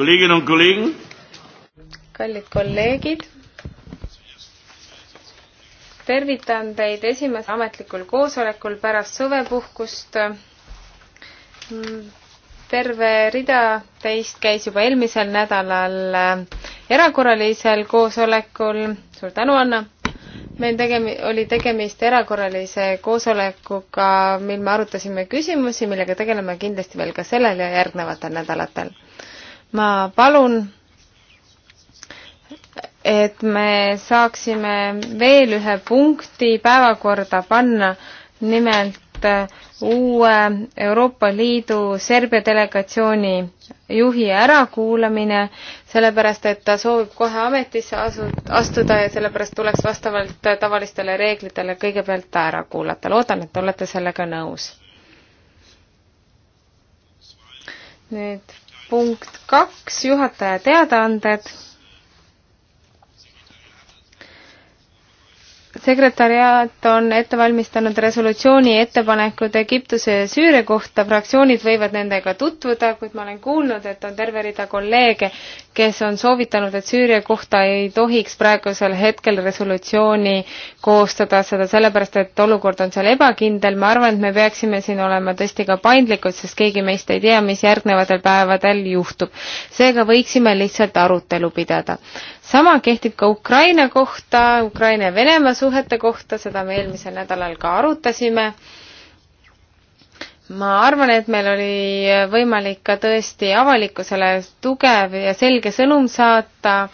Kolleginnen und Kollegen. kallid kolleegid, tervitan teid esimesel ametlikul koosolekul pärast suvepuhkust. terve rida teist käis juba eelmisel nädalal erakorralisel koosolekul. suur tänu, Anna! meil tegemi-, oli tegemist erakorralise koosolekuga, mil me arutasime küsimusi, millega tegeleme kindlasti veel ka sellel ja järgnevatel nädalatel ma palun, et me saaksime veel ühe punkti päevakorda panna, nimelt uh, uue Euroopa Liidu Serbia delegatsiooni juhi ärakuulamine, sellepärast et ta soovib kohe ametisse asu-, astuda ja sellepärast tuleks vastavalt tavalistele reeglitele kõigepealt ta ära kuulata. loodan, et olete sellega nõus. nüüd punkt kaks, juhataja teadaanded sekretäriaat on ette valmistanud resolutsiooni ettepanekud Egiptuse ja Süüria kohta, fraktsioonid võivad nendega tutvuda, kuid ma olen kuulnud, et on terve rida kolleege, kes on soovitanud, et Süüria kohta ei tohiks praegusel hetkel resolutsiooni koostada, seda sellepärast, et olukord on seal ebakindel, ma arvan, et me peaksime siin olema tõesti ka paindlikud, sest keegi meist ei tea, mis järgnevatel päevadel juhtub. seega võiksime lihtsalt arutelu pidada. sama kehtib ka Ukraina kohta, Ukraina ja Venemaa suhtes, suhete kohta, seda me eelmisel nädalal ka arutasime. ma arvan, et meil oli võimalik ka tõesti avalikkusele tugev ja selge sõnum saata.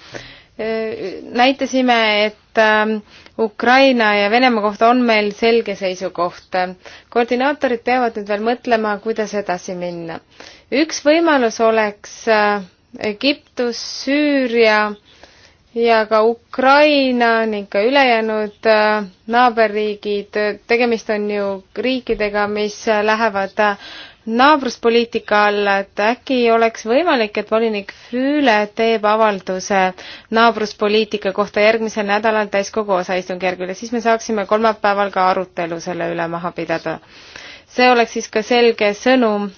näitasime, et ähm, Ukraina ja Venemaa kohta on meil selge seisukoht. koordinaatorid peavad nüüd veel mõtlema, kuidas edasi minna. üks võimalus oleks äh, Egiptus, Süüria ja ka Ukraina ning ka ülejäänud äh, naaberriigid, tegemist on ju riikidega, mis lähevad äh, naabruspoliitika alla, et äkki oleks võimalik, et volinik Füüle teeb avalduse naabruspoliitika kohta järgmisel nädalal täiskogu osaistungjärgul ja siis me saaksime kolmapäeval ka arutelu selle üle maha pidada. see oleks siis ka selge sõnum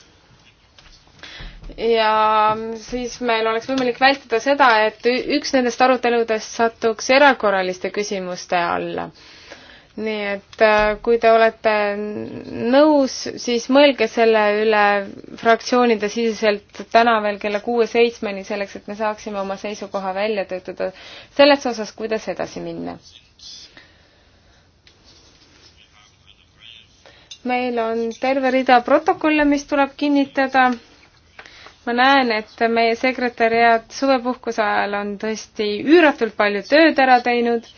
ja siis meil oleks võimalik vältida seda, et üks nendest aruteludest satuks erakorraliste küsimuste alla. nii et äh, kui te olete nõus, siis mõelge selle üle fraktsioonide siseselt täna veel kella kuue-seitsmeni, selleks et me saaksime oma seisukoha välja töötada selles osas, kuidas edasi minna. meil on terve rida protokolle, mis tuleb kinnitada ma näen, et meie sekretäriaat suvepuhkuse ajal on tõesti üüratult palju tööd ära teinud.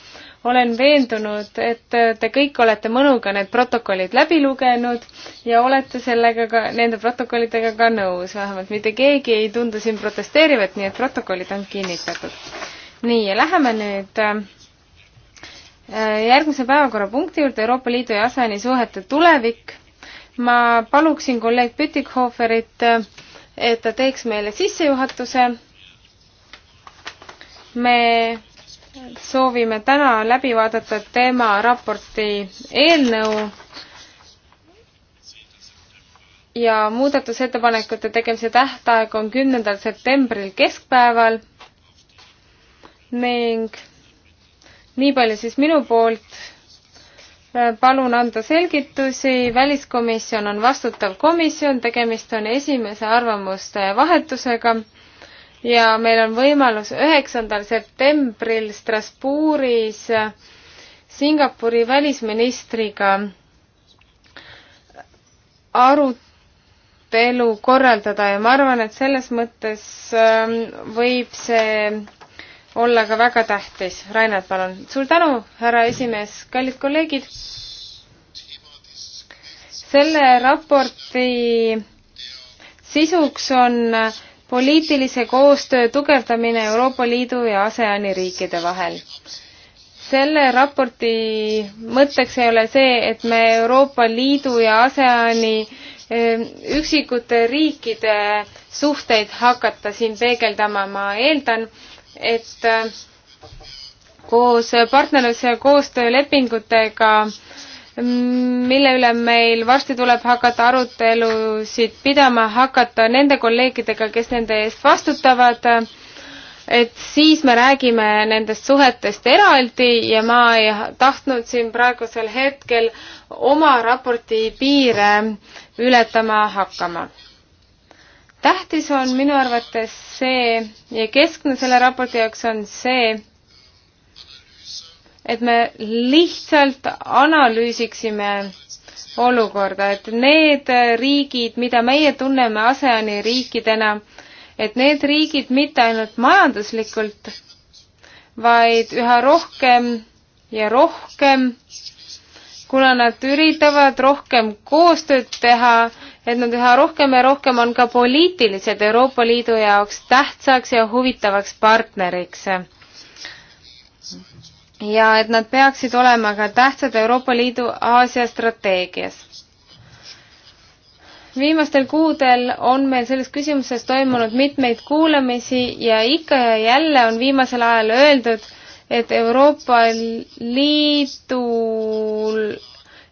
olen veendunud, et te kõik olete mõnuga need protokollid läbi lugenud ja olete sellega ka, nende protokollidega ka nõus, vähemalt mitte keegi ei tundu siin protesteerivat, nii et protokollid on kinnitatud. nii, ja läheme nüüd äh, järgmise päevakorrapunkti juurde, Euroopa Liidu ja ASEAN-i suhete tulevik. ma paluksin kolleeg Pütikhoferit äh, et ta teeks meile sissejuhatuse. me soovime täna läbi vaadata tema raporti eelnõu ja muudatusettepanekute tegemise tähtaeg on kümnendal septembril keskpäeval ning nii palju siis minu poolt palun anda selgitusi, väliskomisjon on vastutav komisjon, tegemist on esimese arvamuste vahetusega ja meil on võimalus üheksandal septembril Strasbourgis Singapuri välisministriga arutelu korraldada ja ma arvan, et selles mõttes ähm, võib see olla ka väga tähtis. Rainer, palun. suur tänu, härra esimees, kallid kolleegid. selle raporti sisuks on poliitilise koostöö tugevdamine Euroopa Liidu ja ASEAN-i riikide vahel. selle raporti mõtteks ei ole see, et me Euroopa Liidu ja ASEAN-i eh, üksikute riikide suhteid hakata siin peegeldama, ma eeldan, et äh, koos partnerluse ja koostöölepingutega mille üle meil varsti tuleb hakata arutelusid pidama hakata nende kolleegidega, kes nende eest vastutavad, et siis me räägime nendest suhetest eraldi ja ma ei tahtnud siin praegusel hetkel oma raporti piire ületama hakkama tähtis on minu arvates see ja keskne selle raporti jaoks on see, et me lihtsalt analüüsiksime olukorda, et need riigid, mida meie tunneme ASEAN-i riikidena, et need riigid mitte ainult majanduslikult, vaid üha rohkem ja rohkem, kuna nad üritavad rohkem koostööd teha et nad üha rohkem ja rohkem on ka poliitiliselt Euroopa Liidu jaoks tähtsaks ja huvitavaks partneriks. ja et nad peaksid olema ka tähtsad Euroopa Liidu Aasia strateegias viimastel kuudel on meil selles küsimuses toimunud mitmeid kuulamisi ja ikka ja jälle on viimasel ajal öeldud, et Euroopa Liidul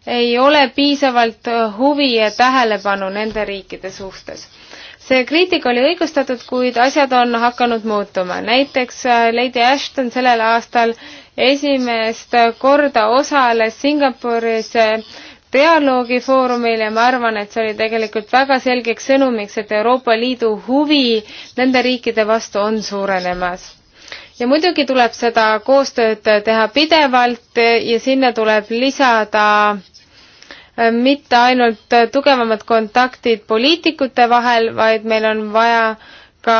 ei ole piisavalt äh, huvi ja tähelepanu nende riikide suhtes. see kriitika oli õigustatud, kuid asjad on hakanud muutuma. näiteks äh, Lady Ashton sellel aastal esimest korda osales Singapuris äh, dialoogifoorumil ja ma arvan, et see oli tegelikult väga selgeks sõnumiks, et Euroopa Liidu huvi nende riikide vastu on suurenemas ja muidugi tuleb seda koostööd teha pidevalt ja sinna tuleb lisada Äh, mitte ainult tugevamad kontaktid poliitikute vahel, vaid meil on vaja ka,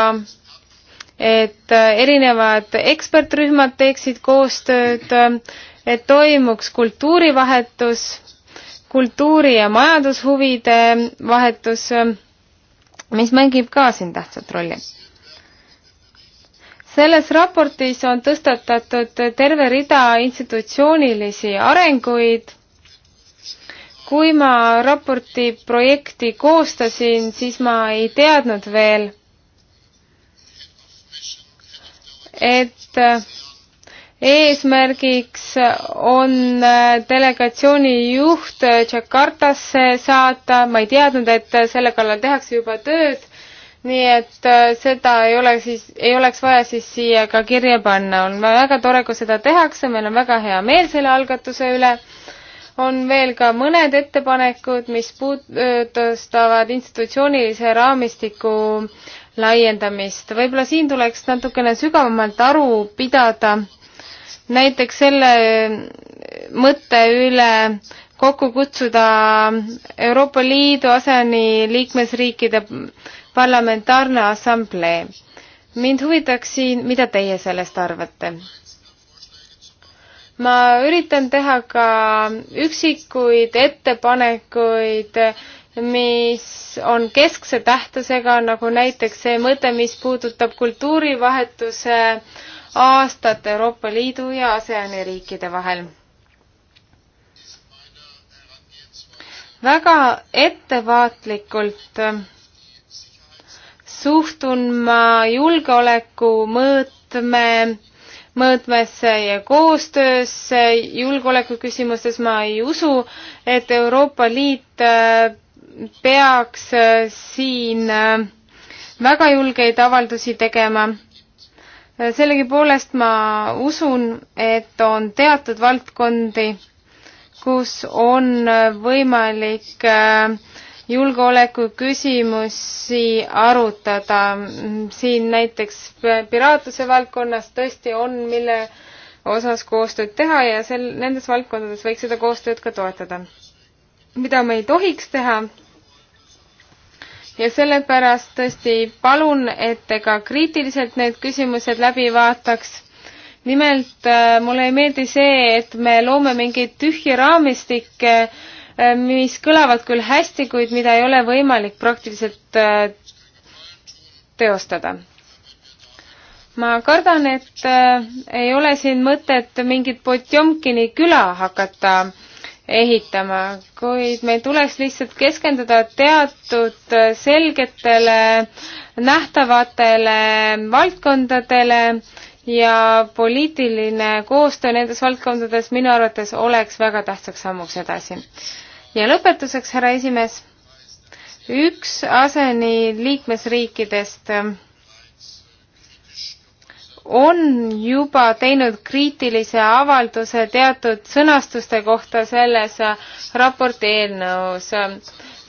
et äh, erinevad ekspertrühmad teeksid koostööd, äh, et toimuks kultuurivahetus, kultuuri- ja majandushuvide vahetus, mis mängib ka siin tähtsat rolli selles raportis on tõstatatud terve rida institutsioonilisi arenguid kui ma raporti projekti koostasin, siis ma ei teadnud veel, et äh, eesmärgiks on äh, delegatsiooni juht äh, Jakartasse saata, ma ei teadnud, et selle kallal tehakse juba tööd, nii et seda ei ole siis, ei oleks vaja siis siia ka kirja panna, on väga tore, kui seda tehakse, meil on väga hea meel selle algatuse üle on veel ka mõned ettepanekud, mis puudutavad institutsioonilise raamistiku laiendamist. võib-olla siin tuleks natukene sügavamalt aru pidada näiteks selle mõtte üle kokku kutsuda Euroopa Liidu aseni liikmesriikide parlamentaarne assamblee. mind huvitaks siin, mida teie sellest arvate? ma üritan teha ka üksikuid ettepanekuid, mis on keskse tähtsusega, nagu näiteks see mõte, mis puudutab kultuurivahetuse aastat Euroopa Liidu ja ASEAN-i riikide vahel väga ettevaatlikult suhtun ma julgeoleku mõõtme mõõtmesse ja koostöösse julgeolekuküsimustes. ma ei usu, et Euroopa Liit äh, peaks äh, siin äh, väga julgeid avaldusi tegema. sellegipoolest ma usun, et on teatud valdkondi, kus on võimalik äh, julgeoleku küsimusi arutada. siin näiteks piraatluse valdkonnas tõesti on, mille osas koostööd teha ja sel, nendes valdkondades võiks seda koostööd ka toetada. mida me ei tohiks teha, ja sellepärast tõesti palun, et te ka kriitiliselt need küsimused läbi vaataks nimelt äh, mulle ei meeldi see, et me loome mingeid tühje raamistikke mis kõlavad küll hästi, kuid mida ei ole võimalik praktiliselt äh, teostada. ma kardan, et äh, ei ole siin mõtet mingit Potjomkini küla hakata ehitama, kuid meil tuleks lihtsalt keskenduda teatud äh, selgetele nähtavatele valdkondadele ja poliitiline koostöö nendes valdkondades minu arvates oleks väga tähtsaks sammuks edasi ja lõpetuseks, härra esimees, üks aseni liikmesriikidest ähm, on juba teinud kriitilise avalduse teatud sõnastuste kohta selles äh, raporti eelnõus.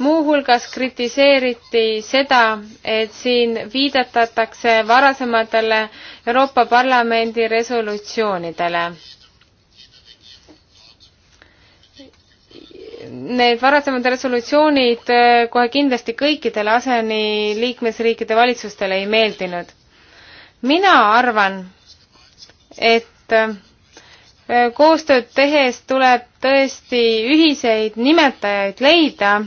muuhulgas kritiseeriti seda, et siin viidatatakse varasematele Euroopa Parlamendi resolutsioonidele need varasemad resolutsioonid äh, kohe kindlasti kõikidele ASEAN-i liikmesriikide valitsustele ei meeldinud. mina arvan, et äh, koostööd tehes tuleb tõesti ühiseid nimetajaid leida,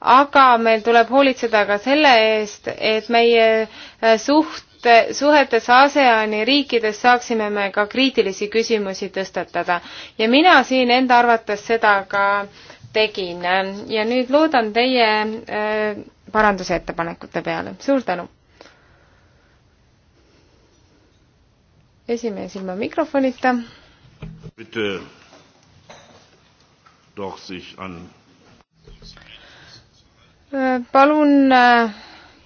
aga meil tuleb hoolitseda ka selle eest, et meie äh, suht, suhetes ASEAN-i riikides saaksime me ka kriitilisi küsimusi tõstatada. ja mina siin enda arvates seda ka äh, tegin ja nüüd loodan teie äh, parandusettepanekute peale, suur tänu! esimees ilma mikrofonita. Äh, palun äh,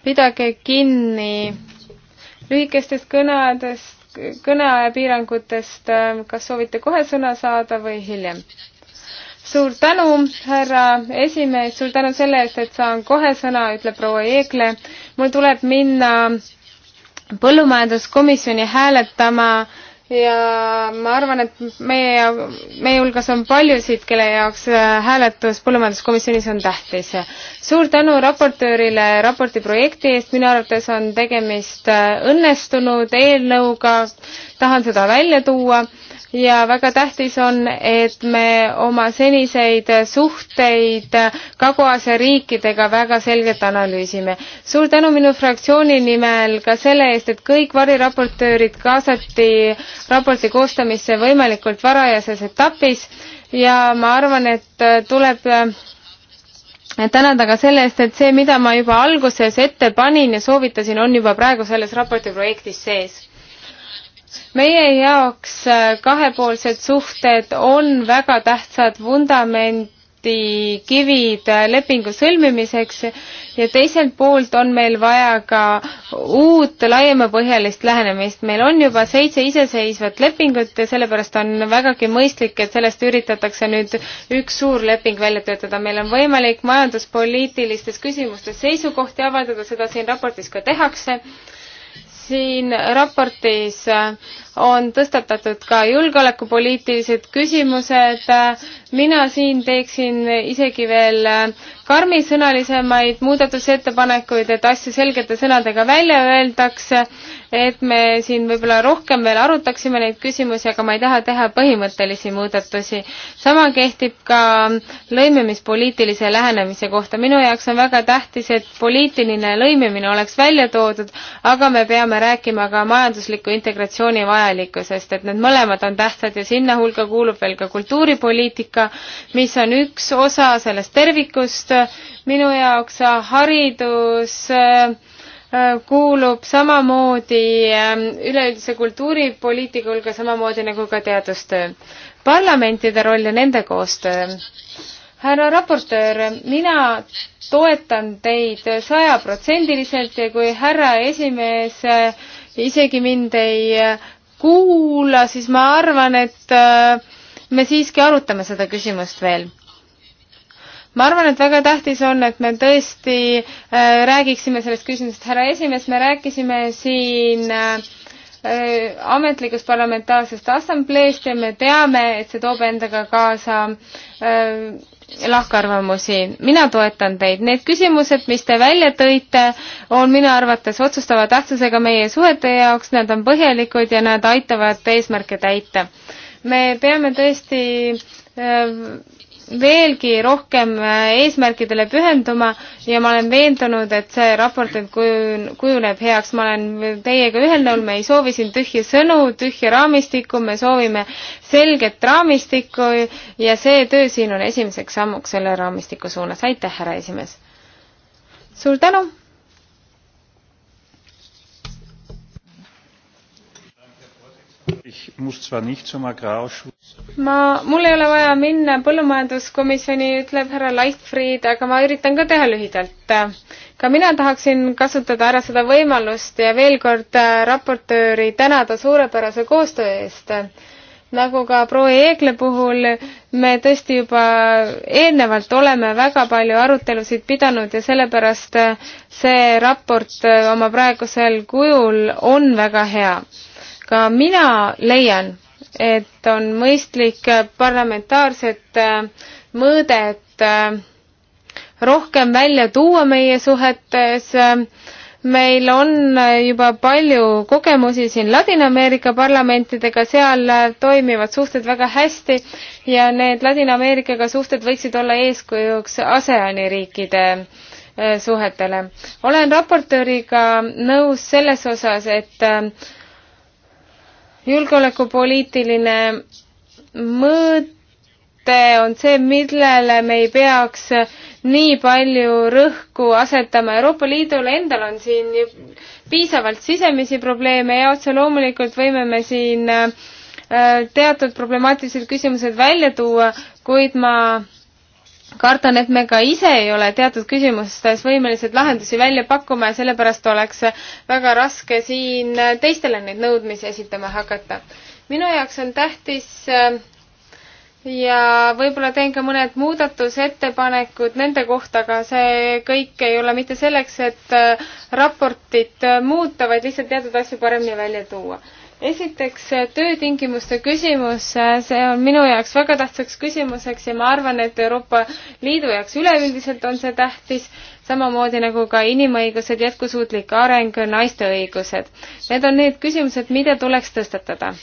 pidage kinni lühikestest kõnedest, kõneaja piirangutest, äh, kas soovite kohe sõna saada või hiljem? suur tänu, härra esimees, suur tänu selle eest, et saan kohe sõna, ütleb proua Jeegle. mul tuleb minna põllumajanduskomisjoni hääletama ja ma arvan, et meie, meie hulgas on paljusid, kelle jaoks äh, hääletus põllumajanduskomisjonis on tähtis. suur tänu raportöörile raporti projekti eest, minu arvates on tegemist äh, õnnestunud eelnõuga, tahan seda välja tuua ja väga tähtis on, et me oma seniseid suhteid Kagu-Aasia riikidega väga selgelt analüüsime. suur tänu minu fraktsiooni nimel ka selle eest, et kõik variraportöörid kaasati raporti koostamisse võimalikult varajases etapis ja ma arvan, et tuleb tänada ka selle eest, et see, mida ma juba alguses ette panin ja soovitasin, on juba praegu selles raporti projektis sees meie jaoks äh, kahepoolsed suhted on väga tähtsad vundament kontakti kivid äh, lepingu sõlmimiseks ja teiselt poolt on meil vaja ka uut laiemapõhjalist lähenemist. meil on juba seitse iseseisvat lepingut ja sellepärast on vägagi mõistlik, et sellest üritatakse nüüd üks suur leping välja töötada. meil on võimalik majanduspoliitilistes küsimustes seisukohti avaldada, seda siin raportis ka tehakse siin raportis äh, on tõstatatud ka julgeolekupoliitilised küsimused. mina siin teeksin isegi veel äh, karmisõnalisemaid muudatusettepanekuid, et asju selgete sõnadega välja öeldakse et me siin võib-olla rohkem veel arutaksime neid küsimusi, aga ma ei taha teha põhimõttelisi muudatusi. sama kehtib ka lõimimispoliitilise lähenemise kohta. minu jaoks on väga tähtis, et poliitiline lõimimine oleks välja toodud, aga me peame rääkima ka majandusliku integratsiooni vajalikkusest, et need mõlemad on tähtsad ja sinna hulka kuulub veel ka kultuuripoliitika, mis on üks osa sellest tervikust. minu jaoks haridus äh, Äh, kuulub samamoodi ähm, üleüldise kultuuripoliitika hulga, samamoodi nagu ka teadustöö. parlamentide roll ja nende koostöö. härra raportöör, mina toetan teid sajaprotsendiliselt ja kui härra esimees äh, isegi mind ei äh, kuula, siis ma arvan, et me siiski arutame seda küsimust veel ma arvan, et väga tähtis on, et me tõesti äh, räägiksime sellest küsimusest. härra esimees, me rääkisime siin äh, äh, ametlikust parlamentaarsest assambleest ja me teame, et see toob endaga kaasa äh, lahkarvamusi. mina toetan teid. Need küsimused, mis te välja tõite, on minu arvates otsustava tähtsusega meie suhete jaoks, nad on põhjalikud ja nad aitavad eesmärke täita. me peame tõesti äh, veelgi rohkem äh, eesmärkidele pühenduma ja ma olen veendunud, et see raport nüüd kujuneb heaks. ma olen teiega ühel nõul, me ei soovi siin tühje sõnu, tühja raamistikku, me soovime selget raamistikku ja see töö siin on esimeseks sammuks selle raamistiku suunas. aitäh, härra esimees! suur tänu! ma, mul ei ole vaja minna põllumajanduskomisjoni, ütleb härra Leichtfried, aga ma üritan ka teha lühidalt. ka mina tahaksin kasutada ära seda võimalust ja veel kord äh, raportööri tänada suurepärase koostöö eest nagu ka proua Eegle puhul me tõesti juba eelnevalt oleme väga palju arutelusid pidanud ja sellepärast äh, see raport äh, oma praegusel kujul on väga hea ka mina leian, et on mõistlik parlamentaarset äh, mõõdet äh, rohkem välja tuua meie suhetes. meil on äh, juba palju kogemusi siin Ladina-Ameerika parlamentidega, seal toimivad suhted väga hästi ja need Ladina-Ameerikaga suhted võiksid olla eeskujuks ASEAN-i riikide suhetele. olen raportööriga nõus selles osas, et julgeolekupoliitiline mõõte on see, millele me ei peaks nii palju rõhku asetama. Euroopa Liidul endal on siin piisavalt sisemisi probleeme ja otse loomulikult võime me siin äh, teatud problemaatilised küsimused välja tuua, kuid ma kardan, et me ka ise ei ole teatud küsimustes võimelised lahendusi välja pakkuma ja sellepärast oleks väga raske siin teistele neid nõudmisi esitama hakata. minu jaoks on tähtis äh, ja võib-olla teen ka mõned muudatusettepanekud nende kohta, aga see kõik ei ole mitte selleks, et äh, raportit äh, muuta, vaid lihtsalt teatud asju paremini välja tuua esiteks töötingimuste küsimus, see on minu jaoks väga tähtsaks küsimuseks ja ma arvan, et Euroopa Liidu jaoks üleüldiselt on see tähtis, samamoodi nagu ka inimõigused, jätkusuutlik areng, naiste õigused. Need on need küsimused, mida tuleks tõstatada.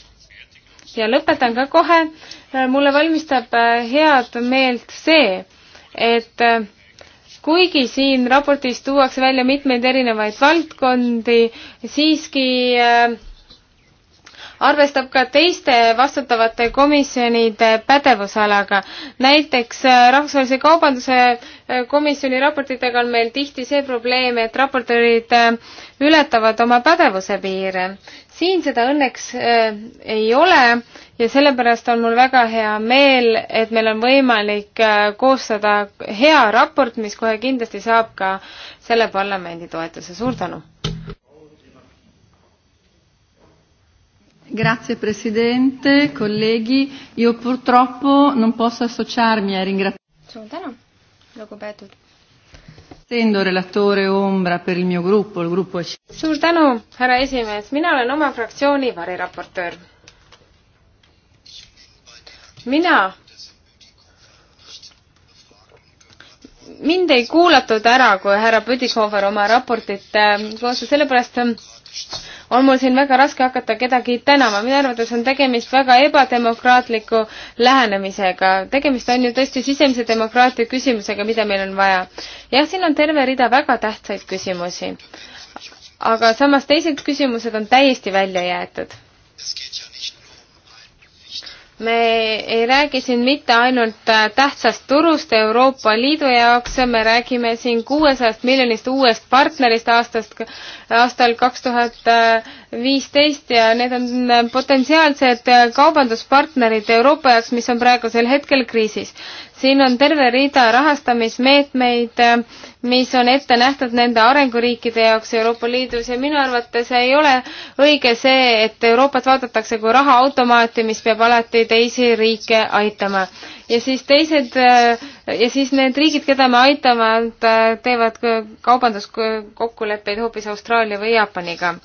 ja lõpetan ka kohe, mulle valmistab äh, head meelt see, et äh, kuigi siin raportis tuuakse välja mitmeid erinevaid valdkondi, siiski äh, arvestab ka teiste vastutavate komisjonide pädevusalaga. näiteks äh, Rahvusvahelise Kaubanduse äh, Komisjoni raportitega on meil tihti see probleem, et raportöörid äh, ületavad oma pädevuse piire. siin seda õnneks äh, ei ole ja sellepärast on mul väga hea meel, et meil on võimalik äh, koostada hea raport, mis kohe kindlasti saab ka selle parlamendi toetuse. suur tänu! Grazie Presidente, colleghi. Io purtroppo non posso associarmi ai ringraziamenti. Suur tänu, lugupeetud. Essendo relatore ombra per il mio gruppo, il gruppo è... Suur tänu, härra esimees. Mina olen oma fraktsiooni variraportöör. Mina mind ei kuulatud ära, kui härra Püdikohver oma raportit äh, koostas, sellepärast ähm, on mul siin väga raske hakata kedagi tänama, minu arvates on tegemist väga ebademokraatliku lähenemisega. tegemist on ju tõesti sisemise demokraatia küsimusega, mida meil on vaja. jah, siin on terve rida väga tähtsaid küsimusi. aga samas teised küsimused on täiesti välja jäetud me ei räägi siin mitte ainult äh, tähtsast turust Euroopa Liidu jaoks, me räägime siin kuuesajast miljonist uuest partnerist aastast, aastal kaks tuhat äh, viisteist ja need on äh, potentsiaalsed kaubanduspartnerid Euroopa jaoks, mis on praegusel hetkel kriisis siin on terve rida rahastamismeetmeid, äh, mis on ette nähtud nende arenguriikide jaoks Euroopa Liidus ja minu arvates ei ole õige see, et Euroopat vaadatakse kui rahaautomaati, mis peab alati teisi riike aitama. ja siis teised äh, ja siis need riigid, keda me aitavad, äh, teevad kaubanduskokkuleppeid hoopis Austraalia või Jaapaniga.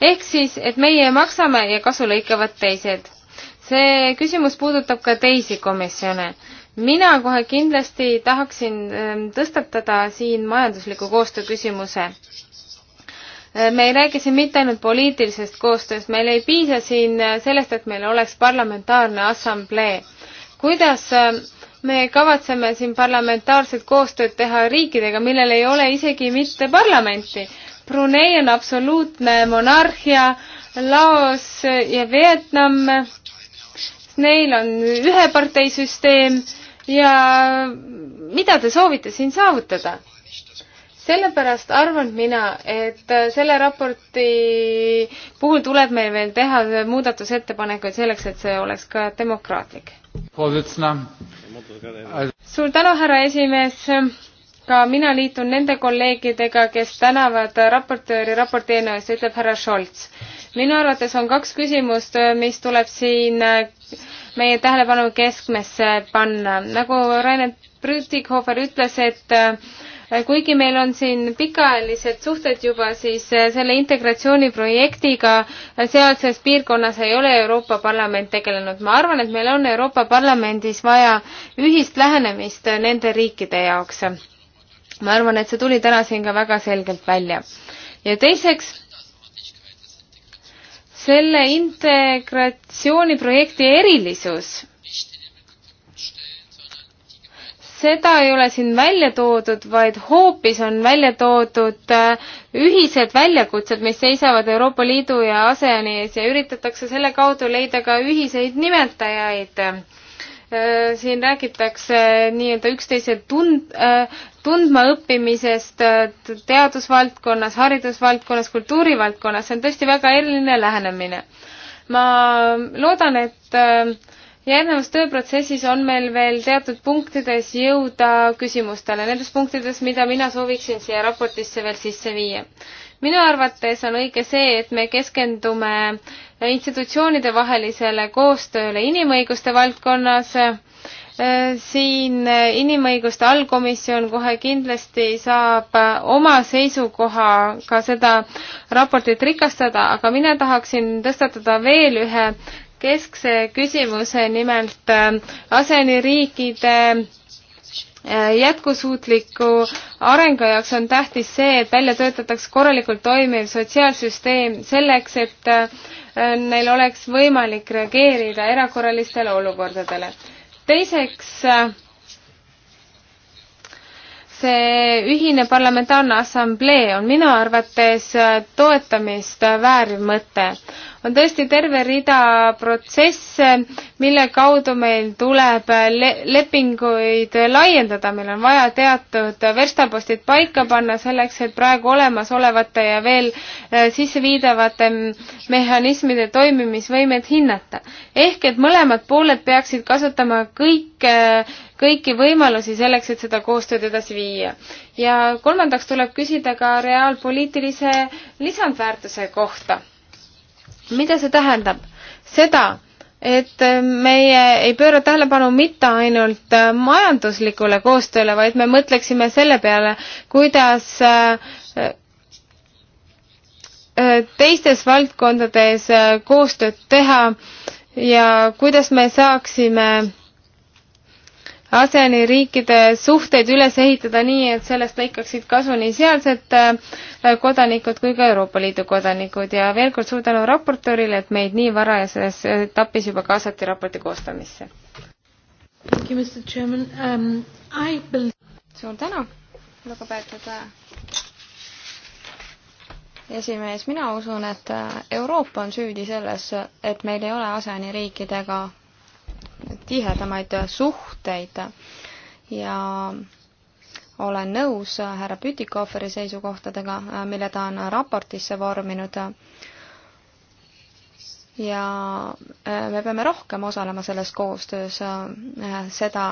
ehk siis, et meie maksame ja kasu lõikavad teised see küsimus puudutab ka teisi komisjone mina kohe kindlasti tahaksin ähm, tõstatada siin majandusliku koostöö küsimuse. Äh, me ei räägi siin mitte ainult poliitilisest koostööst, meil ei piisa siin äh, sellest, et meil oleks parlamentaarne assamblee. kuidas ähm, me kavatseme siin parlamentaarset koostööd teha riikidega, millel ei ole isegi mitte parlamenti. Brunei on absoluutne monarhia, Laos ja Vietnam, neil on üheparteisüsteem ja mida te soovite siin saavutada? sellepärast arvan mina, et selle raporti puhul tuleb meil veel teha muudatusettepanekuid selleks, et see oleks ka demokraatlik. suur tänu, härra esimees ka mina liitun nende kolleegidega, kes tänavad raportööri raporti eelnõu eest, ütleb härra Scholz. minu arvates on kaks küsimust, mis tuleb siin meie tähelepanu keskmesse panna. nagu Rainer Brütikhofer ütles, et äh, kuigi meil on siin pikaajalised suhted juba, siis äh, selle integratsiooniprojektiga äh, sealses piirkonnas ei ole Euroopa Parlament tegelenud. ma arvan, et meil on Euroopa Parlamendis vaja ühist lähenemist nende riikide jaoks. ma arvan, et see tuli täna siin ka väga selgelt välja. ja teiseks selle integratsiooniprojekti erilisus. seda ei ole siin välja toodud, vaid hoopis on välja toodud äh, ühised väljakutsed, mis seisavad Euroopa Liidu ja ASEAN-i ees ja üritatakse selle kaudu leida ka ühiseid nimetajaid Äh, siin räägitakse nii-öelda üksteise tund-, äh, tundmaõppimisest äh, teadusvaldkonnas, haridusvaldkonnas, kultuurivaldkonnas, see on tõesti väga eriline lähenemine. ma loodan, et järgnevas tööprotsessis on meil veel teatud punktides jõuda küsimustele, nendes punktides, mida mina sooviksin siia raportisse veel sisse viia. minu arvates on õige see, et me keskendume institutsioonide vahelisele koostööle inimõiguste valdkonnas, äh, siin inimõiguste allkomisjon kohe kindlasti saab oma seisukoha ka seda raportit rikastada, aga mina tahaksin tõstatada veel ühe keskse küsimuse, nimelt äh, aseni riikide äh, jätkusuutliku arengu jaoks on tähtis see, et välja töötataks korralikult toimiv sotsiaalsüsteem selleks, et äh, neil oleks võimalik reageerida erakorralistele olukordadele. teiseks see ühine parlamentaarne assamblee on minu arvates äh, toetamist vääriv mõte. on tõesti terve rida protsesse, mille kaudu meil tuleb äh, le lepinguid laiendada, meil on vaja teatud verstapostid paika panna selleks, et praegu olemasolevate ja veel äh, sisseviidavate mehhanismide toimimisvõimet hinnata. ehk et mõlemad pooled peaksid kasutama kõike kõiki võimalusi selleks, et seda koostööd edasi viia. ja kolmandaks tuleb küsida ka reaalpoliitilise lisandväärtuse kohta. mida see tähendab? seda, et meie ei pööra tähelepanu mitte ainult majanduslikule koostööle, vaid me mõtleksime selle peale, kuidas äh, teistes valdkondades äh, koostööd teha ja kuidas me saaksime ASEAN-i riikide suhteid üles ehitada nii, et sellest lõikaksid kasu nii sealsed äh, kodanikud kui ka Euroopa Liidu kodanikud ja veel kord suur tänu raportöörile, et meid nii varajases etapis juba kaasati raporti koostamisse. Um, will... suur tänu, lugupeetud äh, esimees, mina usun, et äh, Euroopa on süüdi selles, et meil ei ole ASEAN-i riikidega tihedamaid suhteid ja olen nõus härra Pütikoferi seisukohtadega, mille ta on raportisse vorminud. ja äh, me peame rohkem osalema selles koostöös, äh, seda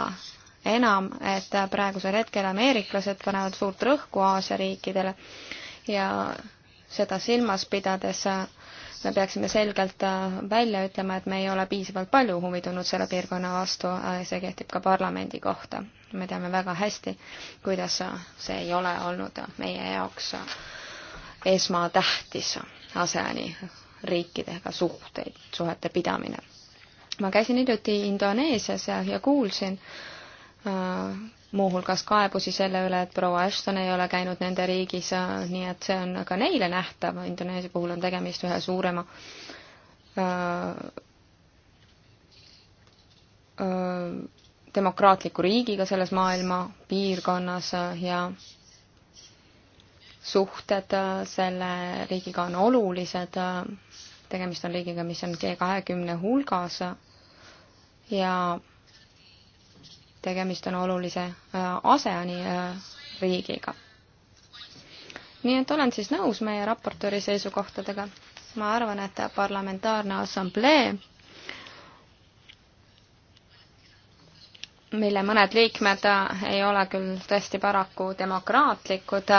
enam, et praegusel hetkel ameeriklased panevad suurt rõhku Aasia riikidele ja seda silmas pidades äh, me peaksime selgelt äh, välja ütlema, et me ei ole piisavalt palju huvi tundnud selle piirkonna vastu, äh, see kehtib ka parlamendi kohta. me teame väga hästi, kuidas äh, see ei ole olnud meie jaoks esmatähtis ASEAN-i riikidega suhteid, suhete pidamine. ma käisin hiljuti Indoneesias ja, ja kuulsin muuhulgas kaebusi selle üle, et proua Ashton ei ole käinud nende riigis, äh, nii et see on ka neile nähtav, Indoneesia puhul on tegemist ühe suurema öö, äh, öö, äh, demokraatliku riigiga selles maailma piirkonnas ja suhted selle riigiga on olulised, tegemist on riigiga, mis on G kahekümne hulgas ja tegemist on olulise äh, ASEAN-i äh, riigiga. nii et olen siis nõus meie raportööri seisukohtadega. ma arvan, et parlamentaarne assamblee, mille mõned liikmed äh, ei ole küll tõesti paraku demokraatlikud,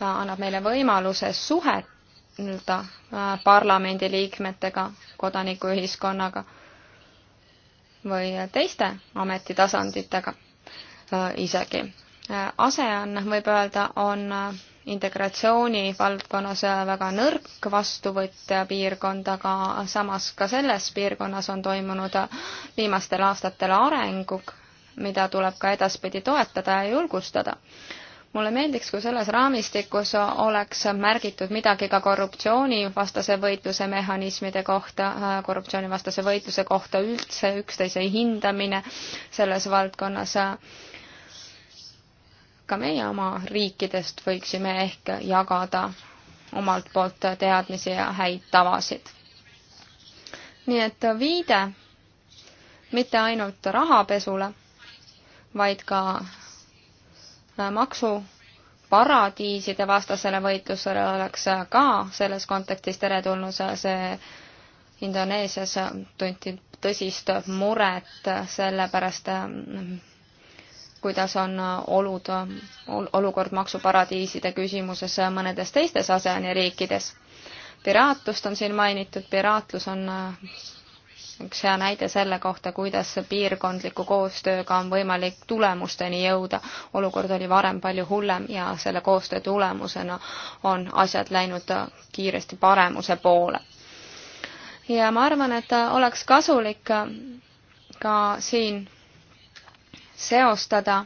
annab meile võimaluse suhet nii-öelda parlamendiliikmetega, kodanikuühiskonnaga või teiste ametitasanditega äh, isegi. Äh, ASEAN, võib öelda, on äh, integratsiooni valdkonnas väga nõrk vastuvõtja piirkond, aga samas ka selles piirkonnas on toimunud viimastel aastatel areng, mida tuleb ka edaspidi toetada ja julgustada mulle meeldiks, kui selles raamistikus oleks märgitud midagi ka korruptsioonivastase võitluse mehhanismide kohta, äh, korruptsioonivastase võitluse kohta üldse, üksteise hindamine selles valdkonnas. ka meie oma riikidest võiksime ehk jagada omalt poolt teadmisi ja häid tavasid. nii et viide mitte ainult rahapesule, vaid ka Äh, maksuparadiiside vastasele võitlusele oleks äh, ka selles kontekstis teretulnud, äh, see Indoneesias tunti tõsist muret selle pärast, kuidas on olud, olukord maksuparadiiside küsimuses mõnedes teistes ASEAN-i riikides. piraatlust on siin mainitud, piraatlus on üks hea näide selle kohta, kuidas piirkondliku koostööga on võimalik tulemusteni jõuda. olukord oli varem palju hullem ja selle koostöö tulemusena on asjad läinud kiiresti paremuse poole. ja ma arvan, et oleks kasulik ka siin seostada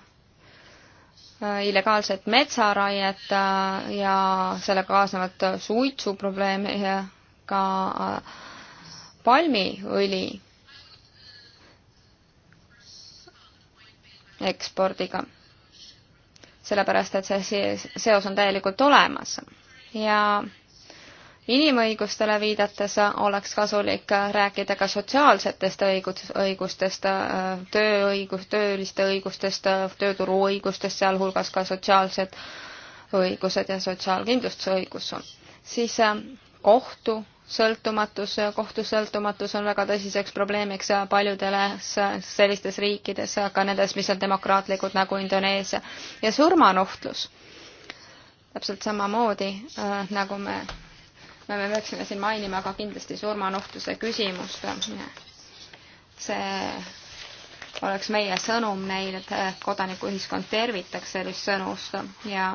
illegaalset metsaraiet ja sellega kaasnevat suitsuprobleemi ka äh, palmiõli ekspordiga, sellepärast et see seos on täielikult olemas ja inimõigustele viidates oleks kasulik rääkida ka sotsiaalsetest õigus, õigustest, tööõigus, tööliste õigustest, tööturu õigustest, sealhulgas ka sotsiaalsed õigused ja sotsiaalkindlustuse õigus. siis kohtu sõltumatus, kohtu sõltumatus on väga tõsiseks probleemiks paljudele sellistes riikides, ka nendes, mis on demokraatlikud nagu Indoneesia. ja surmanuhtlus täpselt samamoodi äh,, nagu me, me, me peaksime siin mainima ka kindlasti surmanuhtluse küsimust. see oleks meie sõnum neile, et äh, kodanikuühiskond tervitaks sellist sõnust ja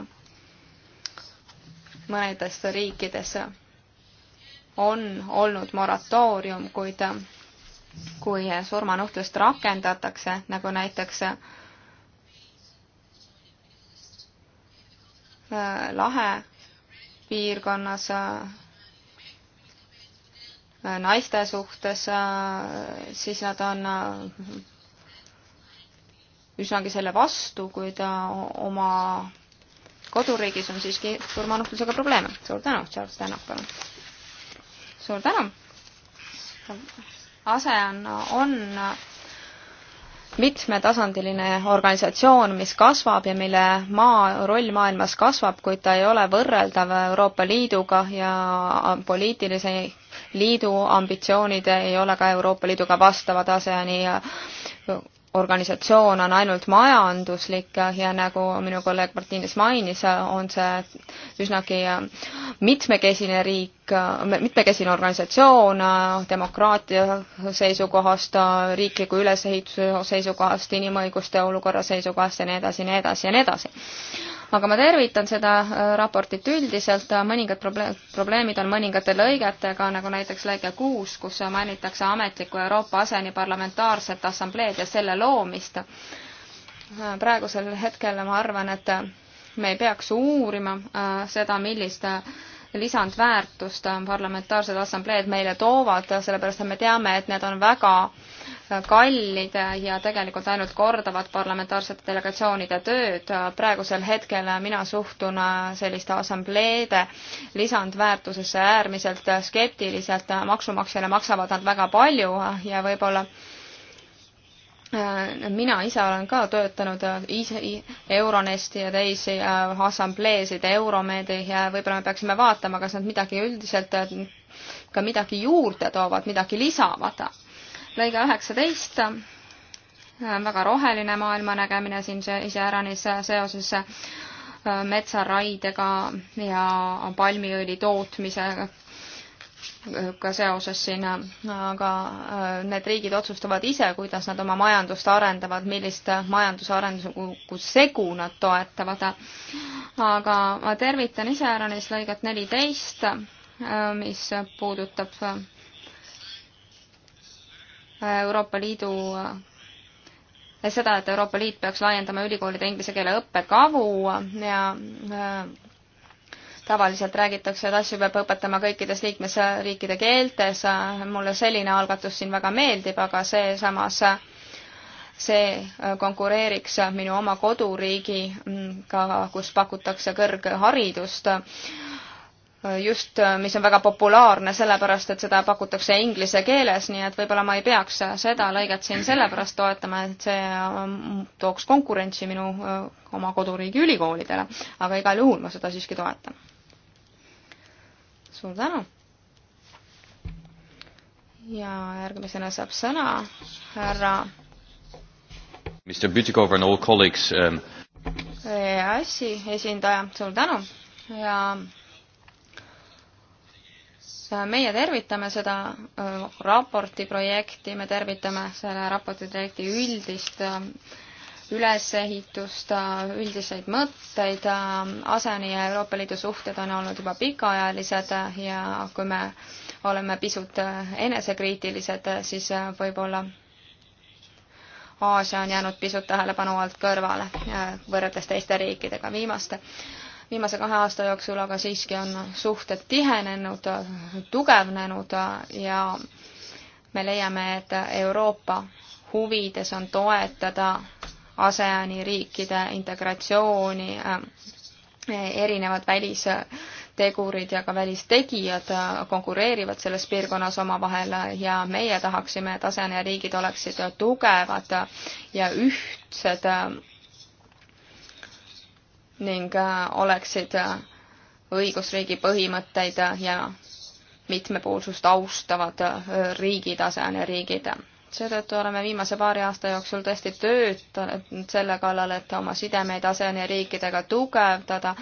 mõnedes riikides on olnud moratoorium, kuid kui surmanuhtlust rakendatakse, nagu näiteks äh, lahe piirkonnas äh, naiste suhtes, äh, siis nad on üsnagi selle vastu, kui ta oma koduriigis on siiski surmanuhtlusega probleeme. suur tänu, Charles Tänak, palun! suur tänu! ASEAN on, on mitmetasandiline organisatsioon, mis kasvab ja mille maa, roll maailmas kasvab, kuid ta ei ole võrreldav Euroopa Liiduga ja poliitilise liidu ambitsioonid ei ole ka Euroopa Liiduga vastavad ASEAN-i organisatsioon on ainult majanduslik ja nagu minu kolleeg Martines mainis, on see üsnagi mitmekesine riik, mitmekesine organisatsioon demokraatia seisukohast, riikliku ülesehituse seisukohast, inimõiguste olukorra seisukohast ja nii edasi, nii edasi ja nii edasi aga ma tervitan seda äh, raportit üldiselt, mõningad probleem, probleemid on mõningate lõigetega, nagu näiteks lõige kuus, kus mainitakse ametliku Euroopa aseni parlamentaarset assambleed ja selle loomist. Äh, praegusel hetkel ma arvan, et me ei peaks uurima äh, seda, millist lisandväärtust parlamentaarsed assambleed meile toovad, sellepärast et me teame, et need on väga kallid ja tegelikult ainult kordavad parlamentaarsete delegatsioonide tööd. praegusel hetkel mina suhtun selliste assambleede lisandväärtusesse äärmiselt skeptiliselt. maksumaksjale maksavad nad väga palju ja võib-olla äh, mina ise olen ka töötanud ise Euronesti ja teisi äh, assambleesid, Euromeedi ja võib-olla me peaksime vaatama, kas nad midagi üldiselt, äh, ka midagi juurde toovad, midagi lisavad lõige üheksateist, väga roheline maailmanägemine siin iseäranis seoses äh, metsaraidega ja palmiõli tootmisega äh, ka seoses siin, äh, aga need riigid otsustavad ise, kuidas nad oma majandust arendavad, millist majandusarenduskogu segu nad toetavad. aga ma tervitan iseäranis lõiget neliteist, mis puudutab Euroopa Liidu seda, et Euroopa Liit peaks laiendama ülikoolide inglise keele õppekavu ja äh, tavaliselt räägitakse, et asju peab õpetama kõikides liikmesriikide keeltes. mulle selline algatus siin väga meeldib, aga see samas, see äh, konkureeriks minu oma koduriigiga, kus pakutakse kõrgharidust just, äh, mis on väga populaarne, sellepärast et seda pakutakse inglise keeles, nii et võib-olla ma ei peaks seda lõiget siin sellepärast toetama, et see ähm, tooks konkurentsi minu äh, oma koduriigi ülikoolidele. aga igal juhul ma seda siiski toetan. suur tänu! ja järgmisena saab sõna härra Mr Butikover and all colleagues um.... EAS-i esindaja, suur tänu ja meie tervitame seda äh, raporti projekti, me tervitame selle raporti projekti üldist äh, ülesehitust, äh, üldiseid mõtteid, ASEAN-i ja Euroopa Liidu suhted on olnud juba pikaajalised ja kui me oleme pisut enesekriitilised, siis võib-olla Aasia on jäänud pisut tähelepanu alt kõrvale võrreldes teiste riikidega. viimaste viimase kahe aasta jooksul, aga siiski on suhted tihenenud, tugevnenud ja me leiame, et Euroopa huvides on toetada ASEAN-i riikide integratsiooni, erinevad välistegurid ja ka välistegijad konkureerivad selles piirkonnas omavahel ja meie tahaksime, et ASEAN-i riigid oleksid tugevad ja ühtsed ning äh, oleksid äh, õigusriigi põhimõtteid äh, ja mitmepoolsust austavad riigi tasane riigid. seetõttu oleme viimase paari aasta jooksul tõesti töötanud selle kallal, et oma sidemeid asene riikidega tugevdada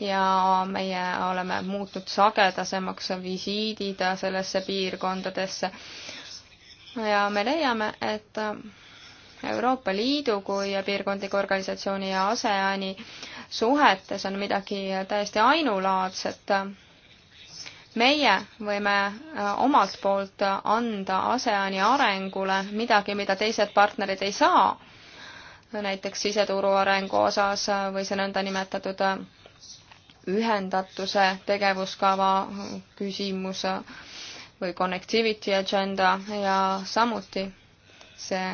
ja meie oleme muutnud sagedasemaks visiidid sellesse piirkondadesse. ja me leiame, et Euroopa Liidu kui piirkondliku organisatsiooni ja ASEAN-i suhetes on midagi täiesti ainulaadset. meie võime äh, omalt poolt anda ASEAN-i arengule midagi, mida teised partnerid ei saa, näiteks siseturu arengu osas või see nõndanimetatud äh, ühendatuse tegevuskava küsimus äh, või connectivity agenda ja samuti see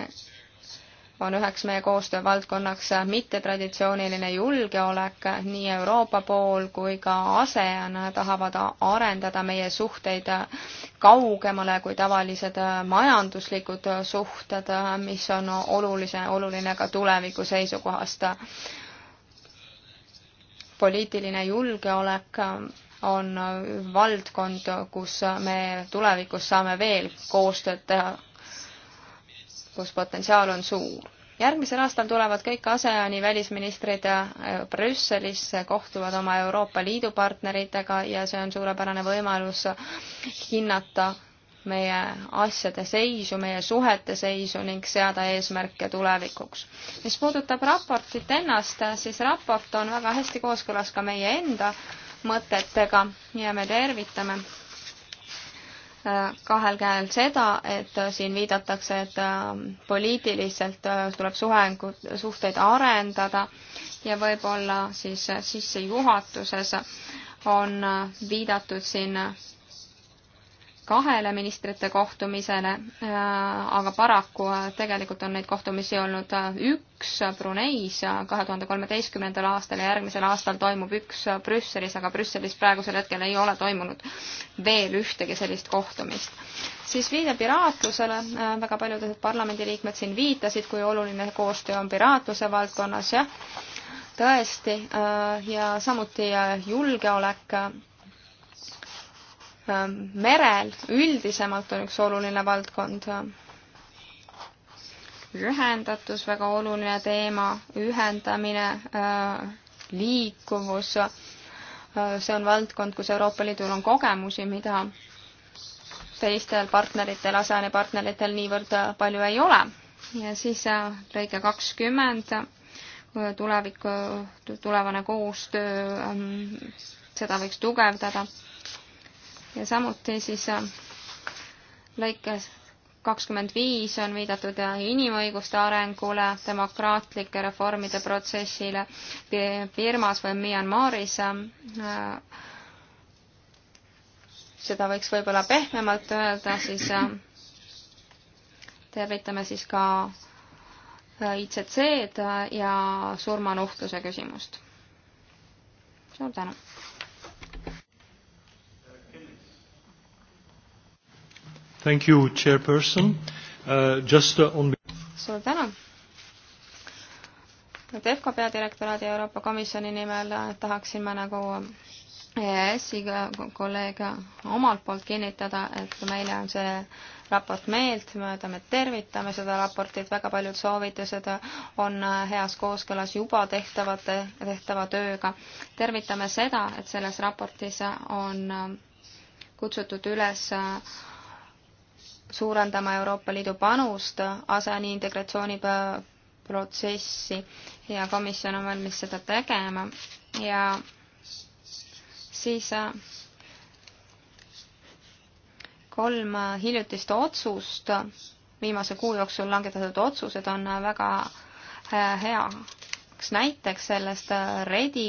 on üheks meie koostöövaldkonnaks mittetraditsiooniline julgeolek, nii Euroopa pool kui ka ASEAN tahavad arendada meie suhteid kaugemale kui tavalised majanduslikud suhted, mis on olulise, oluline ka tuleviku seisukohast. poliitiline julgeolek on valdkond, kus me tulevikus saame veel koostööd teha kus potentsiaal on suur. järgmisel aastal tulevad kõik ASEAN-i välisministrid äh, Brüsselisse, kohtuvad oma Euroopa Liidu partneritega ja see on suurepärane võimalus hinnata meie asjade seisu, meie suhete seisu ning seada eesmärke tulevikuks. mis puudutab raportit ennast, siis raport on väga hästi kooskõlas ka meie enda mõtetega ja me tervitame kahel käel seda, et äh, siin viidatakse, et äh, poliitiliselt äh, tuleb suhengut, suhteid arendada ja võib-olla siis sissejuhatuses on viidatud siin kahele ministrite kohtumisele, äh, aga paraku äh, tegelikult on neid kohtumisi olnud äh, üks Bruneis kahe tuhande kolmeteistkümnendal aastal ja järgmisel aastal toimub üks Brüsselis, aga Brüsselis praegusel hetkel ei ole toimunud veel ühtegi sellist kohtumist. siis viide piraatlusele, väga paljud parlamendiliikmed siin viitasid, kui oluline koostöö on piraatluse valdkonnas, jah, tõesti, ja samuti julgeolek Ähm, merel üldisemalt on üks oluline valdkond. ühendatus, väga oluline teema, ühendamine, äh, liikuvus, äh, see on valdkond, kus Euroopa Liidul on kogemusi, mida teistel partneritel, ASEAN-i partneritel niivõrd äh, palju ei ole. ja siis lõige kakskümmend, tuleviku, tulevane koostöö, ähm, seda võiks tugevdada ja samuti siis äh, lõikes kakskümmend viis on viidatud äh, inimõiguste arengule, demokraatlike reformide protsessile Birmas või Myanmaris. Äh, seda võiks võib-olla pehmemalt öelda, siis tervitame siis ka ICC-d ja surmanuhtluse küsimust. suur tänu! Thank you, chairperson uh,. Just uh, on. suur tänu. et EFKA peadirektoraadi Euroopa Komisjoni nimel äh, tahaksin ma nagu äh, EAS-i kolleeg omalt poolt kinnitada, et meile on see raport meeltmööda, me tervitame seda raportit, väga paljud soovitused on äh, heas kooskõlas juba tehtavate, tehtava tööga. tervitame seda, et selles raportis on kutsutud üles äh, suurendama Euroopa Liidu panust ASEAN-i integratsiooni protsessi ja komisjon on valmis seda tegema ja siis äh, kolm hiljutist otsust, viimase kuu jooksul langetatud otsused on väga äh, hea üks näiteks sellest äh, Redi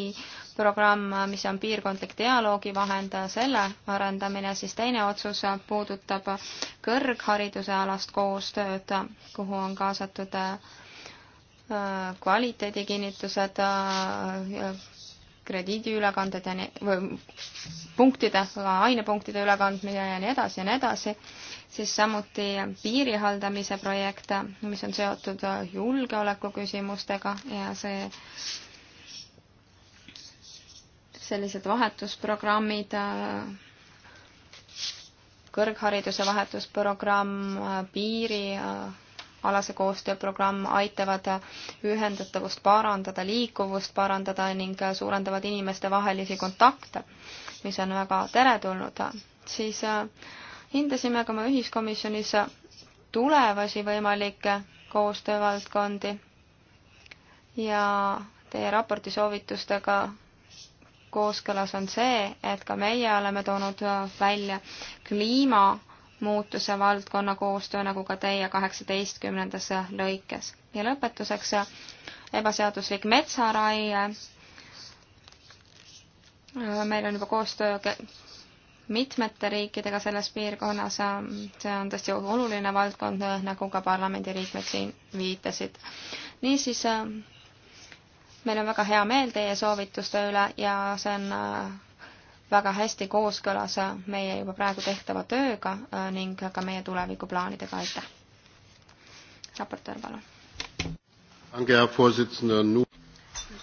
programm, mis on piirkondlik dialoogivahend, selle arendamine, siis teine otsus puudutab kõrghariduse alast koostööd, kuhu on kaasatud äh, kvaliteedikinnitused, äh, krediidiülekanded ja nii, või punktide, ainepunktide ülekandmine ja nii edasi ja nii edasi, siis samuti piiri haldamise projekt, mis on seotud julgeolekuküsimustega ja see sellised vahetusprogrammid, äh, kõrghariduse vahetusprogramm, äh, piirialase äh, koostööprogramm aitavad ühendatavust parandada, liikuvust parandada ning suurendavad inimestevahelisi kontakte, mis on väga teretulnud. siis hindasime ka oma ühiskomisjonis tulevasi võimalikke koostöövaldkondi ja teie raporti soovitustega kooskõlas, on see, et ka meie oleme toonud välja kliimamuutuse valdkonna koostöö, nagu ka teie kaheksateistkümnendas lõikes. ja lõpetuseks ebaseaduslik metsaraie. meil on juba koostöö mitmete riikidega selles piirkonnas, see on tõesti oluline valdkond, nagu ka parlamendiliikmed siin viitasid. niisiis meil on väga hea meel teie soovituste üle ja see on äh, väga hästi kooskõlas äh, meie juba praegu tehtava tööga äh, ning ka meie tulevikuplaanidega, aitäh! raportöör, palun!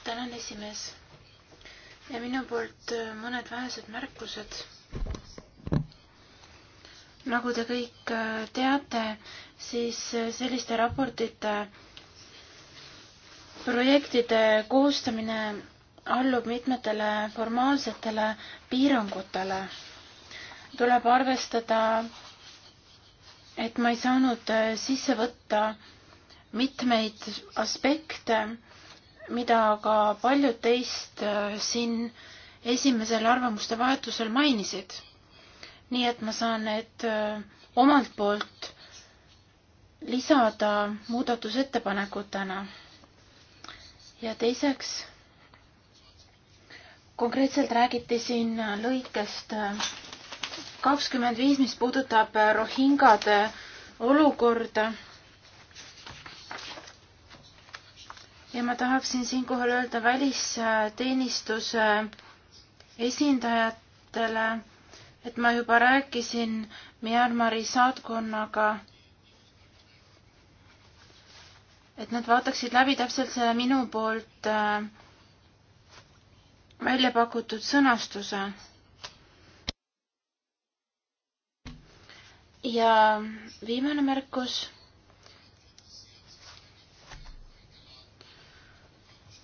tänan, esimees! ja minu poolt mõned vähesed märkused. nagu te kõik teate, siis selliste raportite projektide koostamine allub mitmetele formaalsetele piirangutele. tuleb arvestada, et ma ei saanud äh, sisse võtta mitmeid aspekte, mida ka paljud teist äh, siin esimesel arvamuste vahetusel mainisid. nii et ma saan need äh, omalt poolt lisada muudatusettepanekutena ja teiseks, konkreetselt räägiti siin lõikest kakskümmend viis, mis puudutab rohingade olukorda. ja ma tahaksin siinkohal öelda välisteenistuse esindajatele, et ma juba rääkisin Myanmari saatkonnaga et nad vaataksid läbi täpselt selle minu poolt äh, välja pakutud sõnastuse. ja viimane märkus.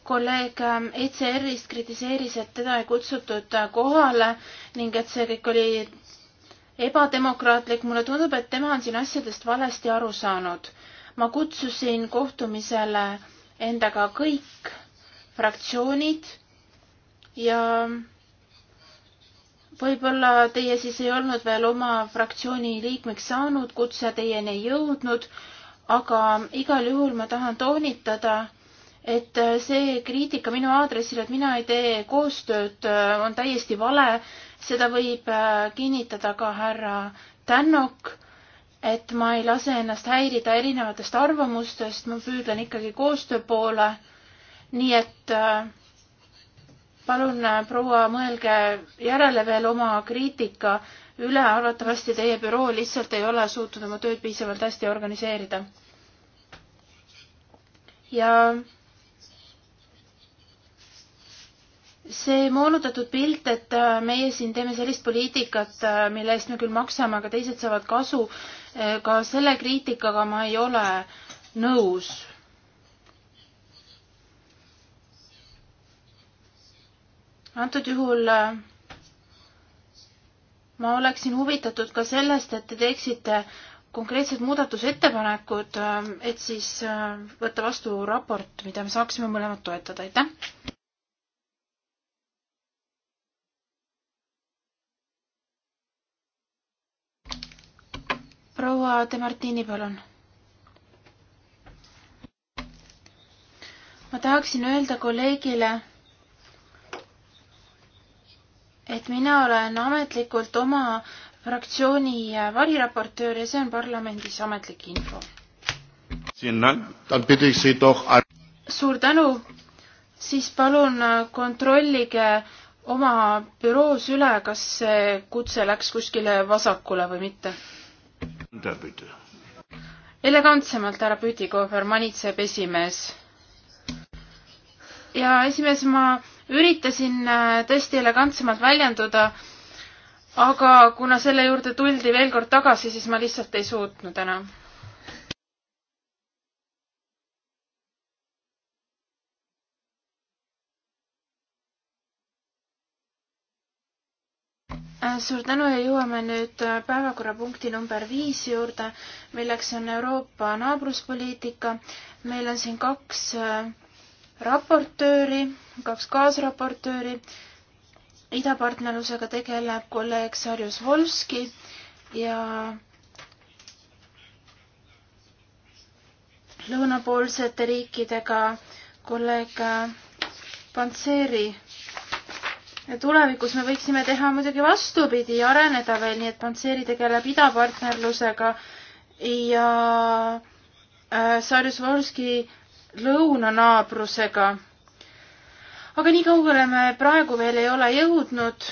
kolleeg ähm, ECR-ist kritiseeris, et teda ei kutsutud äh, kohale ning et see kõik oli ebademokraatlik. mulle tundub, et tema on siin asjadest valesti aru saanud ma kutsusin kohtumisele endaga kõik fraktsioonid ja võib-olla teie siis ei olnud veel oma fraktsiooni liikmeks saanud, kutse teieni ei jõudnud, aga igal juhul ma tahan toonitada, et see kriitika minu aadressil, et mina ei tee koostööd, on täiesti vale. seda võib kinnitada ka härra Tännok et ma ei lase ennast häirida erinevatest arvamustest, ma püüdlen ikkagi koostöö poole. nii et äh, palun, äh, proua, mõelge järele veel oma kriitika üle, arvatavasti teie büroo lihtsalt ei ole suutnud oma tööd piisavalt hästi organiseerida. ja see moonutatud pilt, et äh, meie siin teeme sellist poliitikat, mille eest me küll maksame, aga teised saavad kasu, ka selle kriitikaga ma ei ole nõus. antud juhul äh, ma oleksin huvitatud ka sellest, et te teeksite konkreetsed muudatusettepanekud, äh, et siis äh, võtta vastu raport, mida me saaksime mõlemad toetada, aitäh! proua De Martini, palun. ma tahaksin öelda kolleegile, et mina olen ametlikult oma fraktsiooni variraportöör ja see on parlamendis ametlik info. suur tänu, siis palun äh, kontrollige oma büroos üle, kas see kutse läks kuskile vasakule või mitte elegantsemalt, härra Pütikofer, manitseb esimees. ja esimees, ma üritasin äh, tõesti elegantsemalt väljenduda, aga kuna selle juurde tuldi veel kord tagasi, siis ma lihtsalt ei suutnud enam Äh, suur tänu ja jõuame nüüd äh, päevakorrapunkti number viis juurde, milleks on Euroopa naabruspoliitika. meil on siin kaks äh, raportööri, kaks kaasraportööri. idapartnerlusega tegeleb kolleeg Sarjus Volski ja lõunapoolsete riikidega kolleeg Panseri tulevikus me võiksime teha muidugi vastupidi ja areneda veel, nii et Panseri tegeleb idapartnerlusega ja äh, Sarjusvorski lõunanaabrusega. aga nii kaugele me praegu veel ei ole jõudnud.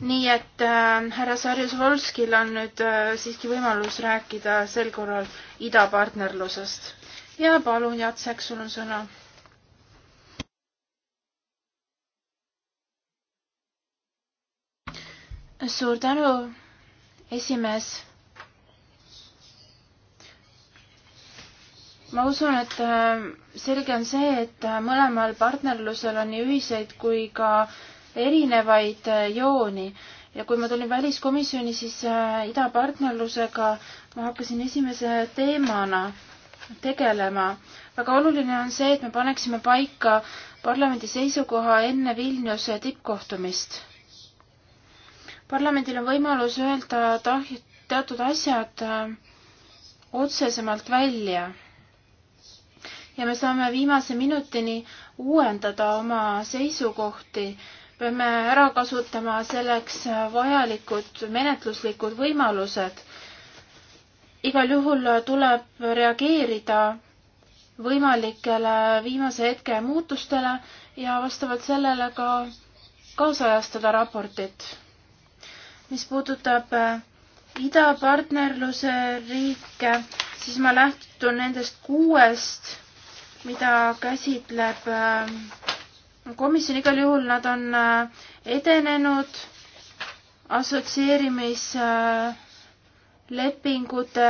nii et äh, härra Sarjusvorskil on nüüd äh, siiski võimalus rääkida sel korral idapartnerlusest. ja palun, Jacek, sul on sõna suur tänu, esimees. ma usun, et äh, selge on see, et äh, mõlemal partnerlusel on nii ühiseid kui ka erinevaid äh, jooni ja kui ma tulin väliskomisjoni, siis idapartnerlusega ma hakkasin esimese teemana tegelema. väga oluline on see, et me paneksime paika parlamendi seisukoha enne Vilniuse tippkohtumist parlamendil on võimalus öelda tah-, teatud asjad äh, otsesemalt välja. ja me saame viimase minutini uuendada oma seisukohti, peame ära kasutama selleks vajalikud menetluslikud võimalused. igal juhul tuleb reageerida võimalikele viimase hetke muutustele ja vastavalt sellele ka kaasajastada raportit mis puudutab äh, idapartnerluse riike, siis ma lähtun nendest kuuest, mida käsitleb äh, komisjon, igal juhul nad on äh, edenenud assotsieerimislepingute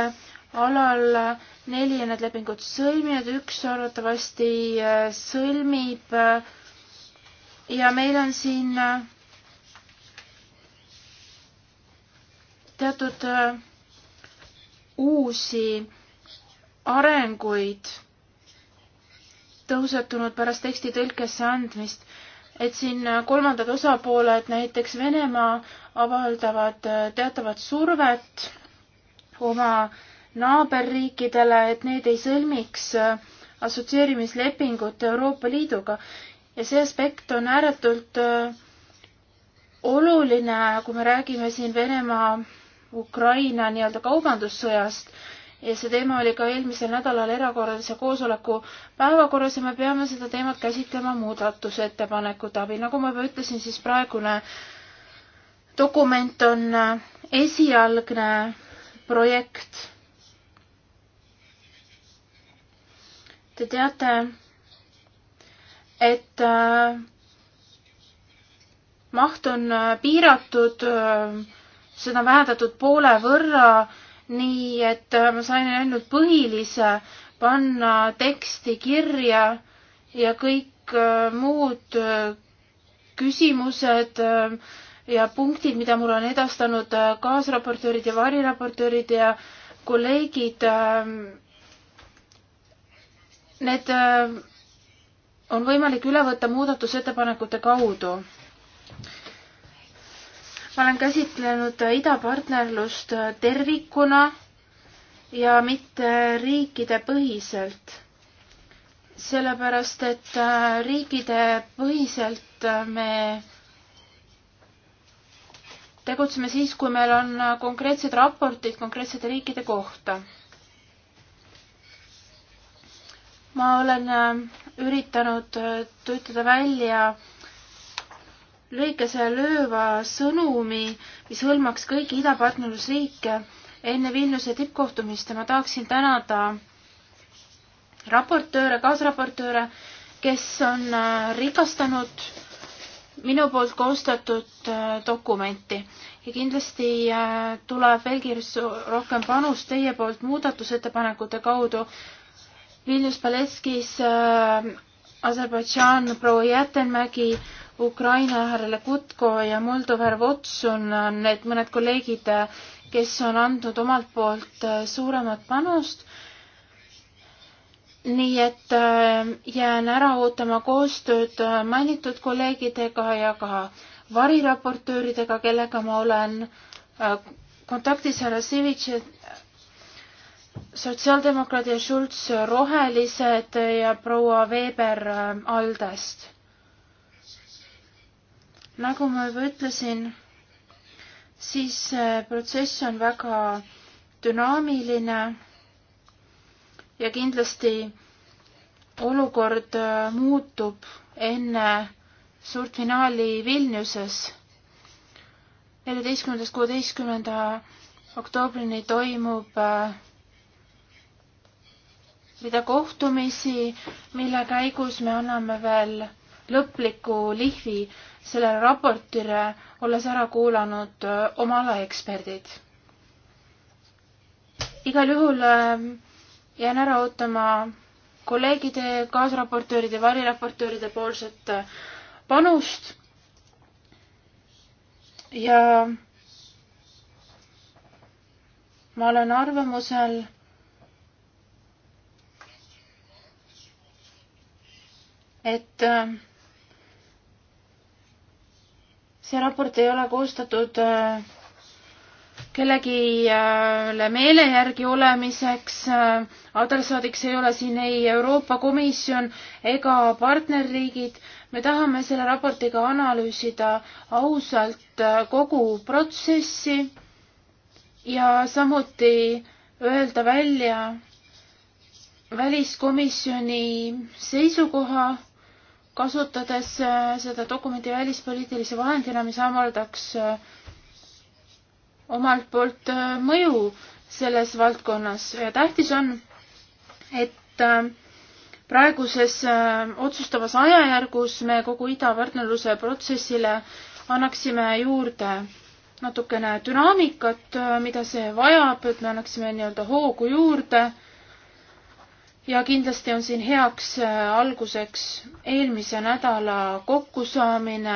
alal neli on need lepingud sõlminud, üks arvatavasti sõlmib. ja meil on siin teatud äh, uusi arenguid tõusetunud pärast teksti tõlkesse andmist, et siin äh, kolmandad osapooled, näiteks Venemaa, avaldavad äh, teatavat survet oma naaberriikidele, et need ei sõlmiks assotsieerimislepingut Euroopa Liiduga ja see aspekt on ääretult oluline, kui me räägime siin Venemaa Ukraina nii-öelda kaubandussõjast ja see teema oli ka eelmisel nädalal erakorralise koosoleku päevakorras ja me peame seda teemat käsitlema muudatusettepanekute abil. nagu ma juba ütlesin, siis praegune dokument on äh, esialgne projekt. Te teate, et äh, maht on äh, piiratud äh, seda on vähendatud poole võrra, nii et äh, ma sain ainult põhilise panna teksti kirja ja kõik äh, muud äh, küsimused ja punktid, mida mulle on edastanud kaasraportöörid ja variraportöörid ja kolleegid, need on võimalik üle võtta muudatusettepanekute kaudu ma olen käsitlenud idapartnerlust tervikuna ja mitte riikide põhiselt. sellepärast, et riikide põhiselt me tegutseme siis, kui meil on konkreetsed raportid konkreetsete riikide kohta. ma olen üritanud töötada välja lõikese lööva sõnumi, mis hõlmaks kõiki idapartnerlusriike enne Vilniuse tippkohtumist ja ma tahaksin tänada raportööre, kaasraportööre, kes on äh, rikastanud minu poolt koostatud äh, dokumenti ja kindlasti äh, tuleb veelgi rohkem panus teie poolt muudatusettepanekute kaudu. Vilnius Paletskis Aserbaidžaan proua Jätenmägi Ukraina härrale Kutko ja Moldova härra Votsun on need mõned kolleegid, kes on andnud omalt poolt äh, suuremat panust. nii et äh, jään ära ootama koostööd äh, mainitud kolleegidega ja ka variraportööridega, kellega ma olen kontaktis härra Sivitš, sotsiaaldemokraad ja Schulz Rohelised ja proua Weber Aldest nagu ma juba ütlesin, siis äh, protsess on väga dünaamiline ja kindlasti olukord äh, muutub enne suurt finaali Vilniuses. neljateistkümnendast kuueteistkümnenda oktoobrini toimub äh, rida kohtumisi, mille käigus me anname veel lõpliku lihvi sellele raportile, olles ära kuulanud oma ala eksperdid. igal juhul jään ära ootama kolleegide, kaasraportööride, variraportööride poolset panust ja ma olen arvamusel, et äh, see raport ei ole koostatud äh, kellegile meele järgi olemiseks. Äh, adressaadiks ei ole siin ei Euroopa Komisjon ega partnerriigid. me tahame selle raportiga analüüsida ausalt äh, kogu protsessi ja samuti öelda välja väliskomisjoni seisukoha kasutades äh, seda dokumendi välispoliitilise vahendina, mis avaldaks äh, omalt poolt äh, mõju selles valdkonnas ja tähtis on, et praeguses otsustavas ajajärgus me kogu idapartnerluse protsessile annaksime juurde natukene dünaamikat, mida see vajab, et me annaksime nii-öelda hoogu juurde ja kindlasti on siin heaks äh, alguseks eelmise nädala kokkusaamine,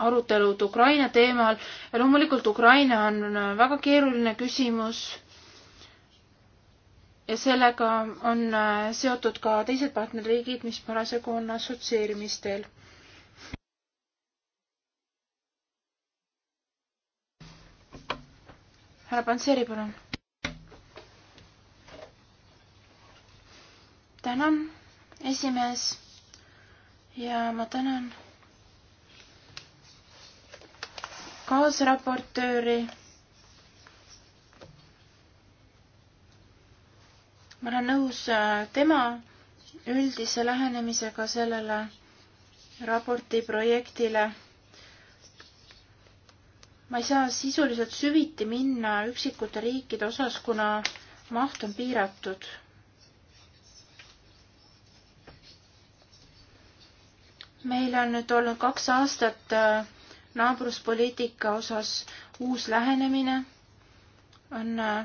arutelud Ukraina teemal ja loomulikult Ukraina on äh, väga keeruline küsimus. ja sellega on äh, seotud ka teised partnerriigid, mis parasjagu on assotsieerimistel. härra Panseri, palun tänan, esimees ja ma tänan kaasraportööri. ma olen nõus äh, tema üldise lähenemisega sellele raporti projektile. ma ei saa sisuliselt süviti minna üksikute riikide osas, kuna maht on piiratud meil on nüüd olnud kaks aastat äh, naabruspoliitika osas uus lähenemine on äh,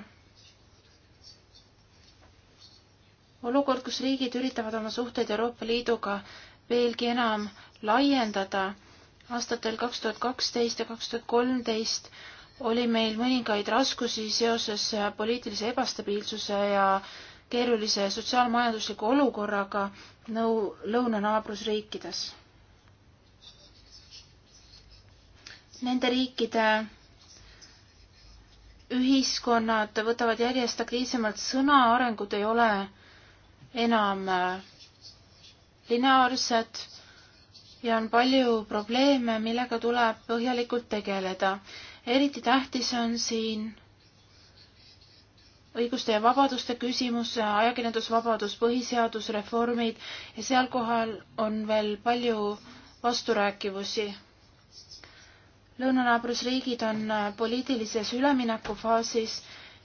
olukord, kus riigid üritavad oma suhteid Euroopa Liiduga veelgi enam laiendada. aastatel kaks tuhat kaksteist ja kaks tuhat kolmteist oli meil mõningaid raskusi seoses äh, poliitilise ebastabiilsuse ja keerulise sotsiaalmajandusliku olukorraga nõu, lõunanaabrusriikides nende riikide ühiskonnad võtavad järjest aktiivsemalt sõna, arengud ei ole enam äh, lineaarsed ja on palju probleeme, millega tuleb põhjalikult tegeleda. eriti tähtis on siin õiguste ja vabaduste küsimus, ajakirjandusvabadus, põhiseadusreformid ja seal kohal on veel palju vasturääkivusi lõunanaabrusriigid on äh, poliitilises üleminekufaasis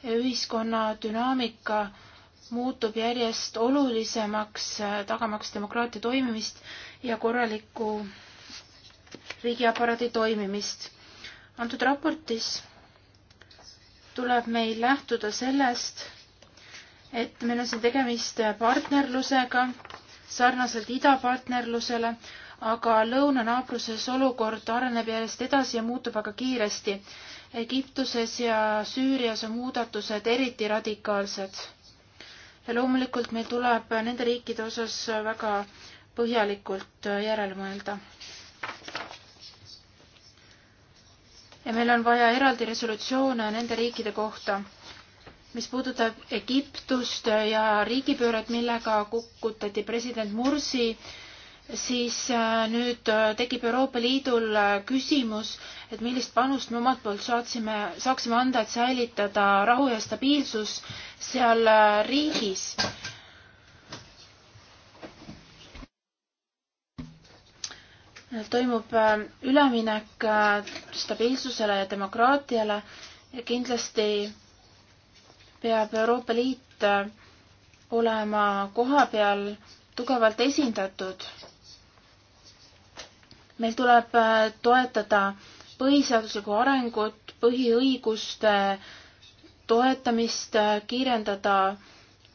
ja ühiskonna dünaamika muutub järjest olulisemaks, äh, tagamaks demokraatia toimimist ja korralikku riigiaparaadi toimimist. antud raportis tuleb meil lähtuda sellest, et meil on siin tegemist partnerlusega, sarnaselt idapartnerlusele aga lõunanaabruses olukord areneb järjest edasi ja muutub väga kiiresti. Egiptuses ja Süürias on muudatused eriti radikaalsed. ja loomulikult meil tuleb nende riikide osas väga põhjalikult järele mõelda. ja meil on vaja eraldi resolutsioone nende riikide kohta mis puudutab Egiptust ja riigipööret, millega kukutati president Mursi, siis äh, nüüd äh, tekib Euroopa Liidul äh, küsimus, et millist panust me omalt poolt saatsime, saaksime anda, et säilitada rahu ja stabiilsus seal riigis. toimub üleminek stabiilsusele ja demokraatiale ja kindlasti peab Euroopa Liit olema kohapeal tugevalt esindatud meil tuleb äh, toetada põhiseaduslikku arengut, põhiõiguste toetamist, äh, kiirendada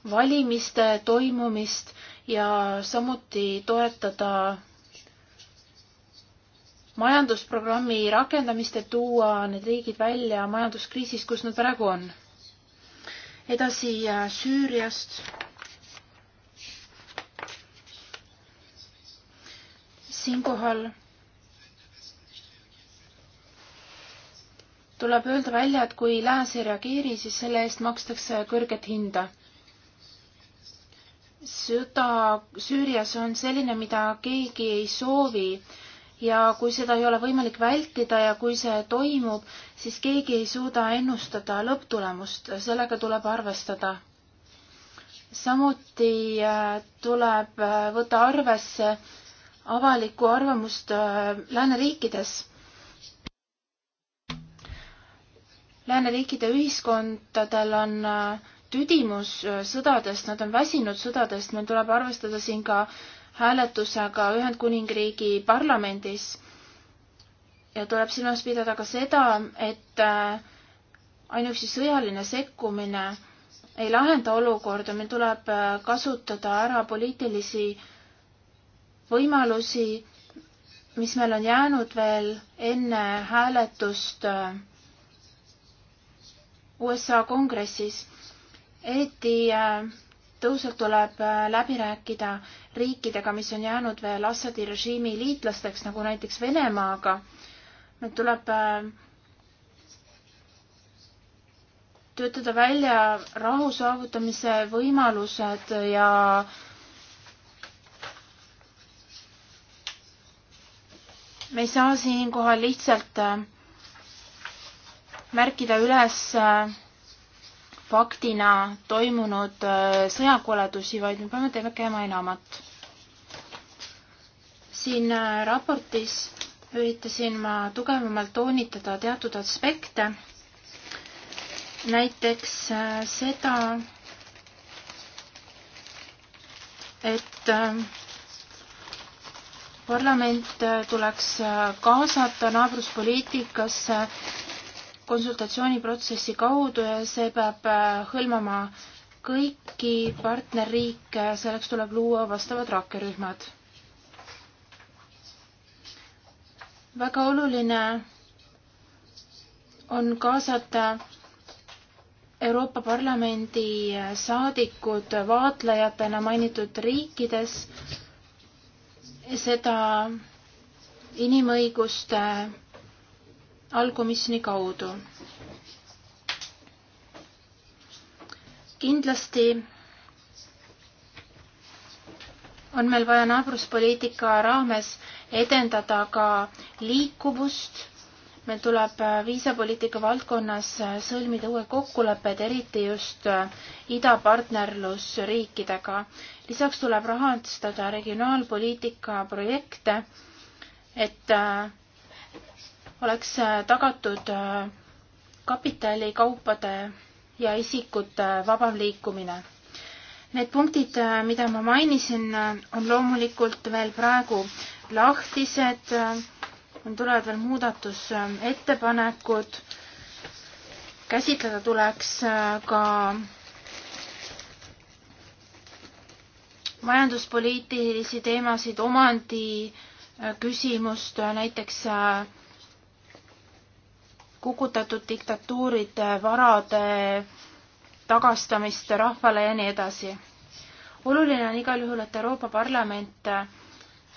valimiste toimumist ja samuti toetada majandusprogrammi rakendamist, et tuua need riigid välja majanduskriisist, kus nad praegu on. edasi äh, Süüriast. siinkohal tuleb öelda välja, et kui lääs ei reageeri, siis selle eest makstakse kõrget hinda. sõda Süürias on selline, mida keegi ei soovi ja kui seda ei ole võimalik vältida ja kui see toimub, siis keegi ei suuda ennustada lõpptulemust, sellega tuleb arvestada. samuti äh, tuleb äh, võtta arvesse avalikku arvamust äh, lääneriikides lääneriikide ühiskondadel on äh, tüdimus äh, sõdadest, nad on väsinud sõdadest, meil tuleb arvestada siin ka hääletusega Ühendkuningriigi parlamendis. ja tuleb silmas pidada ka seda, et äh, ainuüksi sõjaline sekkumine ei lahenda olukorda, meil tuleb kasutada ära poliitilisi võimalusi, mis meil on jäänud veel enne hääletust äh, USA kongressis. eriti äh, tõhusalt tuleb äh, läbi rääkida riikidega, mis on jäänud veel Assadi režiimi liitlasteks, nagu näiteks Venemaaga. nüüd tuleb äh, töötada välja rahu saavutamise võimalused ja me ei saa siinkohal lihtsalt märkida üles äh, faktina toimunud äh, sõjakoledusi, vaid me peame tegema enamat. siin äh, raportis üritasin ma tugevamalt toonitada teatud aspekte, näiteks seda, et parlament tuleks kaasata naabruspoliitikasse konsultatsiooniprotsessi kaudu ja see peab äh, hõlmama kõiki partnerriike, selleks tuleb luua vastavad rakkerühmad. väga oluline on kaasata Euroopa Parlamendi saadikud vaatlejatena mainitud riikides, seda inimõiguste allkomisjoni kaudu. kindlasti on meil vaja naabruspoliitika raames edendada ka liikuvust. meil tuleb viisapoliitika valdkonnas sõlmida uued kokkulepped, eriti just idapartnerlusriikidega. lisaks tuleb rahastada regionaalpoliitika projekte, et oleks äh, tagatud äh, kapitali, kaupade ja isikute vabam liikumine. Need punktid, äh, mida ma mainisin, on loomulikult veel praegu lahtised, on, tulevad veel muudatusettepanekud, käsitleda tuleks ka majanduspoliitilisi teemasid, omandi küsimust, näiteks äh, kukutatud diktatuuride varade tagastamist rahvale ja nii edasi. oluline on igal juhul, et Euroopa Parlament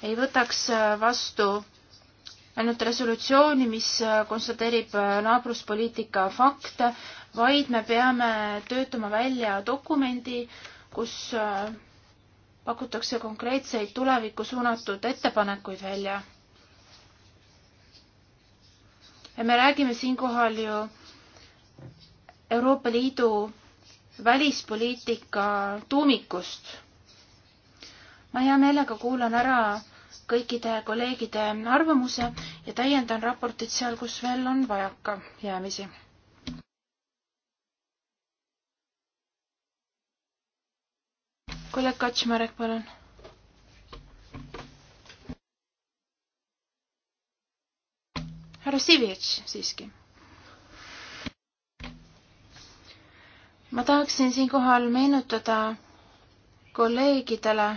ei võtaks vastu ainult resolutsiooni, mis konstateerib naabruspoliitika fakte, vaid me peame töötama välja dokumendi, kus pakutakse konkreetseid tulevikku suunatud ettepanekuid välja me räägime siinkohal ju Euroopa Liidu välispoliitika tuumikust. ma hea meelega kuulan ära kõikide kolleegide arvamuse ja täiendan raportit seal, kus veel on vajakajäämisi. kolleeg Kaczmarek, palun härra Sivits siiski. ma tahaksin siinkohal meenutada kolleegidele,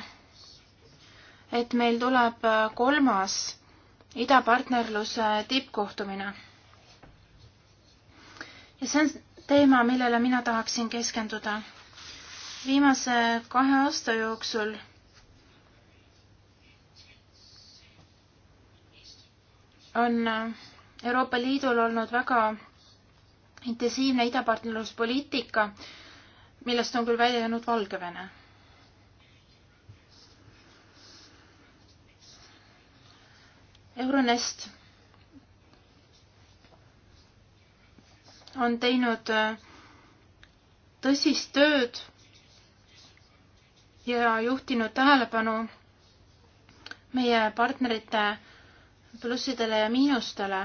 et meil tuleb kolmas idapartnerluse tippkohtumine. ja see on teema, millele mina tahaksin keskenduda. viimase kahe aasta jooksul on Euroopa Liidul olnud väga intensiivne idapartnerluspoliitika, millest on küll välja jäänud Valgevene. Euronest on teinud äh, tõsist tööd ja juhtinud tähelepanu meie partnerite plussidele ja miinustele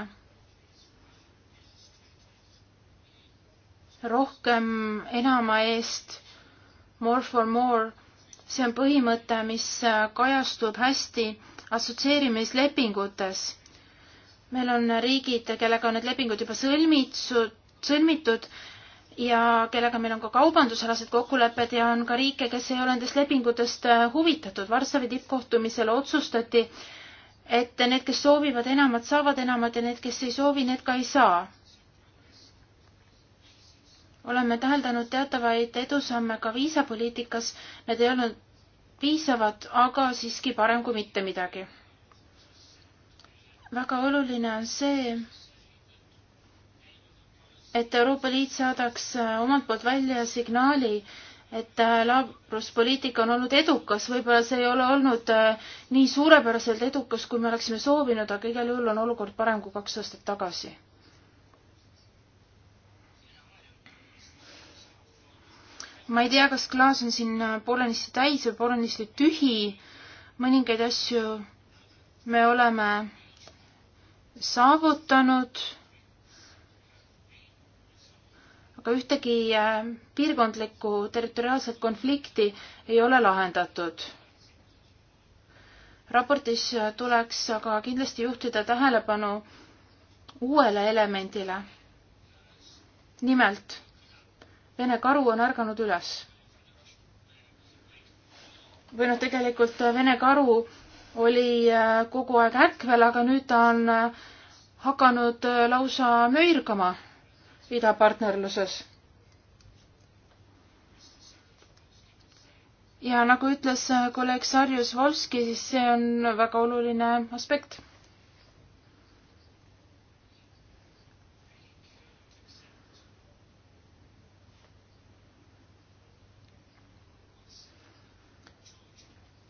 rohkem enama eest, more for more, see on põhimõte, mis äh, kajastub hästi assotsieerimislepingutes. meil on riigid, kellega on need lepingud juba sõlmitud, sõlmitud ja kellega meil on ka kaubandusalased kokkulepped ja on ka riike, kes ei ole nendest lepingutest äh, huvitatud. Varssavi tippkohtumisel otsustati, et need, kes soovivad enamat, saavad enamat ja need, kes ei soovi, need ka ei saa oleme täheldanud teatavaid edusamme ka viisapoliitikas, need ei olnud piisavad, aga siiski parem kui mitte midagi. väga oluline on see, et Euroopa Liit saadaks omalt poolt välja signaali, et laabruspoliitika on olnud edukas, võib-olla see ei ole olnud äh, nii suurepäraselt edukas, kui me oleksime soovinud, aga igal juhul on olukord parem kui kaks aastat tagasi ma ei tea, kas klaas on siin äh, poolenisti täis või poolenisti tühi. mõningaid asju me oleme saavutanud. aga ühtegi äh, piirkondlikku territoriaalset konflikti ei ole lahendatud. raportis äh, tuleks aga kindlasti juhtida tähelepanu uuele elemendile. nimelt Vene karu on ärganud üles. või noh, tegelikult äh, Vene karu oli äh, kogu aeg ärkvel, aga nüüd ta on äh, hakanud lausa möirgama idapartnerluses. ja nagu ütles kolleeg Sarjus Volski, siis see on väga oluline aspekt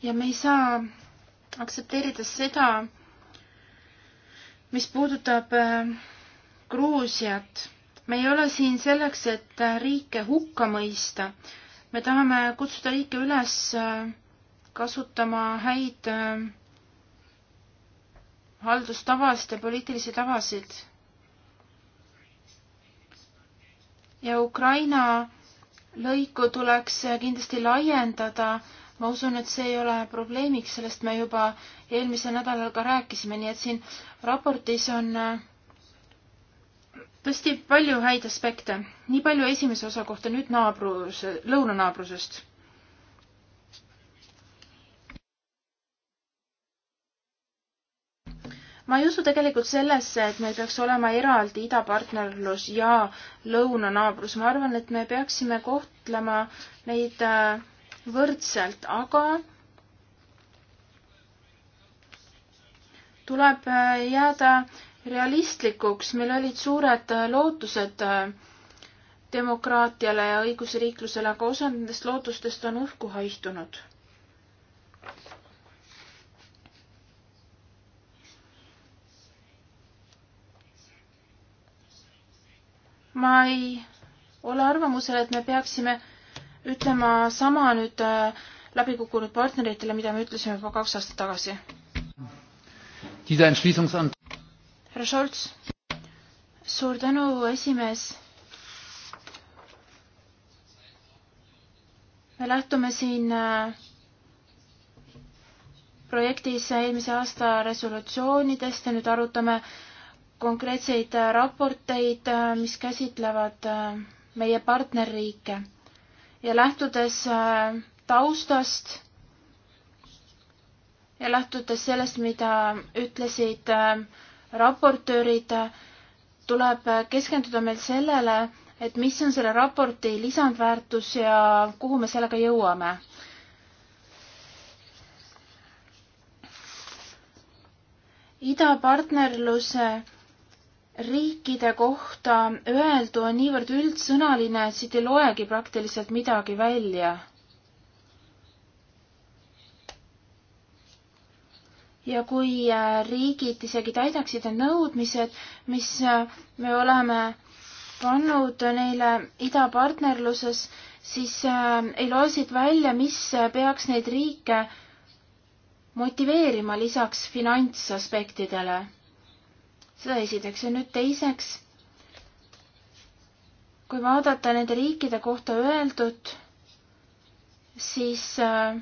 ja me ei saa aktsepteerida seda, mis puudutab äh, Gruusiat. me ei ole siin selleks, et äh, riike hukka mõista. me tahame kutsuda riike üles äh, kasutama häid haldustavasid ja poliitilisi tavasid. ja Ukraina lõiku tuleks kindlasti laiendada ma usun, et see ei ole probleemiks, sellest me juba eelmisel nädalal ka rääkisime, nii et siin raportis on äh, tõesti palju häid aspekte. nii palju esimese osa kohta, nüüd naabruse, lõunanaabrusest. ma ei usu tegelikult sellesse, et meil peaks olema eraldi idapartnerlus ja lõunanaabrus. ma arvan, et me peaksime kohtlema neid äh, võrdselt, aga tuleb äh, jääda realistlikuks, meil olid suured äh, lootused äh, demokraatiale ja õigusriiklusele, aga osa nendest lootustest on õhku haihtunud. ma ei ole arvamusel, et me peaksime ütlema sama nüüd äh, läbikukkunud partneritele, mida me ütlesime juba kaks aastat tagasi. härra Scholz, suur tänu, esimees. me lähtume siin äh, projektis eelmise aasta resolutsioonidest ja nüüd arutame konkreetseid äh, raporteid, mis käsitlevad meie partnerriike ja lähtudes äh, taustast ja lähtudes sellest, mida ütlesid äh, raportöörid, tuleb äh, keskenduda meil sellele, et mis on selle raporti lisandväärtus ja kuhu me sellega jõuame. idapartnerluse riikide kohta öeldu on niivõrd üldsõnaline, et siit ei loegi praktiliselt midagi välja. ja kui äh, riigid isegi täidaksid need nõudmised, mis äh, me oleme pannud neile idapartnerluses, siis äh, ei loe siit välja, mis peaks neid riike motiveerima lisaks finantsaspektidele seda esiteks ja nüüd teiseks, kui vaadata nende riikide kohta öeldut, siis äh,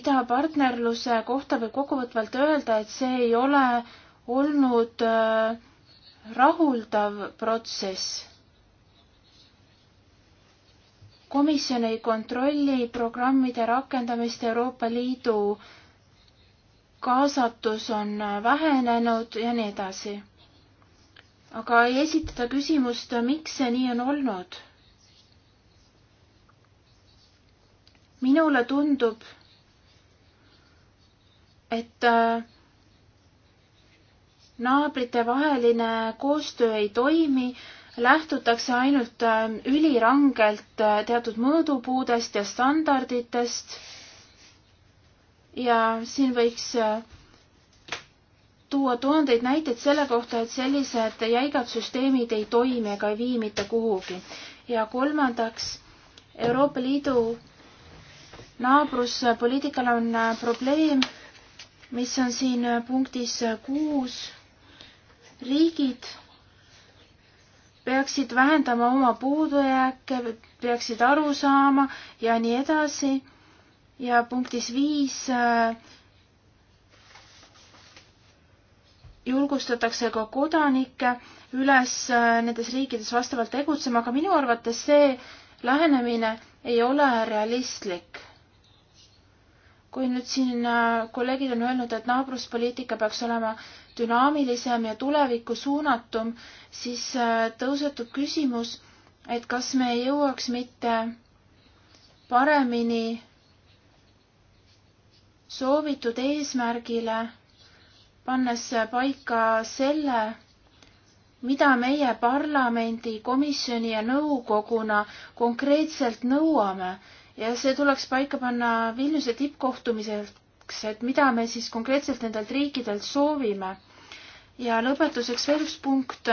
idapartnerluse kohta võib kokkuvõtvalt öelda, et see ei ole olnud äh, rahuldav protsess. komisjon ei kontrolli programmide rakendamist Euroopa Liidu äh, kaasatus on vähenenud ja nii edasi. aga ei esitata küsimust, miks see nii on olnud. minule tundub, et äh, naabritevaheline koostöö ei toimi, lähtutakse ainult äh, ülirangelt äh, teatud mõõdupuudest ja standarditest ja siin võiks äh, tuua tuhandeid näiteid selle kohta, et sellised jäigad süsteemid ei toimi ega ei vii mitte kuhugi. ja kolmandaks, Euroopa Liidu naabruspoliitikal on äh, probleem, mis on siin äh, punktis kuus. riigid peaksid vähendama oma puudujääke, peaksid aru saama ja nii edasi ja punktis viis äh, julgustatakse ka kodanikke üles äh, nendes riikides vastavalt tegutsema, aga minu arvates see lähenemine ei ole realistlik. kui nüüd siin äh, kolleegid on öelnud, et naabruspoliitika peaks olema dünaamilisem ja tulevikku suunatum, siis tõusetub küsimus, et kas me ei jõuaks mitte paremini soovitud eesmärgile, pannes paika selle, mida meie parlamendi, komisjoni ja nõukoguna konkreetselt nõuame ja see tuleks paika panna Vilniuse tippkohtumiseks, et mida me siis konkreetselt nendelt riikidelt soovime. ja lõpetuseks veel üks punkt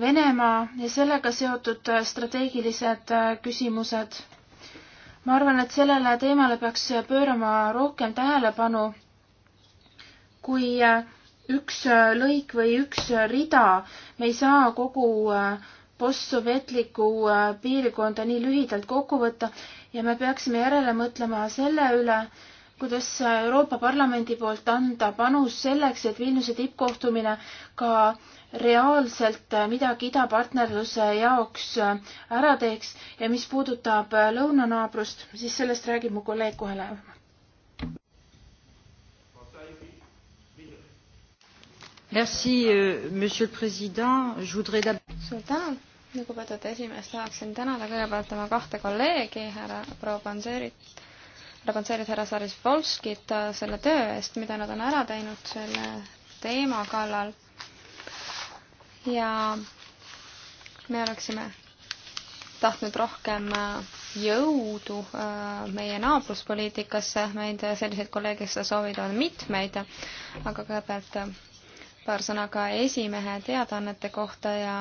Venemaa ja sellega seotud äh, strateegilised äh, küsimused. ma arvan, et sellele teemale peaks pöörama rohkem tähelepanu kui äh, üks lõik või üks rida. me ei saa kogu postsovetliku piirkonda nii lühidalt kokku võtta ja me peaksime järele mõtlema selle üle, kuidas Euroopa Parlamendi poolt anda panus selleks, et Vilniuse tippkohtumine ka reaalselt midagi idapartnerluse jaoks ära teeks ja mis puudutab lõunanaabrust, siis sellest räägib mu kolleeg kohe lähemalt. Merci, euh, Monsieur le Président. Je voudrais d'abord. Suur tänu, lugupeetud esimees, tahaksin tänada kõigepealt oma kahte kolleegi, härra proua Panserit härra Pantserit, härra Saris Volskit äh, selle töö eest, mida nad on ära teinud selle teema kallal ja me oleksime tahtnud rohkem äh, jõudu äh, meie naabruspoliitikasse, meid selliseid kolleege, kes seda soovid, on mitmeid, aga kõigepealt äh, paar sõna ka esimehe teadaannete kohta ja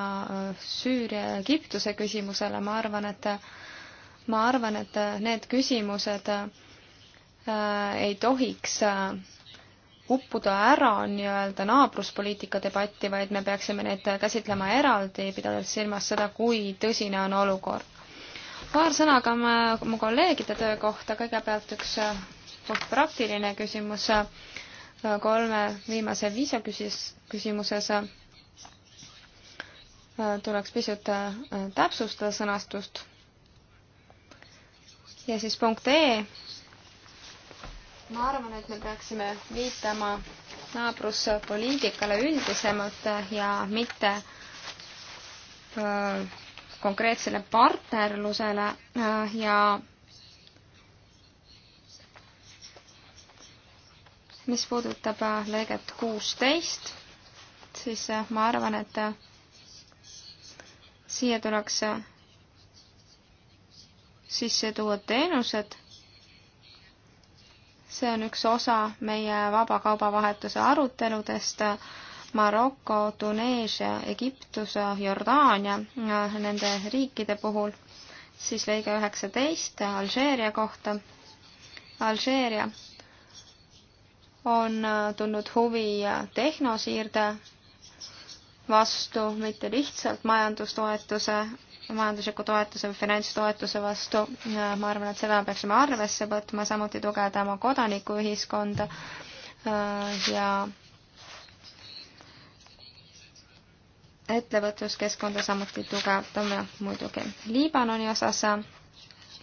Süüria ja Egiptuse küsimusele, ma arvan, et ma arvan, et need küsimused ei tohiks uppuda ära nii-öelda naabruspoliitika debatti, vaid me peaksime neid käsitlema eraldi, pidades silmas seda, kui tõsine on olukord. paar sõna ka mu kolleegide töö kohta, kõigepealt üks äh, puht praktiline küsimus äh, kolme viimase viisa küsis, küsimuses äh, tuleks pisut täpsustada sõnastust. ja siis punkt E ma arvan, et me peaksime viitama naabruspoliitikale üldisemalt ja mitte öö, konkreetsele partnerlusele ja mis puudutab lõiget kuusteist, siis ma arvan, et siia tuleks sisse tuua teenused see on üks osa meie vabakaubavahetuse aruteludest. Maroko, Tuneesia, Egiptus, Jordaania, nende riikide puhul, siis lõige üheksateist Alžeeria kohta. Alžeeria on tundnud huvi tehnosiirde vastu, mitte lihtsalt majandustoetuse majandusliku toetuse või finantstoetuse vastu. ma arvan, et seda peaksime arvesse võtma, samuti tugevdama kodanikuühiskonda äh, ja ettevõtluskeskkonda samuti tugevdame muidugi. Liibanoni osas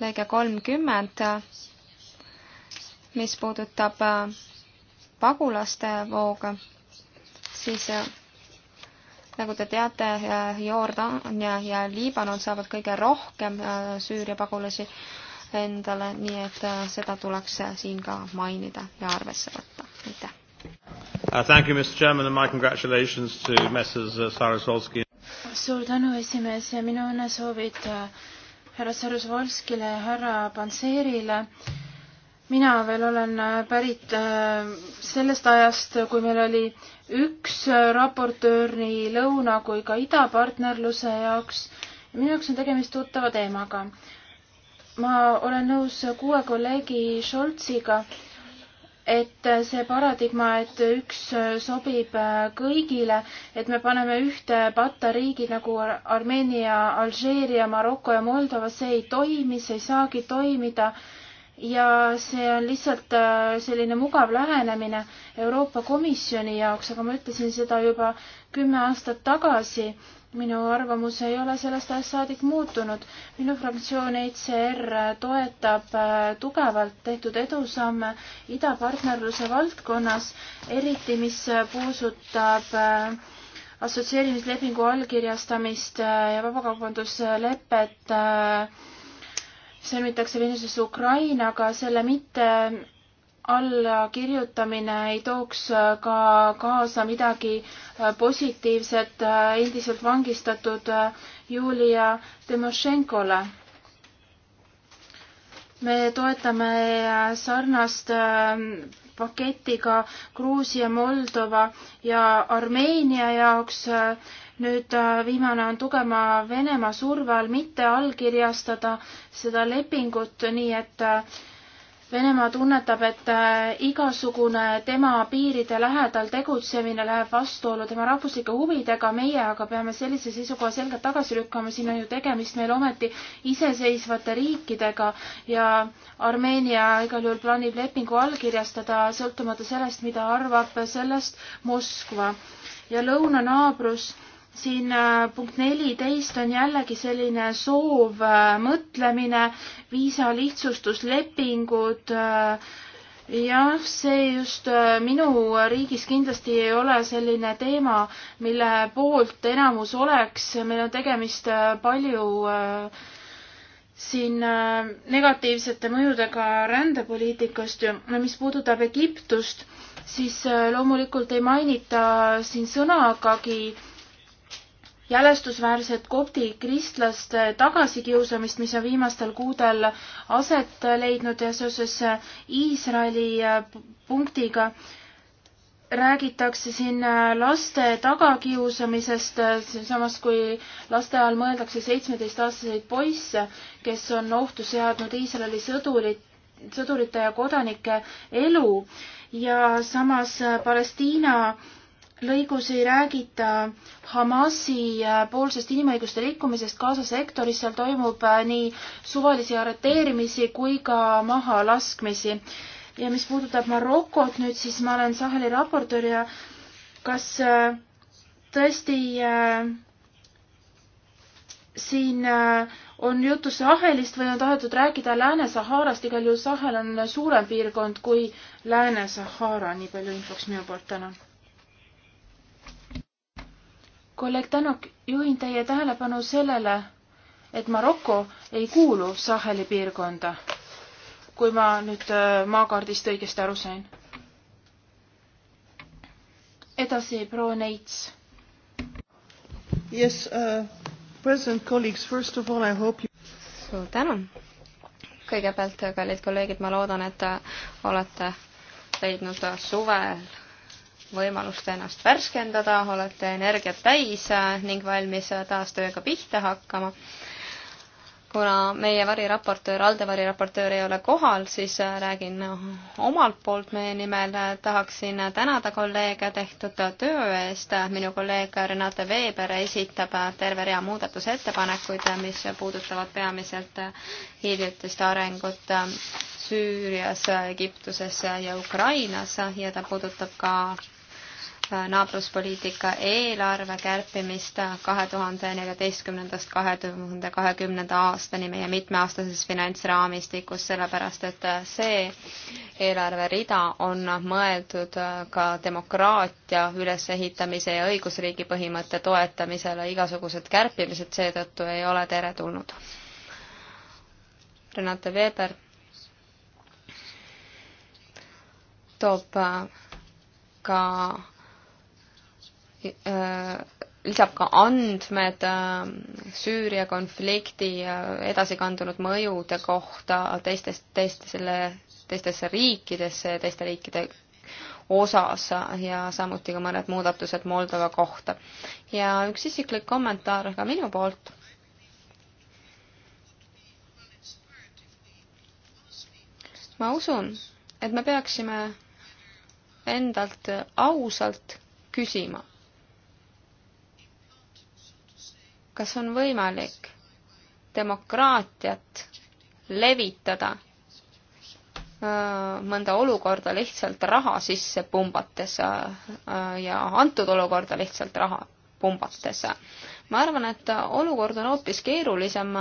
lõige kolmkümmend, mis puudutab äh, pagulaste vooga, siis äh, nagu te teate, Jordaania ja Liibanon saavad kõige rohkem äh, Süüria pagulasi endale, nii et äh, seda tuleks äh, siin ka mainida ja arvesse võtta. aitäh! Uh, thank you, Mr Chairman and my congratulations to Messrs uh, Sarasvolski. suur tänu, esimees ja minu õnnesoovid härra Sarasvolskile ja härra Panseerile mina veel olen pärit sellest ajast, kui meil oli üks raportöör nii lõuna kui ka idapartnerluse jaoks. minu jaoks on tegemist tuttava teemaga. ma olen nõus kuue kolleegi Scholziga, et see paradigma, et üks sobib kõigile, et me paneme ühte patta riigid nagu Armeenia, Alžeeria, Maroko ja Moldova, see ei toimi, see ei saagi toimida ja see on lihtsalt äh, selline mugav lähenemine Euroopa Komisjoni jaoks, aga ma ütlesin seda juba kümme aastat tagasi. minu arvamus ei ole sellest ajast saadik muutunud. minu fraktsioon ECR toetab äh, tugevalt tehtud edusamme idapartnerluse valdkonnas, eriti mis äh, puudutab assotsieerimislepingu allkirjastamist ja vabakaubanduslepet äh, sõlmitakse Vilniuses Ukrainaga, selle mitte allakirjutamine ei tooks ka kaasa midagi äh, positiivset äh, endiselt vangistatud äh, Julia Timošenkole. me toetame sarnast paketiga Gruusia, Moldova ja Armeenia jaoks nüüd äh, viimane on tugeva Venemaa surve all mitte allkirjastada seda lepingut, nii et äh, Venemaa tunnetab, et äh, igasugune tema piiride lähedal tegutsemine läheb vastuollu tema rahvuslike huvidega, meie aga peame sellise seisukoha selgelt tagasi lükkama, siin on ju tegemist meil ometi iseseisvate riikidega ja Armeenia igal juhul plaanib lepingu allkirjastada, sõltumata sellest, mida arvab sellest Moskva. ja lõunanaabrus siin äh, punkt neliteist on jällegi selline soov äh, mõtlemine, viisa lihtsustuslepingud. Äh, jah, see just minu riigis kindlasti ei ole selline teema, mille poolt enamus oleks, meil on tegemist palju siin negatiivsete mõjudega rändepoliitikast ja mis puudutab Egiptust, siis loomulikult ei mainita siin sõnagagi äh, jälestusväärset kopti kristlaste tagasikiusamist, mis on viimastel kuudel aset leidnud ja seoses Iisraeli äh, punktiga räägitakse siin äh, laste tagakiusamisest, äh, samas kui laste all mõeldakse seitsmeteistaastaseid poisse, kes on ohtu seadnud Iisraeli sõdurit, sõdurite ja kodanike elu ja samas Palestiina äh, lõigus ei räägita Hamasi äh, poolsest inimõiguste rikkumisest Gaza sektoris, seal toimub äh, nii suvalisi arreteerimisi kui ka mahalaskmisi. ja mis puudutab Marokot nüüd, siis ma olen Saheli raportöör ja kas äh, tõesti äh, siin äh, on juttu Sahelist või on tahetud rääkida Lääne-Saharast, igal juhul Sahel on suurem piirkond kui Lääne-Sahara, nii palju infoks minu poolt täna kolleeg Tänok, juhin teie tähelepanu sellele, et Maroko ei kuulu Saheli piirkonda, kui ma nüüd äh, maakaardist õigesti aru sain. edasi, proua Neits. Yes uh,, president, colleagues, first of all I hope you suur tänu. kõigepealt, kallid kolleegid, ma loodan, et äh, olete leidnud äh, suvel võimalust ennast värskendada, olete energiat täis äh, ning valmis äh, taas tööga pihta hakkama. kuna meie variraportöör, ALDE variraportöör ei ole kohal, siis äh, räägin noh, omalt poolt meie nimel. tahaksin tänada kolleege tehtud töö eest. minu kolleeg Renate Veeber esitab terve rea muudatusettepanekuid, mis puudutavad peamiselt hiljutist arengut Süürias, Egiptuses ja Ukrainas ja ta puudutab ka naabruspoliitika eelarve kärpimist kahe tuhande neljateistkümnendast kahe tuhande kahekümnenda aastani meie mitmeaastases finantsraamistikus, sellepärast et see eelarverida on mõeldud ka demokraatia ülesehitamise ja õigusriigi põhimõtte toetamisele, igasugused kärpimised seetõttu ei ole teretulnud. Renate Veber toob ka Äh, lisab ka andmed äh, Süüria konflikti edasikandunud mõjude kohta teistest, teiste selle, teistesse riikidesse ja teiste riikide osas ja samuti ka mõned muudatused Moldova kohta. ja üks isiklik kommentaar ka minu poolt. ma usun, et me peaksime endalt ausalt küsima, kas on võimalik demokraatiat levitada mõnda olukorda lihtsalt raha sisse pumbates ja antud olukorda lihtsalt raha pumbates. ma arvan, et olukord on hoopis keerulisem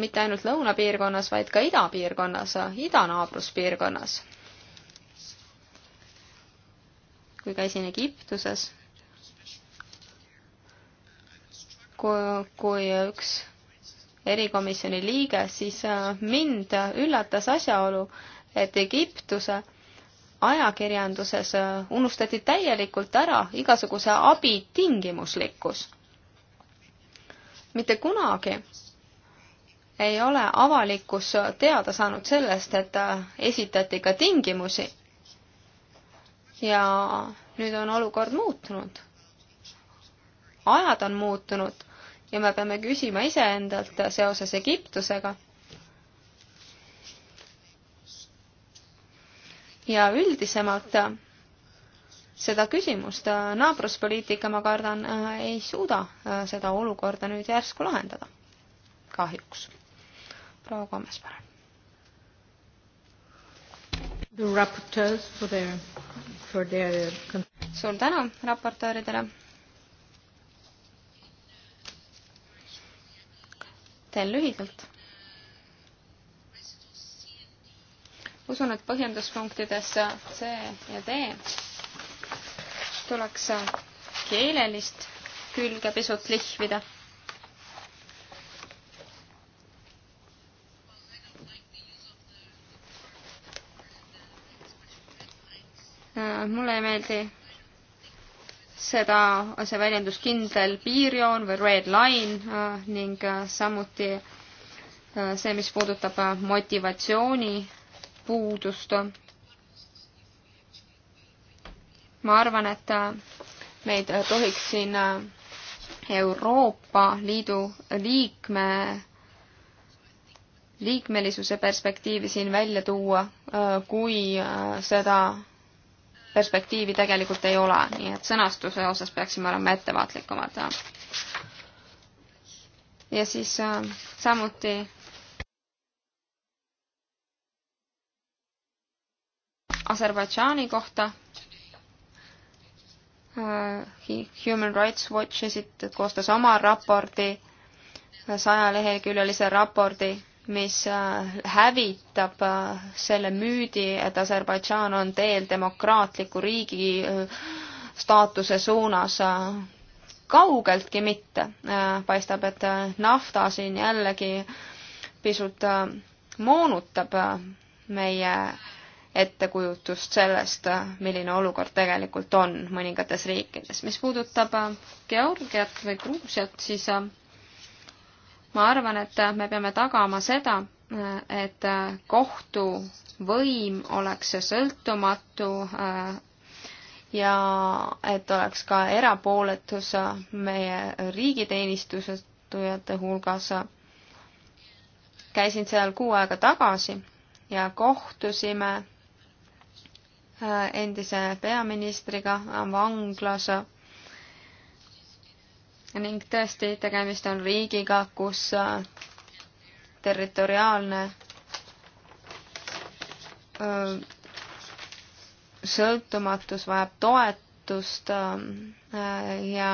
mitte ainult lõunapiirkonnas, vaid ka idapiirkonnas, idanaabruspiirkonnas. kui käisin Egiptuses kui, kui üks erikomisjoni liige, siis äh, mind üllatas asjaolu, et Egiptuse ajakirjanduses äh, unustati täielikult ära igasuguse abi tingimuslikkus. mitte kunagi ei ole avalikkus teada saanud sellest, et äh, esitati ka tingimusi. ja nüüd on olukord muutunud. ajad on muutunud ja me peame küsima iseendalt seoses Egiptusega. ja üldisemalt seda küsimust naabruspoliitika, ma kardan, ei suuda seda olukorda nüüd järsku lahendada. kahjuks. proua Kommes, palun. The rapporteurs for their, for their... suur tänu raportööridele teen lühidalt. usun, et põhjenduspunktides C ja D tuleks keelelist külge pisut lihvida mulle ei meeldi seda, see väljendus kindel piirjoon või red line äh, ning äh, samuti äh, see, mis puudutab motivatsiooni puudust. ma arvan, et meid tohiks siin Euroopa Liidu liikme, liikmelisuse perspektiivi siin välja tuua, kui seda perspektiivi tegelikult ei ole, nii et sõnastuse osas peaksime olema ettevaatlikumad. ja siis äh, samuti Aserbaidžaani kohta äh, Human Rights Watch esitas, koostas oma raporti, sajaleheküljelise raporti mis äh, hävitab äh, selle müüdi, et Aserbaidžaan on teel demokraatliku riigi äh, staatuse suunas. kaugeltki mitte. paistab, et nafta siin jällegi pisut moonutab meie ettekujutust sellest, milline olukord tegelikult on mõningates riikides. mis puudutab Georgiat või Gruusiat, siis ma arvan, et me peame tagama seda, et kohtuvõim oleks sõltumatu ja et oleks ka erapooletus meie riigiteenistujate hulgas. käisin seal kuu aega tagasi ja kohtusime äh, endise peaministriga vanglas ning tõesti, tegemist on riigiga, kus äh, territoriaalne äh, sõltumatus vajab toetust äh, ja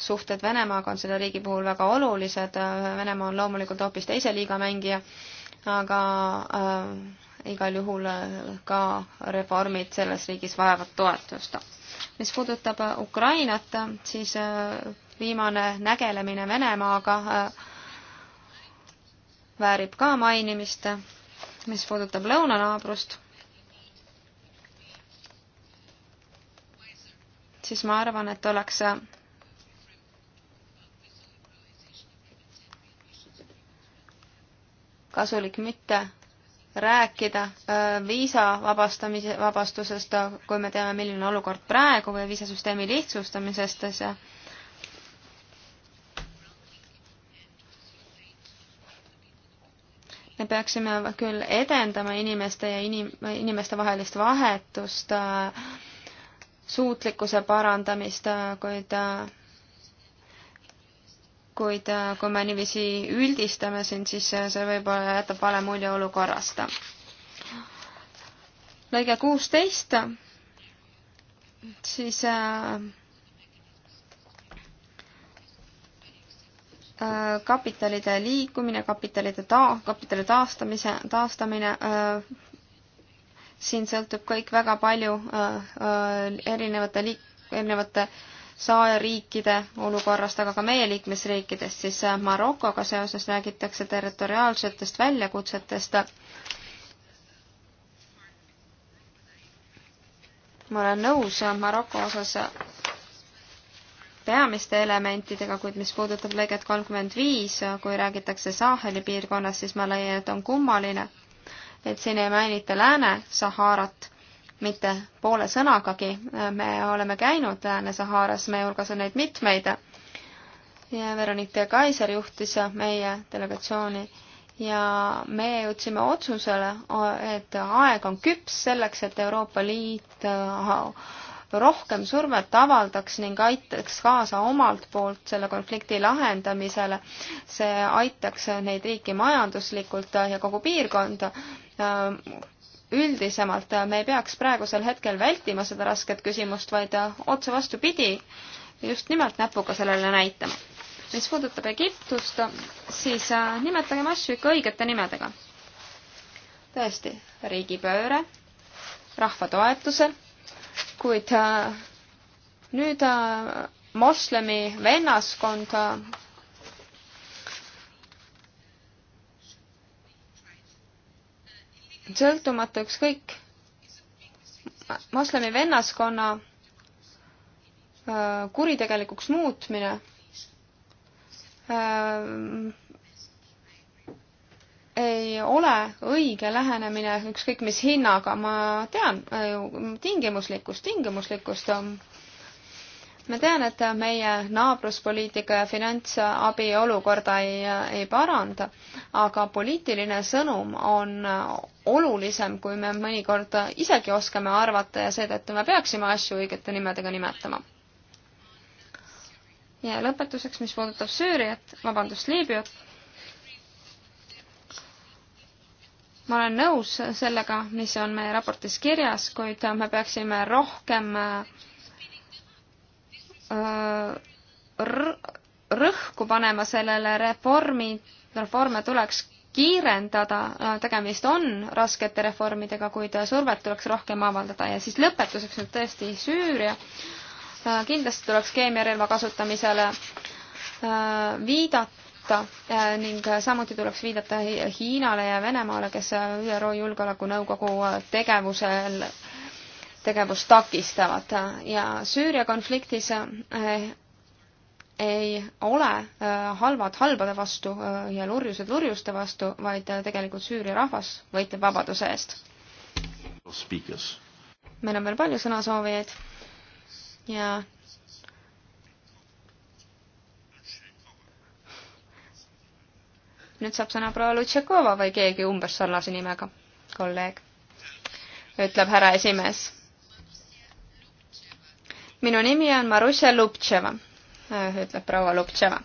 suhted Venemaaga on selle riigi puhul väga olulised, Venemaa on loomulikult hoopis teise liiga mängija, aga igal juhul ka reformid selles riigis vajavad toetust mis puudutab äh, Ukrainat, siis äh, viimane nägelemine Venemaaga äh, väärib ka mainimist, mis puudutab lõunanaabrust, siis ma arvan, et oleks kasulik mitte rääkida viisa vabastamise, vabastusest, kui me teame, milline on olukord praegu või viisasüsteemi lihtsustamisest, see me peaksime küll edendama inimeste ja inim-, inimeste vahelist vahetust, suutlikkuse parandamist, kuid kuid äh, kui me niiviisi üldistame siin, siis äh, see võib-olla jätab vale mulje olukorrast. lõige kuusteist, siis äh, kapitalide liikumine, kapitalide ta-, kapitali taastamise, taastamine, siin sõltub kõik väga palju erinevate liik-, erinevate äh, saajariikide olukorrast, aga ka meie liikmesriikidest, siis äh, Marokoga seoses räägitakse territoriaalsetest väljakutsetest. ma olen nõus äh, Maroko osas äh, peamiste elementidega, kuid mis puudutab lõiget kolmkümmend viis, kui räägitakse Saheli piirkonnast, siis ma leian, et on kummaline, et siin ei mainita Lääne-Saharat mitte poole sõnagagi. me oleme käinud Lääne-Saharas, meie hulgas on neid mitmeid. ja Veronika Kaiser juhtis meie delegatsiooni ja meie jõudsime otsusele, et aeg on küps selleks, et Euroopa Liit rohkem survet avaldaks ning aitaks kaasa omalt poolt selle konflikti lahendamisele. see aitaks neid riike majanduslikult ja kogu piirkonda üldisemalt me ei peaks praegusel hetkel vältima seda rasket küsimust, vaid otse vastupidi, just nimelt näpuga sellele näitama. mis puudutab Egiptust, siis äh, nimetagem asju ikka õigete nimedega. tõesti, riigipööre, rahva toetusel, kuid äh, nüüd äh, moslemi vennaskond sõltumata ükskõik moslemi vennaskonna äh, kuritegelikuks muutmine äh, ei ole õige lähenemine ükskõik mis hinnaga, ma tean äh, tingimuslikkust, tingimuslikkust on ma tean, et meie naabruspoliitika ja finantsabi olukorda ei, ei paranda, aga poliitiline sõnum on olulisem, kui me mõnikord isegi oskame arvata ja seetõttu me peaksime asju õigete nimedega nimetama. ja lõpetuseks, mis puudutab Süüriat, vabandust, Liibüat, ma olen nõus sellega, mis on meie raportis kirjas, kuid me peaksime rohkem äh, Äh, rõhku panema sellele reformi, reforme tuleks kiirendada, äh, tegemist on raskete reformidega, kuid survet tuleks rohkem avaldada ja siis lõpetuseks nüüd tõesti Süüria. Äh, kindlasti tuleks keemiarelva kasutamisele viidata ning samuti tuleks viidata Hiinale ja Venemaale, kes ÜRO Julgeolekunõukogu tegevusel tegevust takistavad ja Süüria konfliktis eh, ei ole eh, halvad halbade vastu eh, ja lurjused lurjuste vastu, vaid tegelikult Süüria rahvas võitleb vabaduse eest. meil on veel palju sõnasoovijaid ja nüüd saab sõna proua Lutšakova või keegi umbes sarnase nimega kolleeg, ütleb härra esimees minu nimi on Marusja Lubtševa, äh, ütleb proua Lubtševa.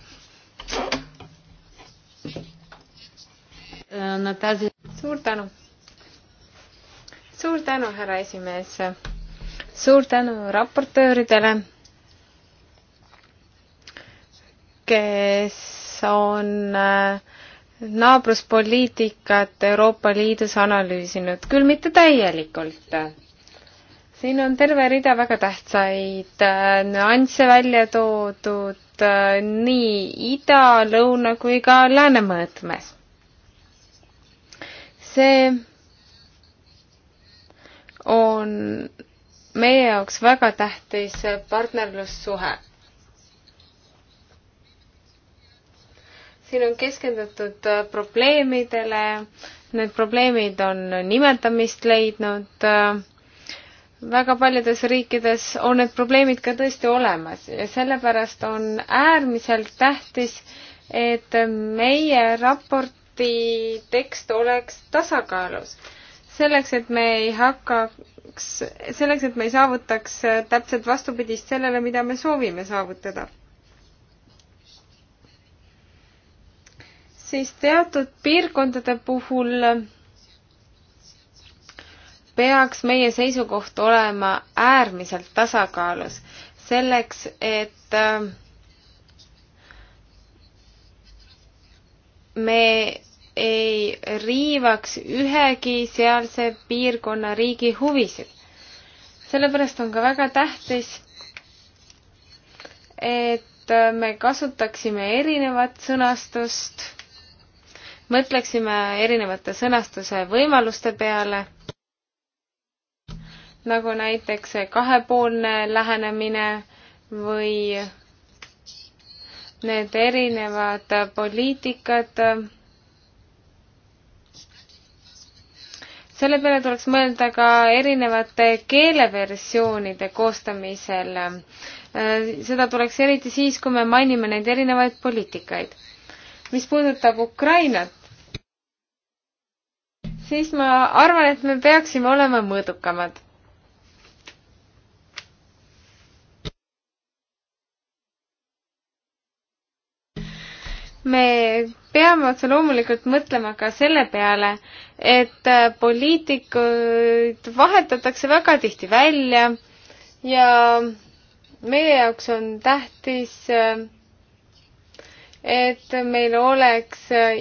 Äh, suur tänu. suur tänu, härra esimees. suur tänu raportööridele, kes on äh, naabruspoliitikat Euroopa Liidus analüüsinud, küll mitte täielikult siin on terve rida väga tähtsaid äh, nüansse välja toodud äh, nii ida, lõuna kui ka lääne mõõtmes. see on meie jaoks väga tähtis partnerlussuhe. siin on keskendutud äh, probleemidele, need probleemid on nimetamist leidnud äh, väga paljudes riikides on need probleemid ka tõesti olemas ja sellepärast on äärmiselt tähtis, et meie raporti tekst oleks tasakaalus. selleks, et me ei hakkaks, selleks, et me ei saavutaks täpselt vastupidist sellele, mida me soovime saavutada. siis teatud piirkondade puhul peaks meie seisukoht olema äärmiselt tasakaalus selleks, et äh, me ei riivaks ühegi sealse piirkonna riigi huvisid. sellepärast on ka väga tähtis, et äh, me kasutaksime erinevat sõnastust, mõtleksime erinevate sõnastuse võimaluste peale nagu näiteks kahepoolne lähenemine või need erinevad poliitikad. selle peale tuleks mõelda ka erinevate keeleversioonide koostamisel. seda tuleks eriti siis, kui me mainime neid erinevaid poliitikaid. mis puudutab Ukrainat, siis ma arvan, et me peaksime olema mõõdukamad me peame otse loomulikult mõtlema ka selle peale, et äh, poliitikud vahetatakse väga tihti välja ja meie jaoks on tähtis, äh, et meil oleks äh,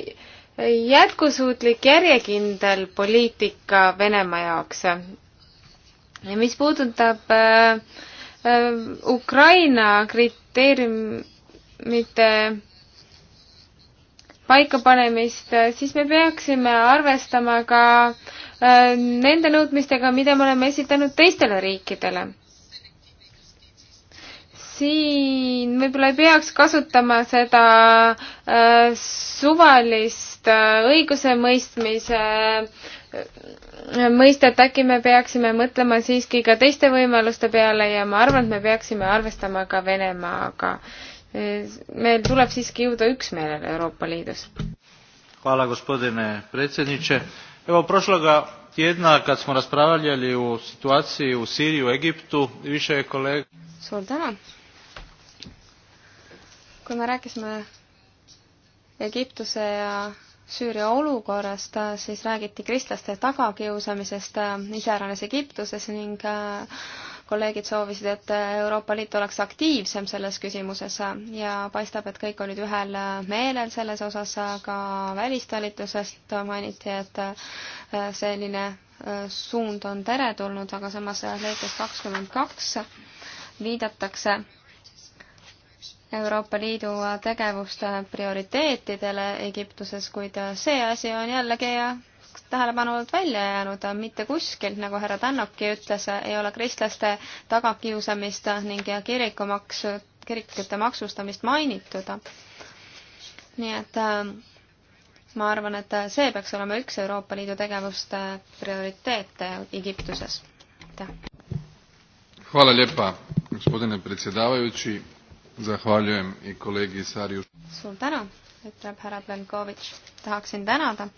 jätkusuutlik järjekindel poliitika Venemaa jaoks. ja mis puudutab Ukraina kriteeriumite paikapanemist, äh, siis me peaksime arvestama ka äh, nende nõudmistega, mida me oleme esitanud teistele riikidele. siin võib-olla ei peaks kasutama seda äh, suvalist õigusemõistmise mõistet, äkki me peaksime mõtlema siiski ka teiste võimaluste peale ja ma arvan, et me peaksime arvestama ka Venemaaga äh, meil tuleb siiski jõuda üksmeelele Euroopa Liidus. Hvala gospodine predsjedniče. Evo prošloga tjedna kad smo raspravljali o situaciji u Siriji, u Egiptu, više je kolega... Suur tänu. Kui me rääkisime Egiptuse ja Süüria olukorrast, siis räägiti kristlaste tagakiusamisest äh, iseäranis Egiptuses ning äh, kolleegid soovisid, et Euroopa Liit oleks aktiivsem selles küsimuses ja paistab, et kõik olid ühel meelel selles osas, ka välistalitusest mainiti, et äh, selline äh, suund on teretulnud, aga samas äh, lõikes kakskümmend kaks viidatakse Euroopa Liidu tegevuste prioriteetidele Egiptuses, kuid see asi on jällegi tähelepanu alt välja jäänud, mitte kuskilt, nagu härra Tannoki ütles, ei ole kristlaste tagakiusamist ning kirikumaks, kirikute maksustamist mainitud. nii et äh, ma arvan, et see peaks olema üks Euroopa Liidu tegevuste prioriteete Egiptuses. aitäh. Hvala lijepa, gospodine predsjedavajući. Zahvaljujem i kolegi Sarju. Suur tänu, ütleb härra Plenkovitš. tahaksin tänada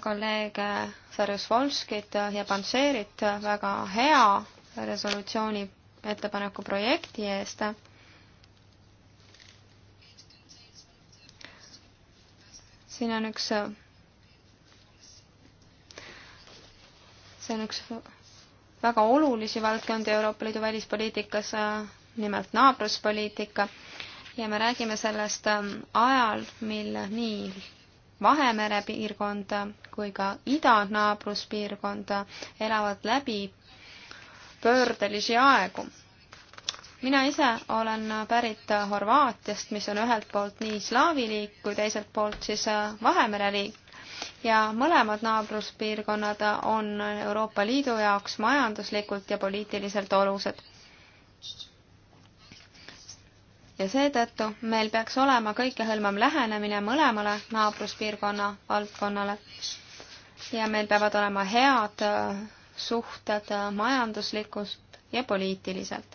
kolleeg Sarjusvolskit ja Panseerit väga hea resolutsiooni ettepaneku projekti eest. siin on üks, see on üks väga olulisi valdkondi Euroopa Liidu välispoliitikas, nimelt naabruspoliitika ja me räägime sellest ajal, mil nii Vahemere piirkonda kui ka idanaabruspiirkonda elavad läbi pöördelisi aegu. mina ise olen pärit Horvaatiast, mis on ühelt poolt nii slaavi liik kui teiselt poolt siis Vahemere liik ja mõlemad naabruspiirkonnad on Euroopa Liidu jaoks majanduslikult ja poliitiliselt olulised ja seetõttu meil peaks olema kõikehõlmav lähenemine mõlemale naabruspiirkonna valdkonnale ja meil peavad olema head äh, suhted äh, majanduslikult ja poliitiliselt.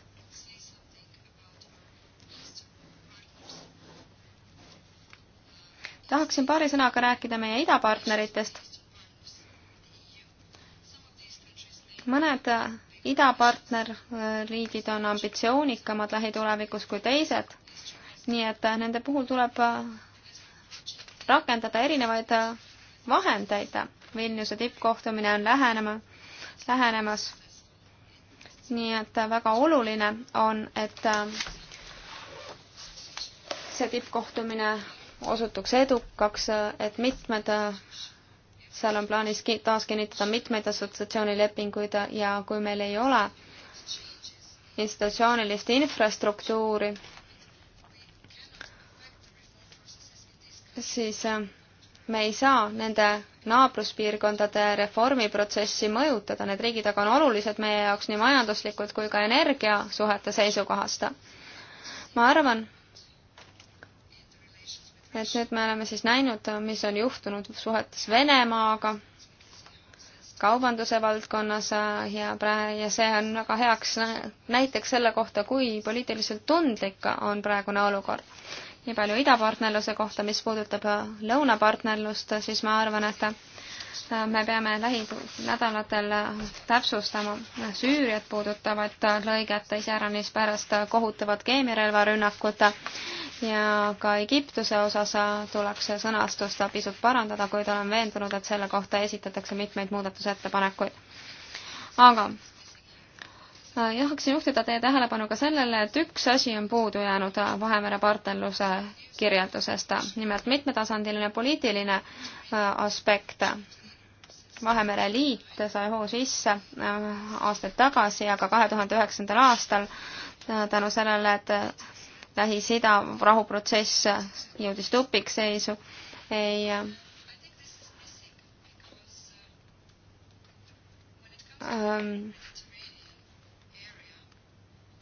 tahaksin paari sõnaga rääkida meie idapartneritest. mõned äh, idapartnerriigid on ambitsioonikamad lähitulevikus kui teised, nii et äh, nende puhul tuleb äh, rakendada erinevaid äh, vahendeid. Vilniuse tippkohtumine on lähenema, lähenemas. nii et väga oluline on, et see tippkohtumine osutuks edukaks, et mitmed seal on plaanis taaskinnitada mitmeid assotsiatsioonilepinguid ja kui meil ei ole institutsioonilist infrastruktuuri, siis äh, me ei saa nende naabruspiirkondade reformiprotsessi mõjutada, need riigid aga on olulised meie jaoks nii majanduslikult kui ka energiasuhete seisukohast. ma arvan, et nüüd me oleme siis näinud, mis on juhtunud suhetes Venemaaga kaubanduse valdkonnas ja pra-, ja see on väga heaks näiteks selle kohta, kui poliitiliselt tundlik on praegune olukord. nii palju idapartnerluse kohta, mis puudutab lõunapartnerlust, siis ma arvan, et äh, me peame lähinädalatel täpsustama Süüriat puudutavat lõiget, iseäranis pärast kohutavat keemiarelvarünnakut ja ka Egiptuse osas tuleks sõnastust pisut parandada, kuid olen veendunud, et selle kohta esitatakse mitmeid muudatusettepanekuid. aga tahaksin äh, juhtida teie tähelepanu ka sellele, et üks asi on puudu jäänud äh, Vahemere partnerluse kirjeldusest, nimelt mitmetasandiline poliitiline äh, aspekt. Vahemere Liit sai hoo sisse aastaid tagasi, aga kahe tuhande üheksandal aastal tänu sellele, et Lähis-Ida rahuprotsess jõudis tupikseisu, ei ähm,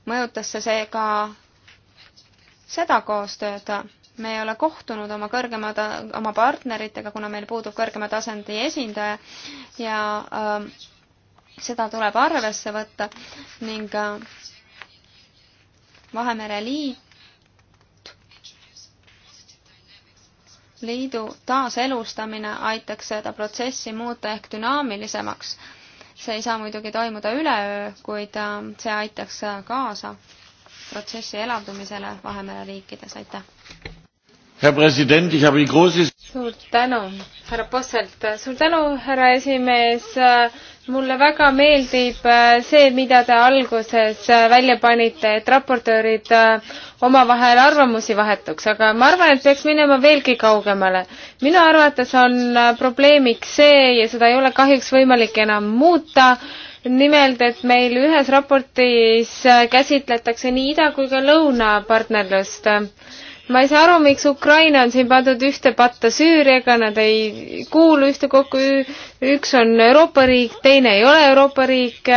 mõjutas see seega seda koostööd, me ei ole kohtunud oma kõrgema, oma partneritega, kuna meil puudub kõrgema tasandi esindaja ja ähm, seda tuleb arvesse võtta ning äh, Vahemere Liit liidu taaselustamine aitaks seda protsessi muuta ehk dünaamilisemaks. see ei saa muidugi toimuda üleöö, kuid ähm, see aitaks äh, kaasa protsessi elavdumisele Vahemere riikides, aitäh! Herr Präsident, ich habe die große suur tänu, härra Posselt. suur tänu, härra esimees. mulle väga meeldib äh, see, mida te alguses äh, välja panite, et raportöörid äh, omavahel arvamusi vahetuks, aga ma arvan, et peaks minema veelgi kaugemale. minu arvates on probleemiks see ja seda ei ole kahjuks võimalik enam muuta, nimelt, et meil ühes raportis käsitletakse nii ida kui ka lõuna partnerlust ma ei saa aru, miks Ukraina on siin pandud ühte patta Süüriaga, nad ei kuulu ühtekokku, üks on Euroopa riik, teine ei ole Euroopa riik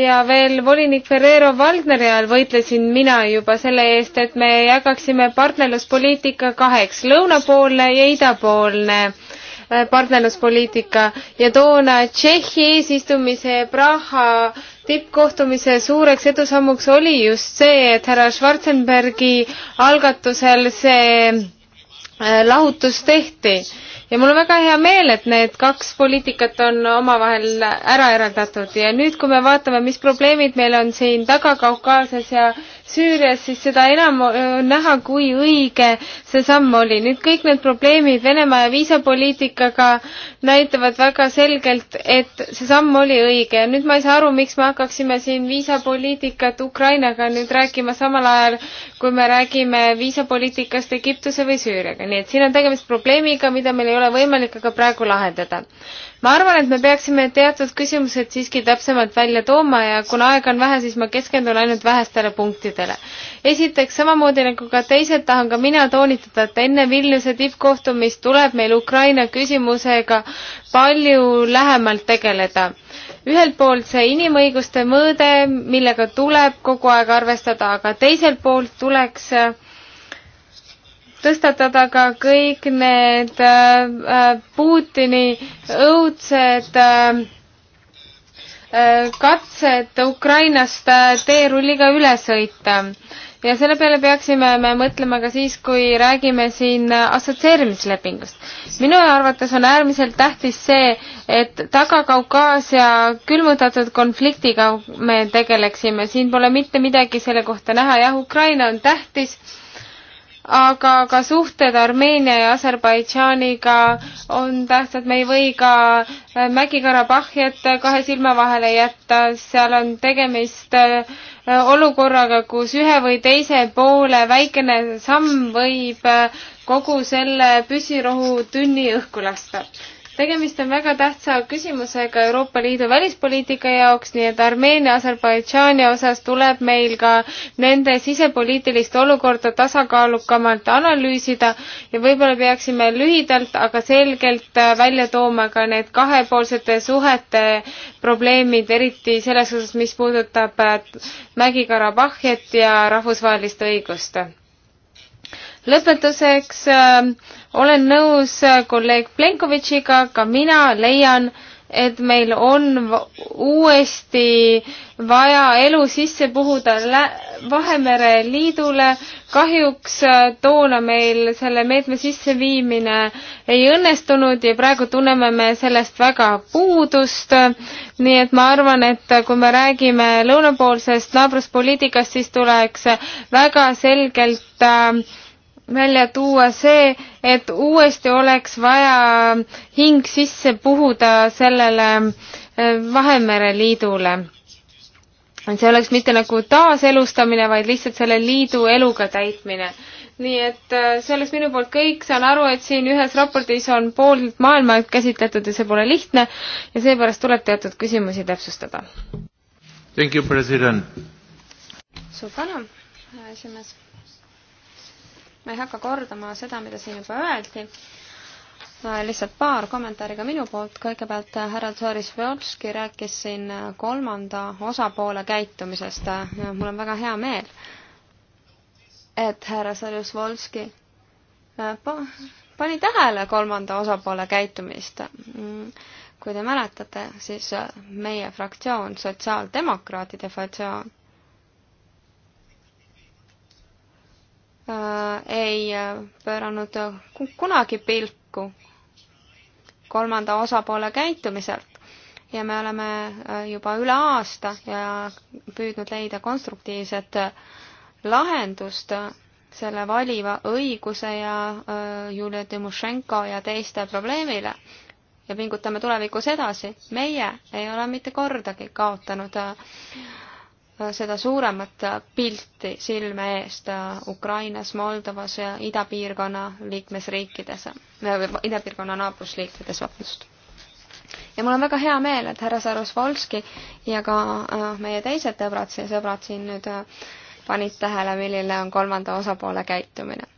ja veel volinik Ferrero Valdneri ajal võitlesin mina juba selle eest, et me jagaksime partnerluspoliitika kaheks, lõunapoolne ja idapoolne partnerluspoliitika ja toona Tšehhi eesistumise Praha tippkohtumise suureks edusammuks oli just see, et härra Schwarzenbergi algatusel see äh, lahutus tehti ja mul on väga hea meel, et need kaks poliitikat on omavahel ära eraldatud ja nüüd, kui me vaatame, mis probleemid meil on siin Taga-Kaukaasias ja Süürias, siis seda enam äh, on näha, kui õige see samm oli. nüüd kõik need probleemid Venemaa ja viisapoliitikaga näitavad väga selgelt, et see samm oli õige ja nüüd ma ei saa aru, miks me hakkaksime siin viisapoliitikat Ukrainaga nüüd rääkima samal ajal, kui me räägime viisapoliitikast Egiptuse või Süüriaga, nii et siin on tegemist probleemiga, mida meil ei ole võimalik aga praegu lahendada ma arvan, et me peaksime teatud küsimused siiski täpsemalt välja tooma ja kuna aega on vähe, siis ma keskendun ainult vähestele punktidele. esiteks, samamoodi nagu ka teised, tahan ka mina toonitada, et enne Vilniuse tippkohtumist tuleb meil Ukraina küsimusega palju lähemalt tegeleda ühelt poolt see inimõiguste mõõde, millega tuleb kogu aeg arvestada, aga teiselt poolt tuleks äh, tõstatada ka kõik need äh, äh, Putini õudsed äh, katsed Ukrainast teerulliga üle sõita. ja selle peale peaksime me mõtlema ka siis, kui räägime siin assotsieerimislepingust. minu arvates on äärmiselt tähtis see, et Taga-Kaukaasia külmutatud konfliktiga me tegeleksime, siin pole mitte midagi selle kohta näha, jah, Ukraina on tähtis aga ka suhted Armeenia ja Aserbaidžaaniga on tähtsad, me ei või ka äh, Mägi-Karabahhiat kahe silma vahele jätta, seal on tegemist äh, olukorraga, kus ühe või teise poole väikene samm võib äh, kogu selle püsirohu tünni õhku lasta tegemist on väga tähtsa küsimusega Euroopa Liidu välispoliitika jaoks, nii et Armeenia, Aserbaidžaani osas tuleb meil ka nende sisepoliitilist olukorda tasakaalukamalt analüüsida ja võib-olla peaksime lühidalt, aga selgelt välja tooma ka need kahepoolsete suhete probleemid, eriti selles osas, mis puudutab äh, Mägi-Karabahhiat ja rahvusvahelist õigust lõpetuseks äh, olen nõus äh, kolleeg Plenkovitšiga, ka mina leian, et meil on uuesti vaja elu sisse puhuda Vahemere Liidule. kahjuks äh, toona meil selle meetme sisseviimine ei õnnestunud ja praegu tunneme me sellest väga puudust. nii et ma arvan, et äh, kui me räägime lõunapoolsest naabruspoliitikast, siis tuleks väga selgelt äh, välja tuua see, et uuesti oleks vaja hing sisse puhuda sellele eh, Vahemere liidule. see oleks mitte nagu taaselustamine, vaid lihtsalt selle liidu eluga täitmine nii et eh, see oleks minu poolt kõik, saan aru, et siin ühes raportis on pool maailma käsitletud ja see pole lihtne ja seepärast tuleb teatud küsimusi täpsustada. Thank you, president. suur tänu, esimees ma ei hakka kordama seda, mida siin juba öeldi, lihtsalt paar kommentaari ka minu poolt, kõigepealt härra Tsorisvjotski rääkis siin kolmanda osapoole käitumisest ja mul on väga hea meel, et härra Tsorisvjotski äh, pani tähele kolmanda osapoole käitumist mm, kui te mäletate, siis äh, meie fraktsioon, Sotsiaaldemokraatide fraktsioon, Äh, ei äh, pööranud kunagi pilku kolmanda osapoole käitumiselt ja me oleme äh, juba üle aasta ja püüdnud leida konstruktiivset lahendust selle valiva õiguse ja Julia Timošenko ja teiste probleemile ja pingutame tulevikus edasi. meie ei ole mitte kordagi kaotanud seda suuremat pilti silme eest Ukrainas, Moldovas ja idapiirkonna liikmesriikides, idapiirkonna naabrusriikides, vabandust. ja mul on väga hea meel, et härra Sarosvolski ja ka äh, meie teised sõbrad, sõbrad siin nüüd äh, panid tähele, milline on kolmanda osapoole käitumine.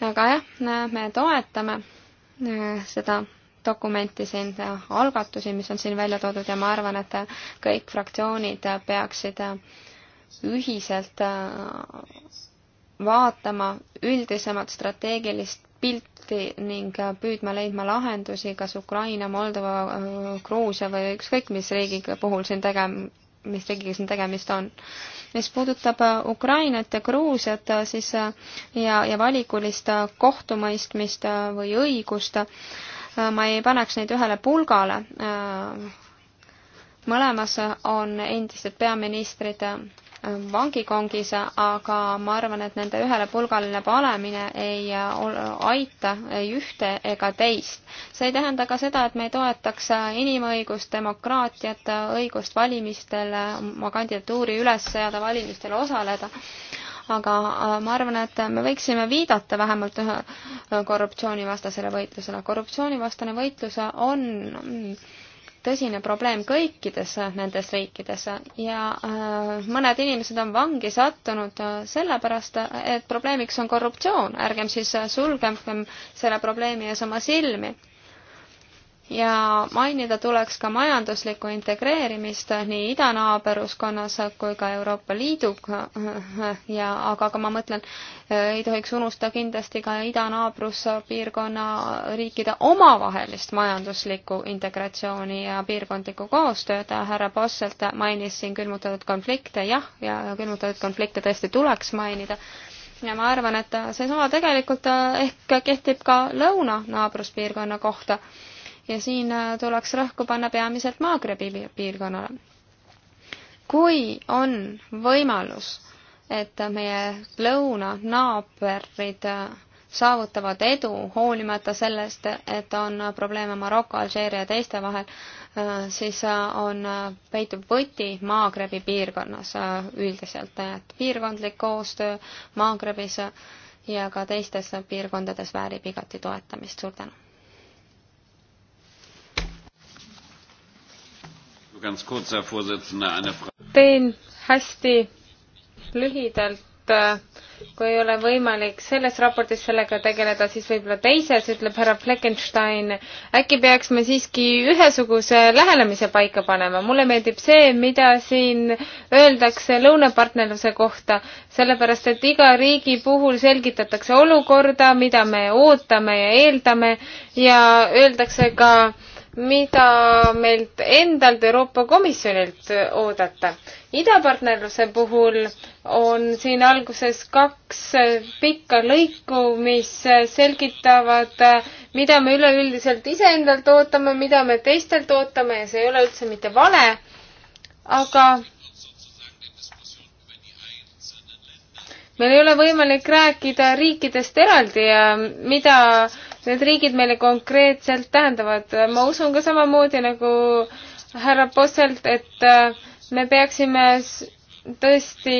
aga jah, me toetame äh, seda dokumenti siin, algatusi, mis on siin välja toodud ja ma arvan, et kõik fraktsioonid peaksid ühiselt äh, vaatama üldisemat strateegilist pilti ning püüdma leidma lahendusi, kas Ukraina, Moldova, äh, Gruusia või ükskõik mis riigi puhul siin tegem-, mis riigiga siin tegemist on. mis puudutab äh, Ukrainat ja Gruusiat, siis ja, ja valikulist kohtumõistmist või õigust, ma ei paneks neid ühele pulgale. mõlemas on endised peaministrid vangikongis, aga ma arvan, et nende ühele pulgaline panemine ei aita ei ühte ega teist. see ei tähenda ka seda, et me ei toetaks inimõigust, demokraatiat, õigust valimistel oma kandidatuuri üles seada, valimistel osaleda aga äh, ma arvan, et me võiksime viidata vähemalt ühe äh, korruptsioonivastasele võitlusele. korruptsioonivastane võitlus on mm, tõsine probleem kõikides äh, nendes riikides ja mõned inimesed on vangi sattunud sellepärast, et probleemiks on korruptsioon. ärgem siis sulgem ähm, selle probleemi ees oma silmi ja mainida tuleks ka majanduslikku integreerimist nii idanaaberuskonnas kui ka Euroopa Liiduga ja aga ka ma mõtlen, eh, ei tohiks unustada kindlasti ka idanaabruspiirkonna riikide omavahelist majanduslikku integratsiooni ja piirkondlikku koostööd. härra Posselt mainis siin külmutatud konflikte, jah, ja külmutatud konflikte tõesti tuleks mainida ja ma arvan, et seesama tegelikult eh, ehk kehtib ka lõuna naabruspiirkonna kohta ja siin äh, tuleks rõhku panna peamiselt Maagrebi piirkonnale. kui on võimalus, et meie lõunanaabrid äh, saavutavad edu, hoolimata sellest, et on probleeme Maroko, Alžeeria ja teiste vahel, äh, siis on, peitub võti Maagrebi piirkonnas üldiselt, et piirkondlik koostöö Maagrebis ja ka teistes piirkondades väärib igati toetamist, suur tänu! teen hästi lühidalt, kui ei ole võimalik selles raportis sellega tegeleda, siis võib-olla teises, ütleb härra Fleckenstein. äkki peaks me siiski ühesuguse lähenemise paika panema. mulle meeldib see, mida siin öeldakse lõunapartnerluse kohta, sellepärast et iga riigi puhul selgitatakse olukorda, mida me ootame ja eeldame ja öeldakse ka äh, mida meilt endalt Euroopa Komisjonilt oodata. idapartnerluse puhul on siin alguses kaks pikka lõiku, mis selgitavad, mida me üleüldiselt iseendalt ootame, mida me teistelt ootame ja see ei ole üldse mitte vale, aga meil ei ole võimalik rääkida riikidest eraldi ja mida äh, need riigid meile konkreetselt tähendavad. ma usun ka samamoodi nagu härra Posselt, et äh, me peaksime tõesti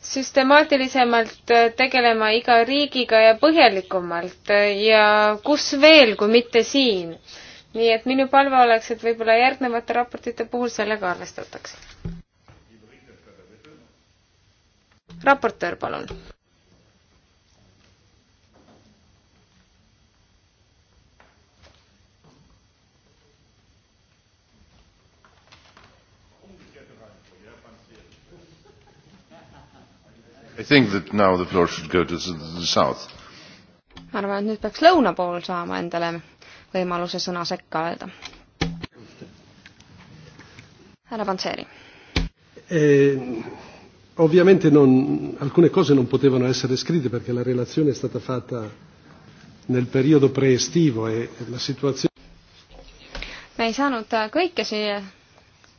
süstemaatilisemalt äh, tegelema iga riigiga ja põhjalikumalt äh, ja kus veel, kui mitte siin. nii et minu palve oleks, et võib-olla järgnevate raportite puhul sellega arvestatakse. raportöör, palun. arvan, et nüüd peaks lõuna pool saama endale võimaluse sõna sekka öelda. härra Panseri eh,. Ovviamente non, alcune cose non potevano essere scritte perché la relazione è stata fatta nel periodo preestivo e la situazione me ei saanud kõike siia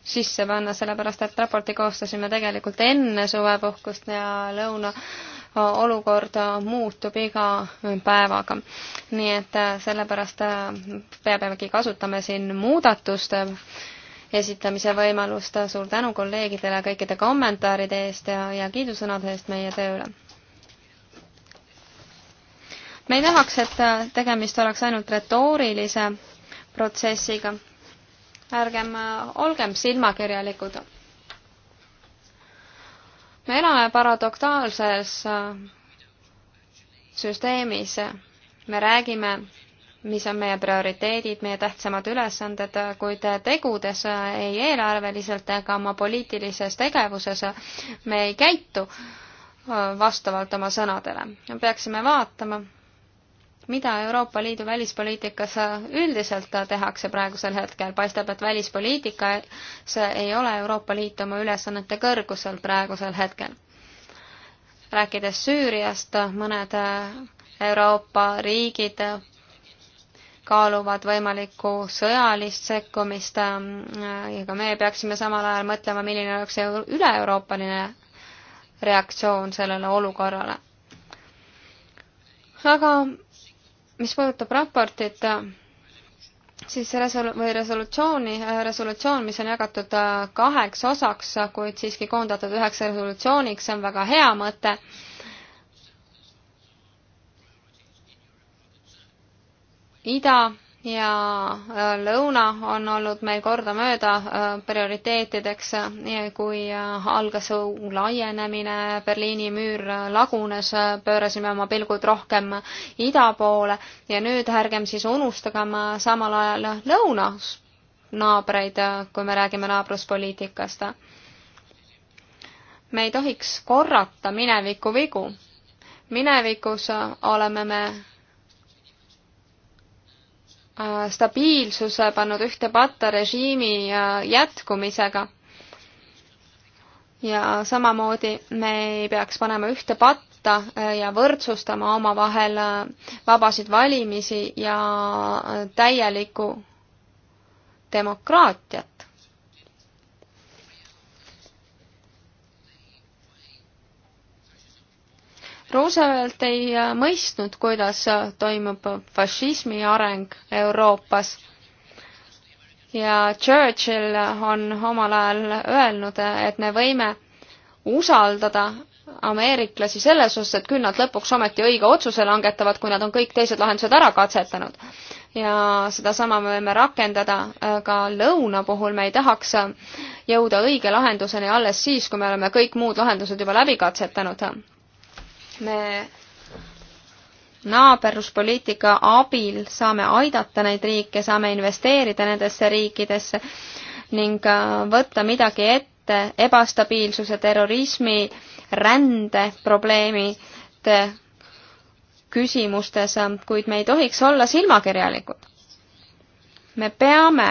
sisse panna, sellepärast et raporti koostasime tegelikult enne suvepuhkust ja lõuna olukord muutub iga päevaga. nii et äh, sellepärast äh, peamegi kasutame siin muudatuste esitamise võimalust. suur tänu kolleegidele kõikide kommentaaride eest ja, ja kiidusõnade eest meie tööle. me ei tahaks, et äh, tegemist oleks ainult retoorilise protsessiga ärgem äh, olgem silmakirjalikud. me elame paradoktaalses äh, süsteemis. me räägime, mis on meie prioriteedid, meie tähtsamad ülesanded, kuid tegudes äh, ei eelarveliselt ega oma poliitilises tegevuses me ei käitu vastavalt oma sõnadele. me peaksime vaatama mida Euroopa Liidu välispoliitikas üldiselt tehakse praegusel hetkel, paistab, et välispoliitikas ei ole Euroopa Liit oma ülesannete kõrgusel praegusel hetkel. rääkides Süüriast, mõned Euroopa riigid kaaluvad võimalikku sõjalist sekkumist ja ka meie peaksime samal ajal mõtlema, milline oleks üle-euroopaline reaktsioon sellele olukorrale. aga mis puudutab raportit, siis resolu-, või resolutsiooni, resolutsioon, mis on jagatud äh, kaheks osaks, kuid siiski koondatud üheks resolutsiooniks, see on väga hea mõte. ida ja äh, lõuna on olnud meil kordamööda äh, prioriteetideks, kui äh, algas laienemine, Berliini müür lagunes, pöörasime oma pilgud rohkem ida poole ja nüüd ärgem siis unustagem samal ajal lõunas naabreid, kui me räägime naabruspoliitikast. me ei tohiks korrata mineviku vigu. minevikus oleme me Äh, stabiilsuse pannud ühte patta režiimi äh, jätkumisega. ja samamoodi me ei peaks panema ühte patta äh, ja võrdsustama omavahel vabasid valimisi ja täielikku demokraatiat. Roosevelt ei äh, mõistnud, kuidas äh, toimub fašismi areng Euroopas ja Churchill on omal ajal öelnud, et me võime usaldada ameeriklasi selles osas, et küll nad lõpuks ometi õige otsuse langetavad, kui nad on kõik teised lahendused ära katsetanud. ja sedasama me võime rakendada äh, ka lõuna puhul, me ei tahaks jõuda õige lahenduseni alles siis, kui me oleme kõik muud lahendused juba läbi katsetanud me naaberluspoliitika abil saame aidata neid riike, saame investeerida nendesse riikidesse ning äh, võtta midagi ette ebastabiilsuse, terrorismi, rände probleemide küsimustes, äh, kuid me ei tohiks olla silmakirjalikud. me peame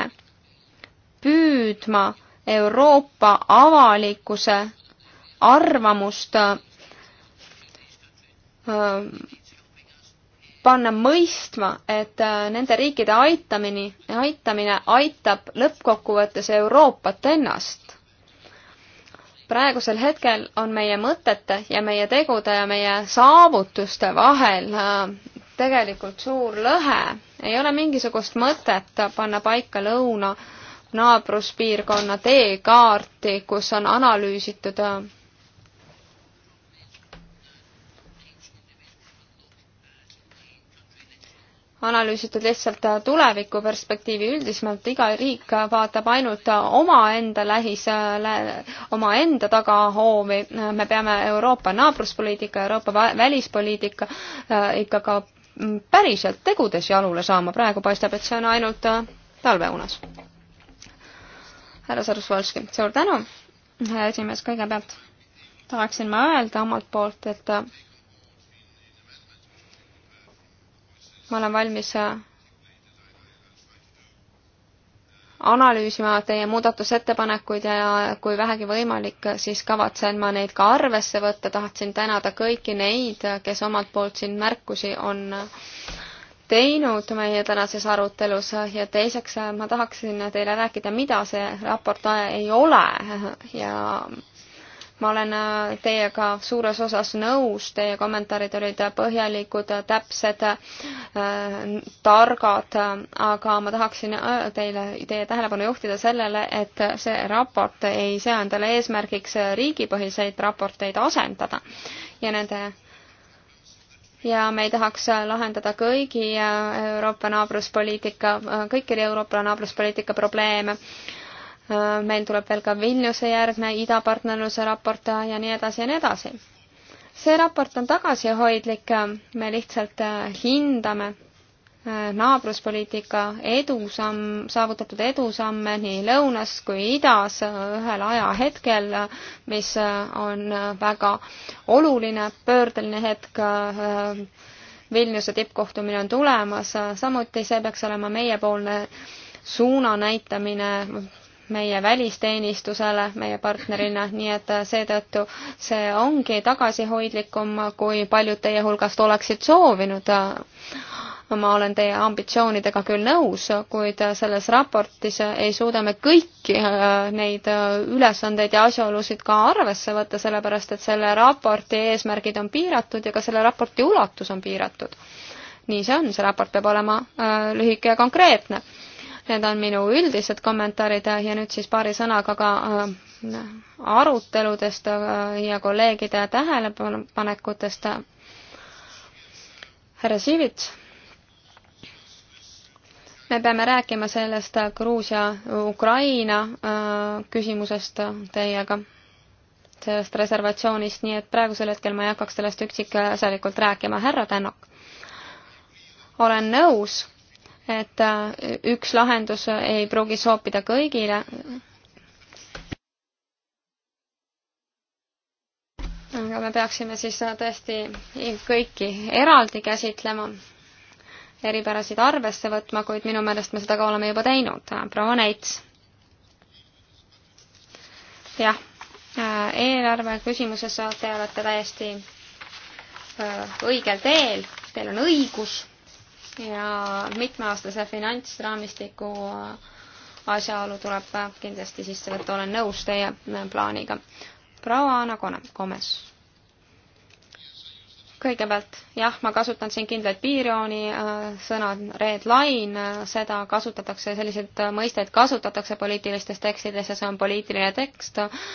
püüdma Euroopa avalikkuse arvamust äh, Ähm, panna mõistma, et äh, nende riikide aitamine, aitamine aitab lõppkokkuvõttes Euroopat ennast. praegusel hetkel on meie mõtete ja meie tegude ja meie saavutuste vahel äh, tegelikult suur lõhe. ei ole mingisugust mõtet panna paika lõuna naabruspiirkonna teekaarti, kus on analüüsitud äh, analüüsitud lihtsalt äh, tulevikuperspektiivi üldisemalt, iga riik vaatab ainult äh, omaenda lähis, äh, omaenda tagahoovi, me peame Euroopa naabruspoliitika, Euroopa välispoliitika ikka ka mm, päriselt tegudes jalule saama, praegu paistab, et see on ainult talveunes. härra Sarusvalski, suur tänu, esimees, kõigepealt tahaksin ma öelda omalt poolt, et ma olen valmis äh, analüüsima teie muudatusettepanekuid ja äh, kui vähegi võimalik, äh, siis kavatsen ma neid ka arvesse võtta, tahtsin tänada kõiki neid, kes omalt poolt siin märkusi on teinud meie tänases arutelus ja teiseks ma tahaksin teile rääkida, mida see raport ei ole ja ma olen äh, teiega suures osas nõus, teie kommentaarid olid põhjalikud, täpsed, äh, targad, aga ma tahaksin äh, teile, teie tähelepanu juhtida sellele, et see raport ei sea endale eesmärgiks riigipõhiseid raporteid asendada ja nende ja me ei tahaks lahendada kõigi Euroopa naabruspoliitika, kõikide Euroopa naabruspoliitika probleeme Äh, meil tuleb veel ka Vilniuse järgne idapartnerluse raport ja nii edasi ja nii edasi. see raport on tagasihoidlik, me lihtsalt äh, hindame äh, naabruspoliitika edusamm, saavutatud edusamme nii lõunas kui idas ühel ajahetkel, mis on väga oluline pöördeline hetk. Vilniuse tippkohtumine on tulemas, samuti see peaks olema meiepoolne suuna näitamine meie välisteenistusele meie partnerina, nii et äh, seetõttu see ongi tagasihoidlikum, kui paljud teie hulgast oleksid soovinud. Äh, ma olen teie ambitsioonidega küll nõus, kuid äh, selles raportis ei suuda me kõiki neid ülesandeid ja asjaolusid ka arvesse võtta, sellepärast et selle raporti eesmärgid on piiratud ja ka selle raporti ulatus on piiratud nii see on, see raport peab olema äh, lühike ja konkreetne Need on minu üldised kommentaarid ja nüüd siis paari sõnaga ka äh, aruteludest äh, ja kolleegide tähelepanekutest. härra Sivits, me peame rääkima sellest Gruusia-Ukraina äh, küsimusest teiega, sellest reservatsioonist, nii et praegusel hetkel ma ei hakkaks sellest üksikasjalikult rääkima. härra Tänok, olen nõus et äh, üks lahendus ei pruugi soopida kõigile. aga me peaksime siis äh, tõesti kõiki eraldi käsitlema, eripärasid arvesse võtma, kuid minu meelest me seda ka oleme juba teinud. Äh, proua Neits. jah, eelarve küsimuses te olete täiesti õigel teel, teil on õigus ja mitmeaastase finantsraamistiku asjaolu tuleb kindlasti sisse võtta, olen nõus teie plaaniga. proua Anna Kone, Komes kõigepealt jah, ma kasutan siin kindlaid piirjooni äh,, sõna red line äh,, seda kasutatakse, selliseid äh, mõisteid kasutatakse poliitilistes tekstides ja see on poliitiline tekst äh,.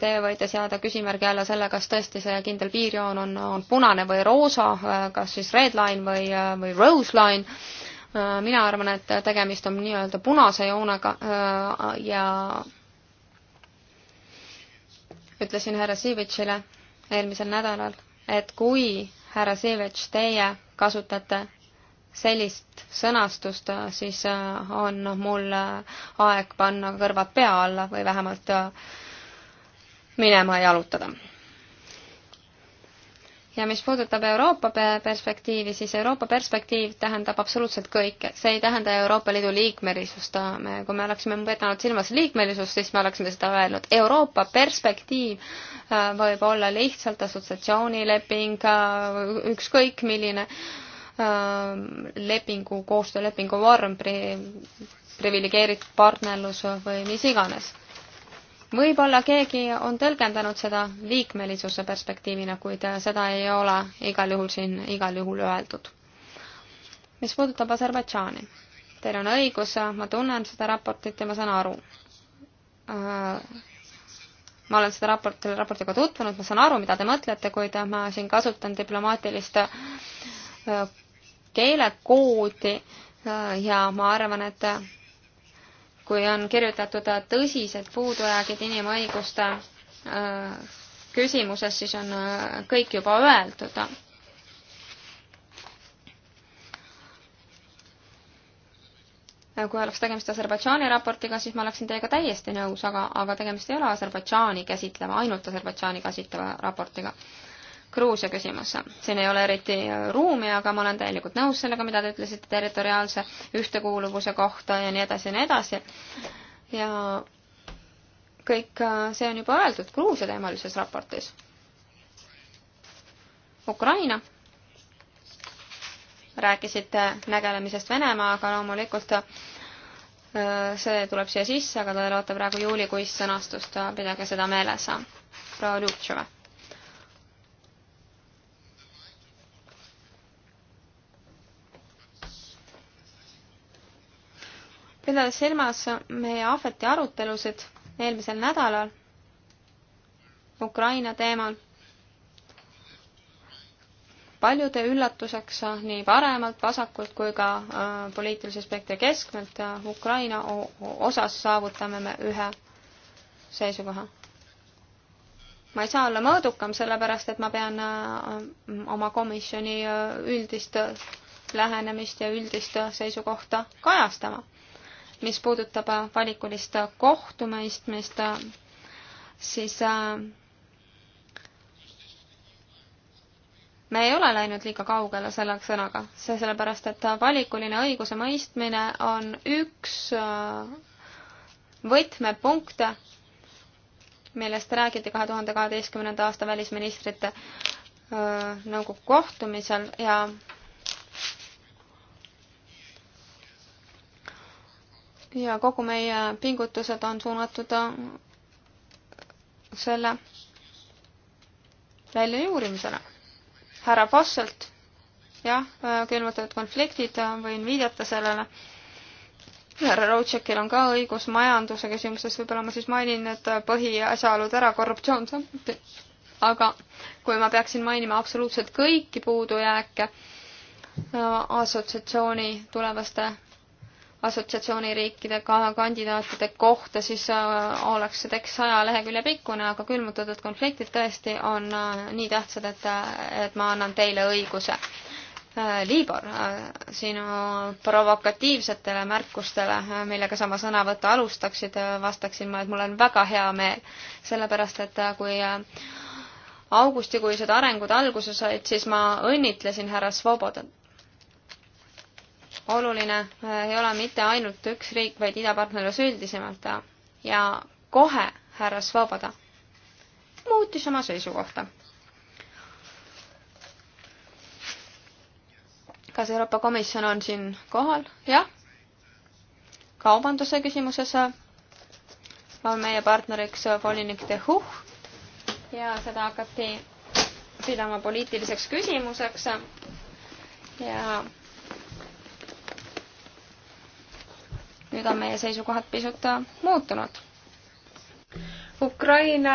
Te võite seada küsimärgi alla selle, kas tõesti see kindel piirjoon on, on punane või roosa äh,, kas siis red line või äh,, või rose line äh,. mina arvan, et tegemist on nii-öelda punase joonega äh, ja ütlesin härra Sivitšile eelmisel nädalal et kui, härra Siivets, teie kasutate sellist sõnastust, siis äh, on noh, mul äh, aeg panna kõrvad pea alla või vähemalt äh, minema jalutada ja mis puudutab Euroopa perspektiivi, siis Euroopa perspektiiv tähendab absoluutselt kõike. see ei tähenda Euroopa Liidu liikmelisust. kui me oleksime pidanud silmas liikmelisust, siis me oleksime seda öelnud. Euroopa perspektiiv äh, võib olla lihtsalt assotsiatsioonileping, äh, ükskõik milline äh, lepingu, koostöölepingu vorm, priviligeeritud partnerlus või mis iganes võib-olla keegi on tõlgendanud seda liikmelisuse perspektiivina, kuid äh, seda ei ole igal juhul siin igal juhul öeldud. mis puudutab Aserbaidžaani, teil on õigus, äh, ma tunnen seda raportit ja ma saan aru. Äh, ma olen seda raport, selle raportiga tutvunud, ma saan aru, mida te mõtlete, kuid ma siin kasutan diplomaatilist keelekoodi ja ma arvan, et kui on kirjutatud äh, tõsised puudujäägid inimõiguste äh, küsimuses, siis on äh, kõik juba öeldud. kui oleks tegemist Aserbaidžaani raportiga, siis ma oleksin teiega täiesti nõus, aga, aga tegemist ei ole Aserbaidžaani käsitleva, ainult Aserbaidžaani käsitleva raportiga Gruusia küsimus, siin ei ole eriti äh, ruumi, aga ma olen täielikult nõus sellega, mida te ütlesite territoriaalse ühtekuuluvuse kohta ja nii edasi ja nii edasi. ja kõik äh, see on juba öeldud Gruusia teemalises raportis. Ukraina, rääkisite nägelemisest Venemaaga, loomulikult äh, see tuleb siia sisse, aga te olete praegu juulikuist sõnastust, pidage seda meeles. proua Ljubtšova pidades silmas meie ahveti arutelusid eelmisel nädalal Ukraina teemal, paljude üllatuseks ah, nii paremalt, vasakult kui ka äh, poliitilise spektri keskmelt äh, ah, Ukraina osas saavutame me ühe seisukoha. ma ei saa olla mõõdukam, sellepärast et ma pean äh, oma komisjoni äh, üldist lähenemist ja üldist seisukohta kajastama mis puudutab äh, valikulist äh, kohtumõistmist, äh, siis me ei ole läinud liiga kaugele selle sõnaga, see sellepärast, et valikuline õigusemõistmine on üks võtmepunkte, millest räägiti kahe tuhande kaheteistkümnenda aasta välisministrite nõukogu kohtumisel ja ja kogu meie pingutused on suunatud äh, selle väljajuurimisele. härra Posselt, jah, äh, külmutatud konfliktid, äh, võin viidata sellele. härra Rootšekil on ka õigus majanduse küsimuses, võib-olla ma siis mainin need põhiasjaolud ära, korruptsioon samuti. aga kui ma peaksin mainima absoluutselt kõiki puudujääke assotsiatsiooni tulevaste assotsiatsiooni riikide kandidaatide kohta, siis äh, oleks see tekst saja lehekülje pikkune, aga külmutatud konfliktid tõesti on äh, nii tähtsad, et, äh, et ma annan teile õiguse. Liibor, sinu provokatiivsetele märkustele, millega sa oma sõnavõttu alustaksid, vastaksin ma, et mul on väga hea meel, sellepärast et kui augustikuised arengud alguse said, siis ma õnnitlesin härra Svobodat oluline äh, ei ole mitte ainult üks riik, vaid idapartnerlus üldisemalt ja kohe härra Svoboda muutis oma seisukohta. kas Euroopa Komisjon on siin kohal? jah. kaubanduse küsimuses on meie partneriks volinik De Huch ja seda hakati pidama poliitiliseks küsimuseks ja nüüd on meie seisukohad pisut äh, muutunud. Ukraina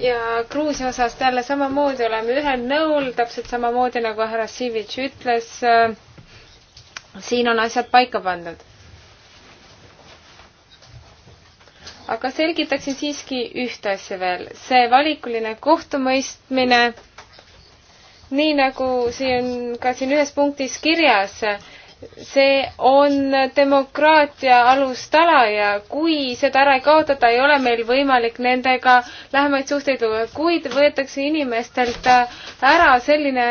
ja Gruusia osas jälle samamoodi oleme ühel nõul, täpselt samamoodi nagu härra Sivitš ütles. Äh, siin on asjad paika pandud. aga selgitaksin siiski ühte asja veel, see valikuline kohtumõistmine, nii nagu siin ka siin ühes punktis kirjas, see on demokraatia alustala ja kui seda ära ei kaotata, ei ole meil võimalik nendega lähemaid suhteid luua, kuid võetakse inimestelt äh, ära selline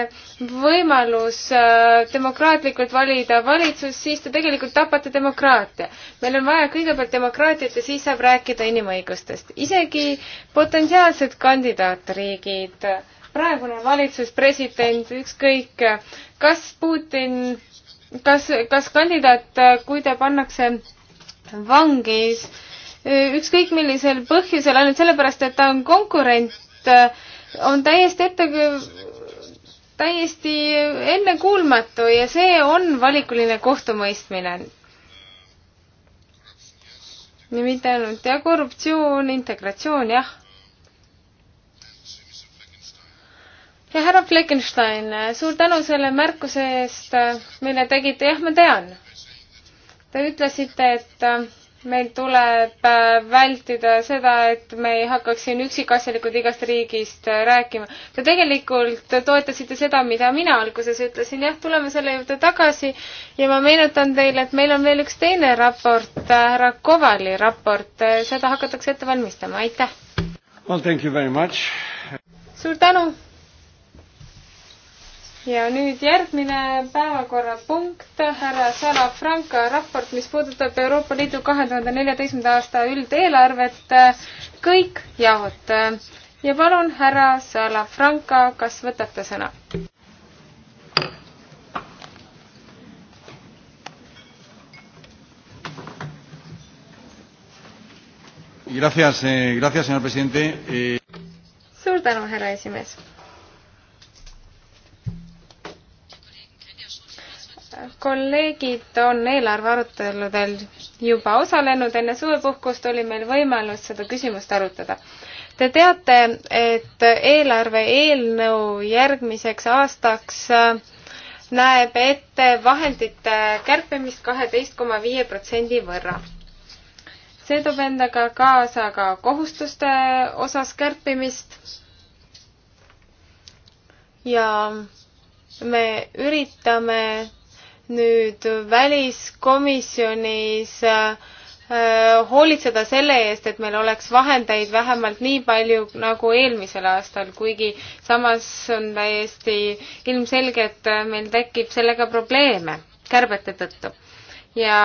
võimalus äh, demokraatlikult valida valitsus, siis te tegelikult tapate demokraatia. meil on vaja kõigepealt demokraatiat ja siis saab rääkida inimõigustest. isegi potentsiaalsed kandidaatriigid, praegune valitsus, president, ükskõik, kas Putin kas, kas kandidaat, äh, kui ta pannakse vangis äh, ükskõik millisel põhjusel, ainult sellepärast, et ta on konkurent, äh, on täiesti ette, täiesti ennekuulmatu ja see on valikuline kohtumõistmine. ja mitte ainult ja korruptsioon, integratsioon, jah ja härra Fleckenstein, suur tänu selle märkuse eest, mille tegite, jah, ma tean. Te ütlesite, et äh, meil tuleb äh, vältida seda, et me ei hakkaks siin üksikasjalikult igast riigist äh, rääkima. Te tegelikult toetasite seda, mida mina alguses ütlesin, jah, tuleme selle juurde tagasi ja ma meenutan teile, et meil on veel üks teine raport, härra Kovali raport, seda hakatakse ette valmistama, aitäh! Well, thank you very much. suur tänu! ja nüüd järgmine päevakorrapunkt, härra Sala Franca raport, mis puudutab Euroopa Liidu kahe tuhande neljateistkümnenda aasta üldeelarvet. kõik jaod. ja palun, härra Sala Franca, kas võtate sõna? Gracias, eh, gracias, señor presidente. Eh... Suur tänu, härra esimees kolleegid on eelarve aruteludel juba osalenud, enne suvepuhkust oli meil võimalus seda küsimust arutada. Te teate, et eelarve eelnõu järgmiseks aastaks äh, näeb ette vahendite kärpimist kaheteist koma viie protsendi võrra. see toob endaga kaasa ka kohustuste osas kärpimist ja me üritame nüüd väliskomisjonis äh, hoolitseda selle eest, et meil oleks vahendeid vähemalt nii palju nagu eelmisel aastal, kuigi samas on täiesti ilmselge, et meil tekib sellega probleeme kärbete tõttu. ja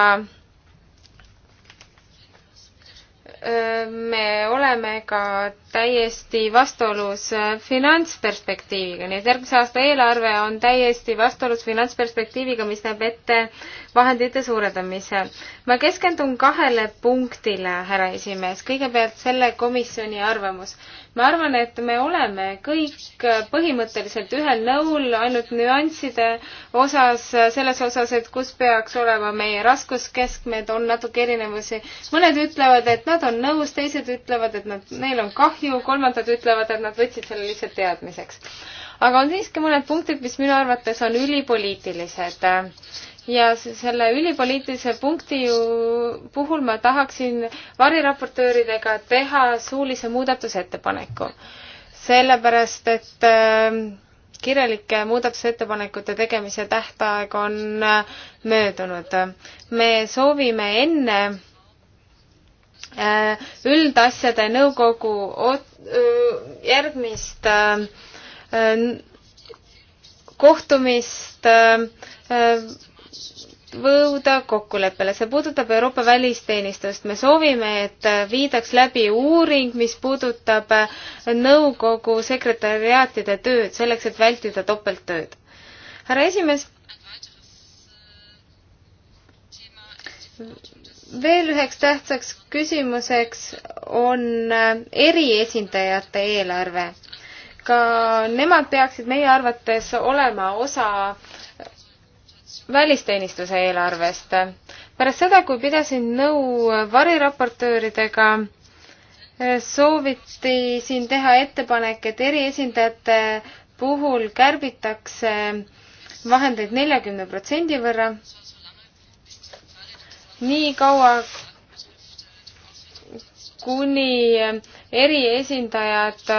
me oleme ka täiesti vastuolus äh, finantsperspektiiviga, nii et järgmise aasta eelarve on täiesti vastuolus finantsperspektiiviga, mis näeb ette vahendite suurendamise ma keskendun kahele punktile, härra esimees. kõigepealt selle komisjoni arvamus. ma arvan, et me oleme kõik põhimõtteliselt ühel nõul, ainult nüansside osas, selles osas, et kus peaks olema meie raskuskeskmed, on natuke erinevusi. mõned ütlevad, et nad on nõus, teised ütlevad, et nad, neil on kahju, kolmandad ütlevad, et nad võtsid selle lihtsalt teadmiseks. aga on siiski mõned punktid, mis minu arvates on ülipoliitilised ja selle ülipoliitilise punkti ju puhul ma tahaksin variraportööridega teha suulise muudatusettepaneku. sellepärast, et ähm, kirjalike muudatusettepanekute tegemise tähtaeg on äh, möödunud. me soovime enne äh, üldasjade nõukogu järgmist äh, kohtumist jõuda kokkuleppele. see puudutab Euroopa välisteenistust. me soovime, et viidaks läbi uuring, mis puudutab nõukogu sekretäriaatide tööd, selleks et vältida topelttööd. härra esimees. veel üheks tähtsaks küsimuseks on eriesindajate eelarve. ka nemad peaksid meie arvates olema osa välisteenistuse eelarvest. pärast seda, kui pidasin nõu variraportööridega, sooviti siin teha ettepanek, et eriesindajate puhul kärbitakse vahendeid neljakümne protsendi võrra. nii kaua, kuni eriesindajad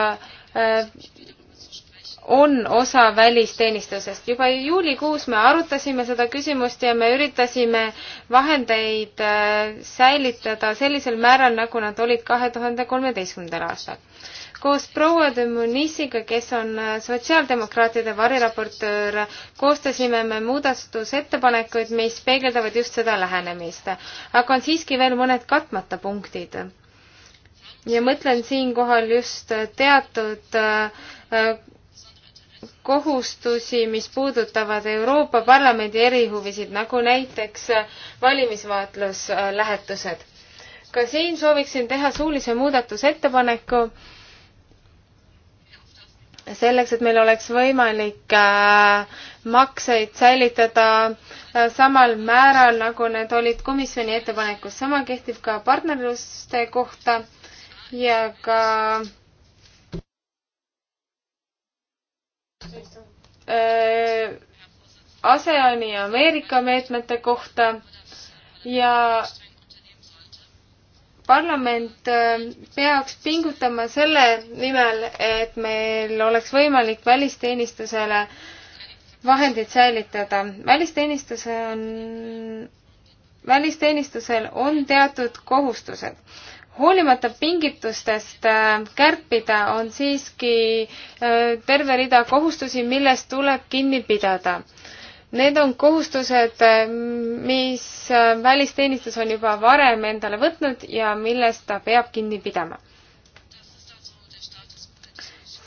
on osa välisteenistusest. juba juulikuus me arutasime seda küsimust ja me üritasime vahendeid äh, säilitada sellisel määral, nagu nad olid kahe tuhande kolmeteistkümnendal aastal. koos proua de Munisiga, kes on äh, sotsiaaldemokraatide variraportöör, koostasime me muudatusettepanekuid, mis peegeldavad just seda lähenemist. aga on siiski veel mõned katmata punktid ja mõtlen siinkohal just teatud äh, kohustusi, mis puudutavad Euroopa Parlamendi erihuvisid, nagu näiteks äh, valimisvaatluslähetused. ka siin sooviksin teha suulise muudatusettepaneku selleks, et meil oleks võimalik äh, makseid säilitada äh, samal määral, nagu need olid komisjoni ettepanekus. sama kehtib ka partnerluste kohta ja ka Äh, ASEAN-i ja Ameerika meetmete kohta ja parlament äh, peaks pingutama selle nimel, et meil oleks võimalik välisteenistusele vahendeid säilitada. välisteenistuse on, välisteenistusel on teatud kohustused hoolimata pingitustest äh, kärpida, on siiski äh, terve rida kohustusi, millest tuleb kinni pidada. Need on kohustused, äh, mis välisteenistus on juba varem endale võtnud ja millest ta peab kinni pidama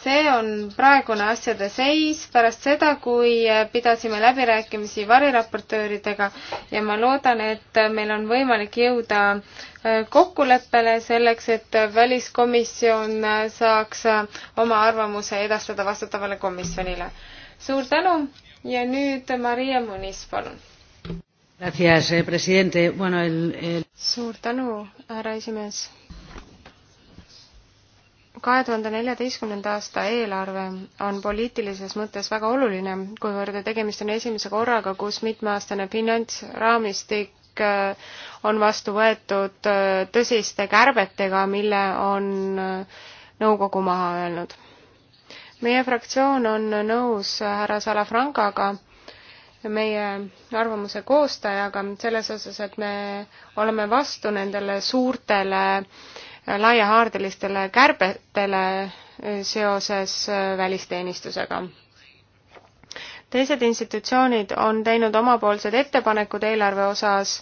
see on praegune asjade seis pärast seda, kui pidasime läbirääkimisi variraportööridega ja ma loodan, et meil on võimalik jõuda äh, kokkuleppele selleks, et väliskomisjon äh, saaks äh, oma arvamuse edastada vastutavale komisjonile. suur tänu ja nüüd Maria Munis, palun. Gracias, eh, presidente. Bueno, el, el... Suur tänu, härra esimees kahe tuhande neljateistkümnenda aasta eelarve on poliitilises mõttes väga oluline, kuivõrd tegemist on esimese korraga, kus mitmeaastane finantsraamistik äh, on vastu võetud äh, tõsiste kärbetega, mille on äh, nõukogu maha öelnud. meie fraktsioon on nõus härra Salafrankaga, meie arvamuse koostajaga selles osas, et me oleme vastu nendele suurtele äh, laiahaardelistele kärbetele seoses äh, välisteenistusega. teised institutsioonid on teinud omapoolsed ettepanekud eelarve osas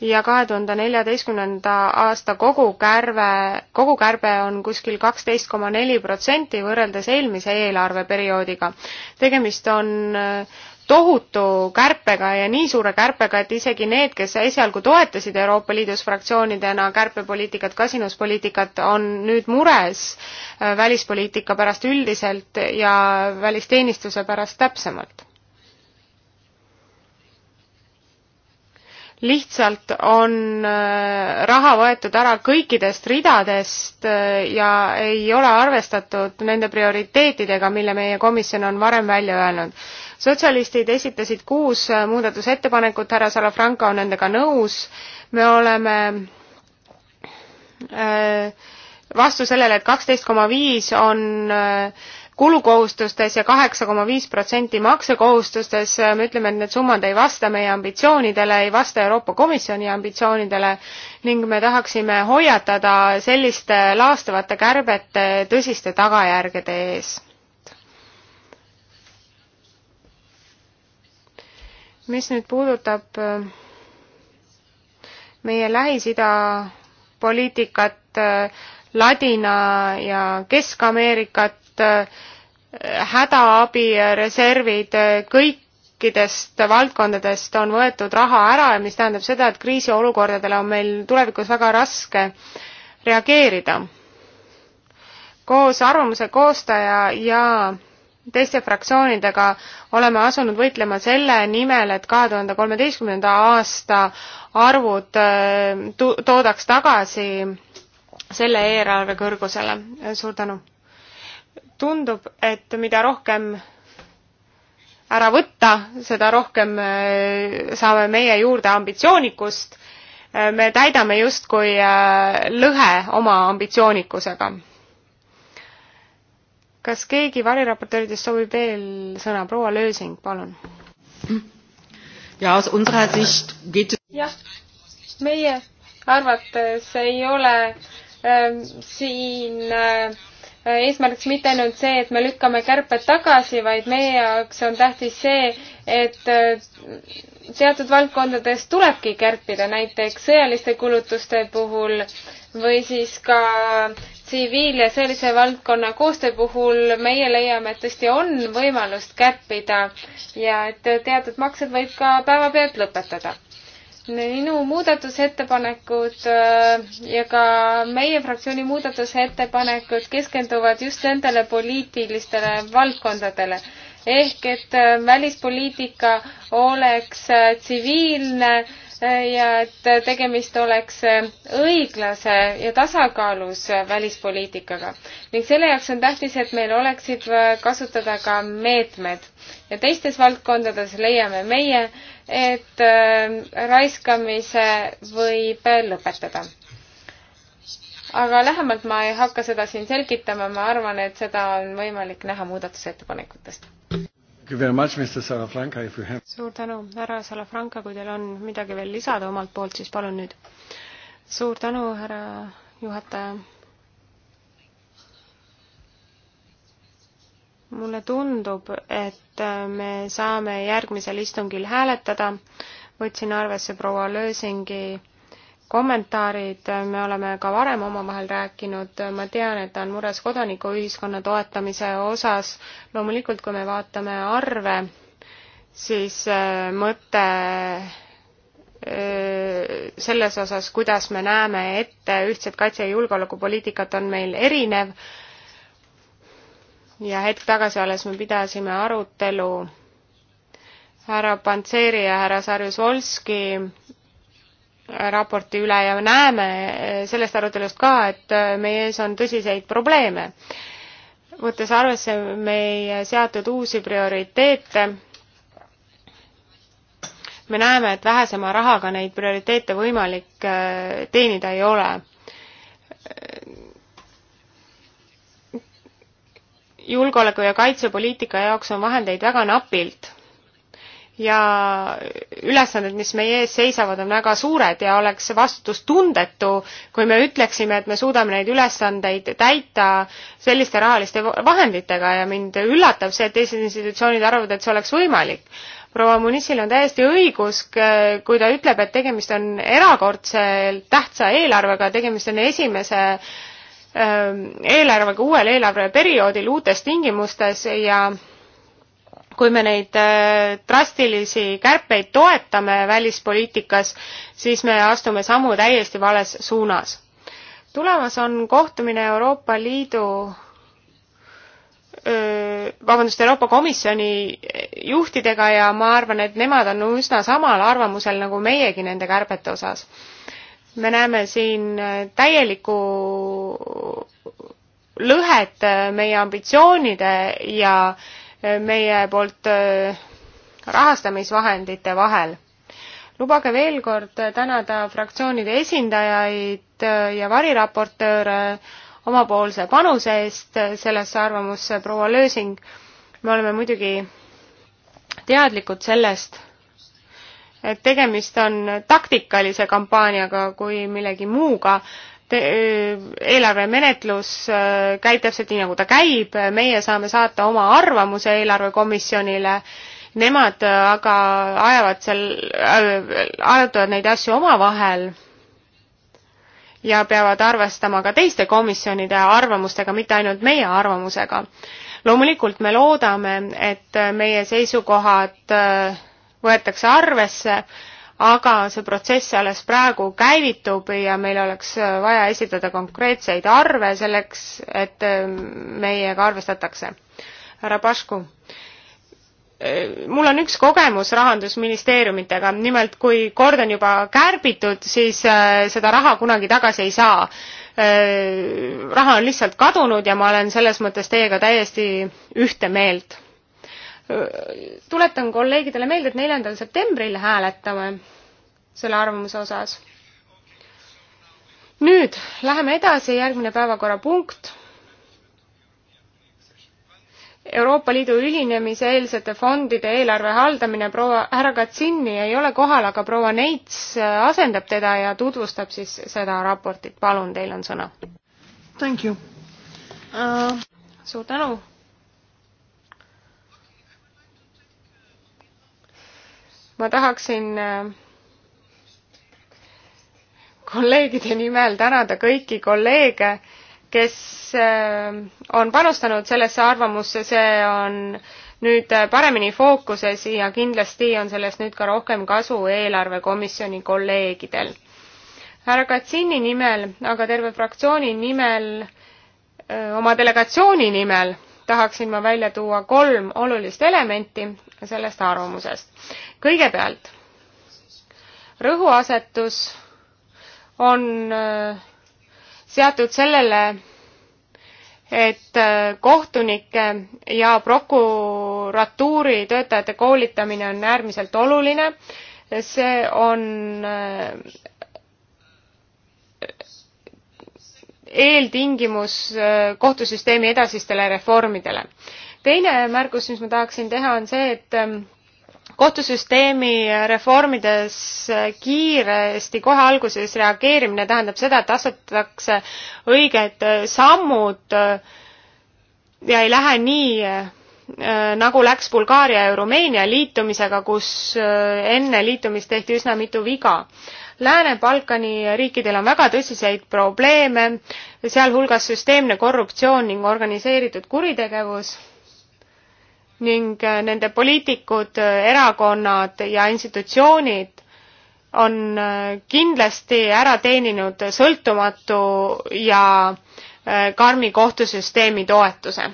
ja kahe tuhande neljateistkümnenda aasta kogukärve, kogukärbe on kuskil kaksteist koma neli protsenti võrreldes eelmise eelarveperioodiga. tegemist on äh, tohutu kärpega ja nii suure kärpega, et isegi need, kes esialgu toetasid Euroopa Liidus fraktsioonidena kärpepoliitikat, kasinuspoliitikat, on nüüd mures äh, välispoliitika pärast üldiselt ja välisteenistuse pärast täpsemalt. lihtsalt on äh, raha võetud ära kõikidest ridadest äh, ja ei ole arvestatud nende prioriteetidega, mille meie komisjon on varem välja öelnud. sotsialistid esitasid kuus äh, muudatusettepanekut, härra Salafranca on nendega nõus, me oleme vastu sellele, et kaksteist koma viis on äh, kulukohustustes ja kaheksa koma viis protsenti maksekohustustes, me ütleme, et need summad ei vasta meie ambitsioonidele, ei vasta Euroopa Komisjoni ambitsioonidele ning me tahaksime hoiatada selliste laastavate kärbete tõsiste tagajärgede ees. mis nüüd puudutab äh, meie Lähis-Ida poliitikat, äh, Ladina ja Kesk-Ameerikat, et äh, hädaabireservid äh, kõikidest valdkondadest on võetud raha ära ja mis tähendab seda, et kriisiolukordadele on meil tulevikus väga raske reageerida. koos arvamuse koostaja ja teiste fraktsioonidega oleme asunud võitlema selle nimel, et kahe tuhande kolmeteistkümnenda aasta arvud äh, toodaks tagasi selle eelarve kõrgusele. suur tänu! tundub, et mida rohkem ära võtta, seda rohkem äh, saame meie juurde ambitsioonikust. Äh, me täidame justkui äh, lõhe oma ambitsioonikusega. kas keegi variraportööridest soovib veel sõna? proua Lösing, palun. jah, meie arvates ei ole äh, siin äh, eesmärgiks mitte ainult see, et me lükkame kärped tagasi, vaid meie jaoks on tähtis see, et teatud äh, valdkondades tulebki kärpida, näiteks sõjaliste kulutuste puhul või siis ka tsiviil- ja sellise valdkonna koostöö puhul meie leiame, et tõesti on võimalust kärpida ja et teatud maksed võib ka päevapealt lõpetada minu muudatusettepanekud äh, ja ka meie fraktsiooni muudatusettepanekud keskenduvad just nendele poliitilistele valdkondadele ehk et äh, välispoliitika oleks äh, tsiviilne äh, ja et tegemist oleks õiglase ja tasakaalus välispoliitikaga. ning selle jaoks on tähtis, et meil oleksid kasutada ka meetmed ja teistes valdkondades leiame meie, et äh, raiskamise võib lõpetada aga lähemalt ma ei hakka seda siin selgitama, ma arvan, et seda on võimalik näha muudatusettepanekutest Have... suur tänu, härra Salafranca, kui teil on midagi veel lisada omalt poolt, siis palun nüüd. suur tänu, härra juhataja mulle tundub, et äh, me saame järgmisel istungil hääletada. võtsin arvesse proua Lösingi kommentaarid, me oleme ka varem omavahel rääkinud, ma tean, et ta on mures kodanikuühiskonna toetamise osas, loomulikult kui me vaatame arve, siis äh, mõte äh, selles osas, kuidas me näeme ette ühtset kaitse- ja julgeolekupoliitikat, on meil erinev ja hetk tagasi alles me pidasime arutelu härra Pantseri ja härra Sarjus Volski raporti üle ja näeme sellest arutelust ka, et meie ees on tõsiseid probleeme. võttes arvesse meie seatud uusi prioriteete, me näeme, et vähesema rahaga neid prioriteete võimalik äh, teenida ei ole. julgeoleku ja kaitsepoliitika jaoks on vahendeid väga napilt ja ülesanded, mis meie ees seisavad, on väga suured ja oleks vastutustundetu, kui me ütleksime, et me suudame neid ülesandeid täita selliste rahaliste vahenditega ja mind üllatab see, et teised institutsioonid arvavad, et see oleks võimalik. proua Munisil on täiesti õigus, kui ta ütleb, et tegemist on erakordselt tähtsa eelarvega, tegemist on esimese ähm, eelarvega uuel eelarveperioodil uutes tingimustes ja kui me neid äh, drastilisi kärpeid toetame välispoliitikas, siis me astume sammu täiesti vales suunas. tulemas on kohtumine Euroopa Liidu vabandust, Euroopa Komisjoni juhtidega ja ma arvan, et nemad on üsna samal arvamusel nagu meiegi nende kärbete osas. me näeme siin äh, täielikku lõhet äh, meie ambitsioonide ja äh, meie poolt äh, rahastamisvahendite vahel. lubage veel kord tänada fraktsioonide esindajaid äh, ja variraportööre omapoolse panuse eest äh, sellesse arvamusse, proua Lösing. me oleme muidugi teadlikud sellest, et tegemist on taktikalise kampaaniaga kui millegi muuga eelarvemenetlus äh, käib täpselt nii, nagu ta käib, meie saame saata oma arvamuse eelarvekomisjonile, nemad äh, aga ajavad seal, äh, arutavad neid asju omavahel ja peavad arvestama ka teiste komisjonide arvamustega, mitte ainult meie arvamusega. loomulikult me loodame, et meie seisukohad võetakse arvesse aga see protsess alles praegu käivitub ja meil oleks äh, vaja esitada konkreetseid arve selleks, et äh, meiega arvestatakse. härra Pašku, äh, mul on üks kogemus rahandusministeeriumitega, nimelt kui kord on juba kärbitud, siis seda raha kunagi tagasi ei saa. raha on lihtsalt kadunud ja ma olen selles mõttes teiega täiesti ühte meelt tuletan kolleegidele meelde, et neljandal septembril hääletame selle arvamuse osas. nüüd läheme edasi, järgmine päevakorrapunkt. Euroopa Liidu ühinemise eelsete fondide eelarve haldamine, proua härra Katsini ei ole kohal, aga proua Neits asendab teda ja tutvustab siis seda raportit. palun, teil on sõna. Thank you uh.... suur tänu ma tahaksin äh, kolleegide nimel tänada kõiki kolleege, kes äh, on panustanud sellesse arvamusse, see on nüüd paremini fookuses ja kindlasti on sellest nüüd ka rohkem kasu eelarvekomisjoni kolleegidel. härra Katsini nimel, aga terve fraktsiooni nimel, äh, oma delegatsiooni nimel tahaksin ma välja tuua kolm olulist elementi sellest arvamusest. kõigepealt, rõhuasetus on äh, seatud sellele, et äh, kohtunike ja prokuratuuri töötajate koolitamine on äärmiselt oluline. see on äh, eeltingimus kohtusüsteemi edasistele reformidele teine märkus, mis ma tahaksin teha, on see, et ähm, kohtusüsteemi reformides kiiresti kohe alguses reageerimine tähendab seda, et astutakse õiged äh, sammud äh, ja ei lähe nii, äh, nagu läks Bulgaaria ja Rumeenia liitumisega, kus enne liitumist tehti üsna mitu viga Lääne-Balkani riikidel on väga tõsiseid probleeme, sealhulgas süsteemne korruptsioon ning organiseeritud kuritegevus ning äh, nende poliitikud, äh, erakonnad ja institutsioonid on äh, kindlasti ära teeninud sõltumatu ja karmi kohtusüsteemi toetuse.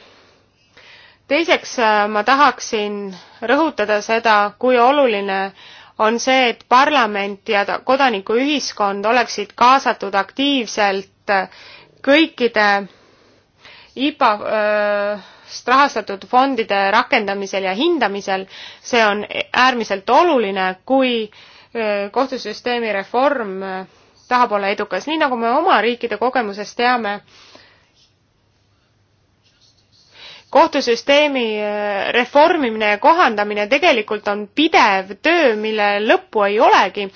teiseks ma tahaksin rõhutada seda, kui oluline on see, et parlament ja kodanikuühiskond oleksid kaasatud aktiivselt kõikide IPA öö, rahastatud fondide rakendamisel ja hindamisel, see on äärmiselt oluline, kui kohtusüsteemi reform tahab olla edukas, nii nagu me oma riikide kogemusest teame, kohtusüsteemi reformimine ja kohandamine tegelikult on pidev töö, mille lõppu ei olegi.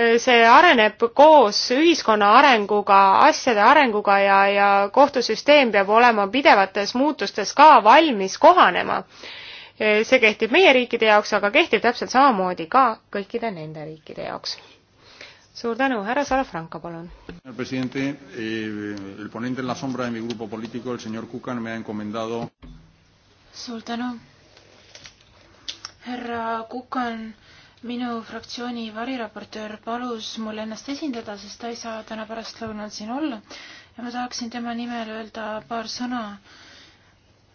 Äh, see areneb koos ühiskonna arenguga, asjade arenguga ja, ja kohtusüsteem peab olema pidevates muutustes ka valmis kohanema. Äh, see kehtib meie riikide jaoks, aga kehtib täpselt samamoodi ka kõikide nende riikide jaoks. suur tänu, härra Salafranca, palun. Eh, suur tänu. härra Kukan minu fraktsiooni variraportöör palus mul ennast esindada, sest ta ei saa täna pärastlõunal siin olla ja ma tahaksin tema nimel öelda paar sõna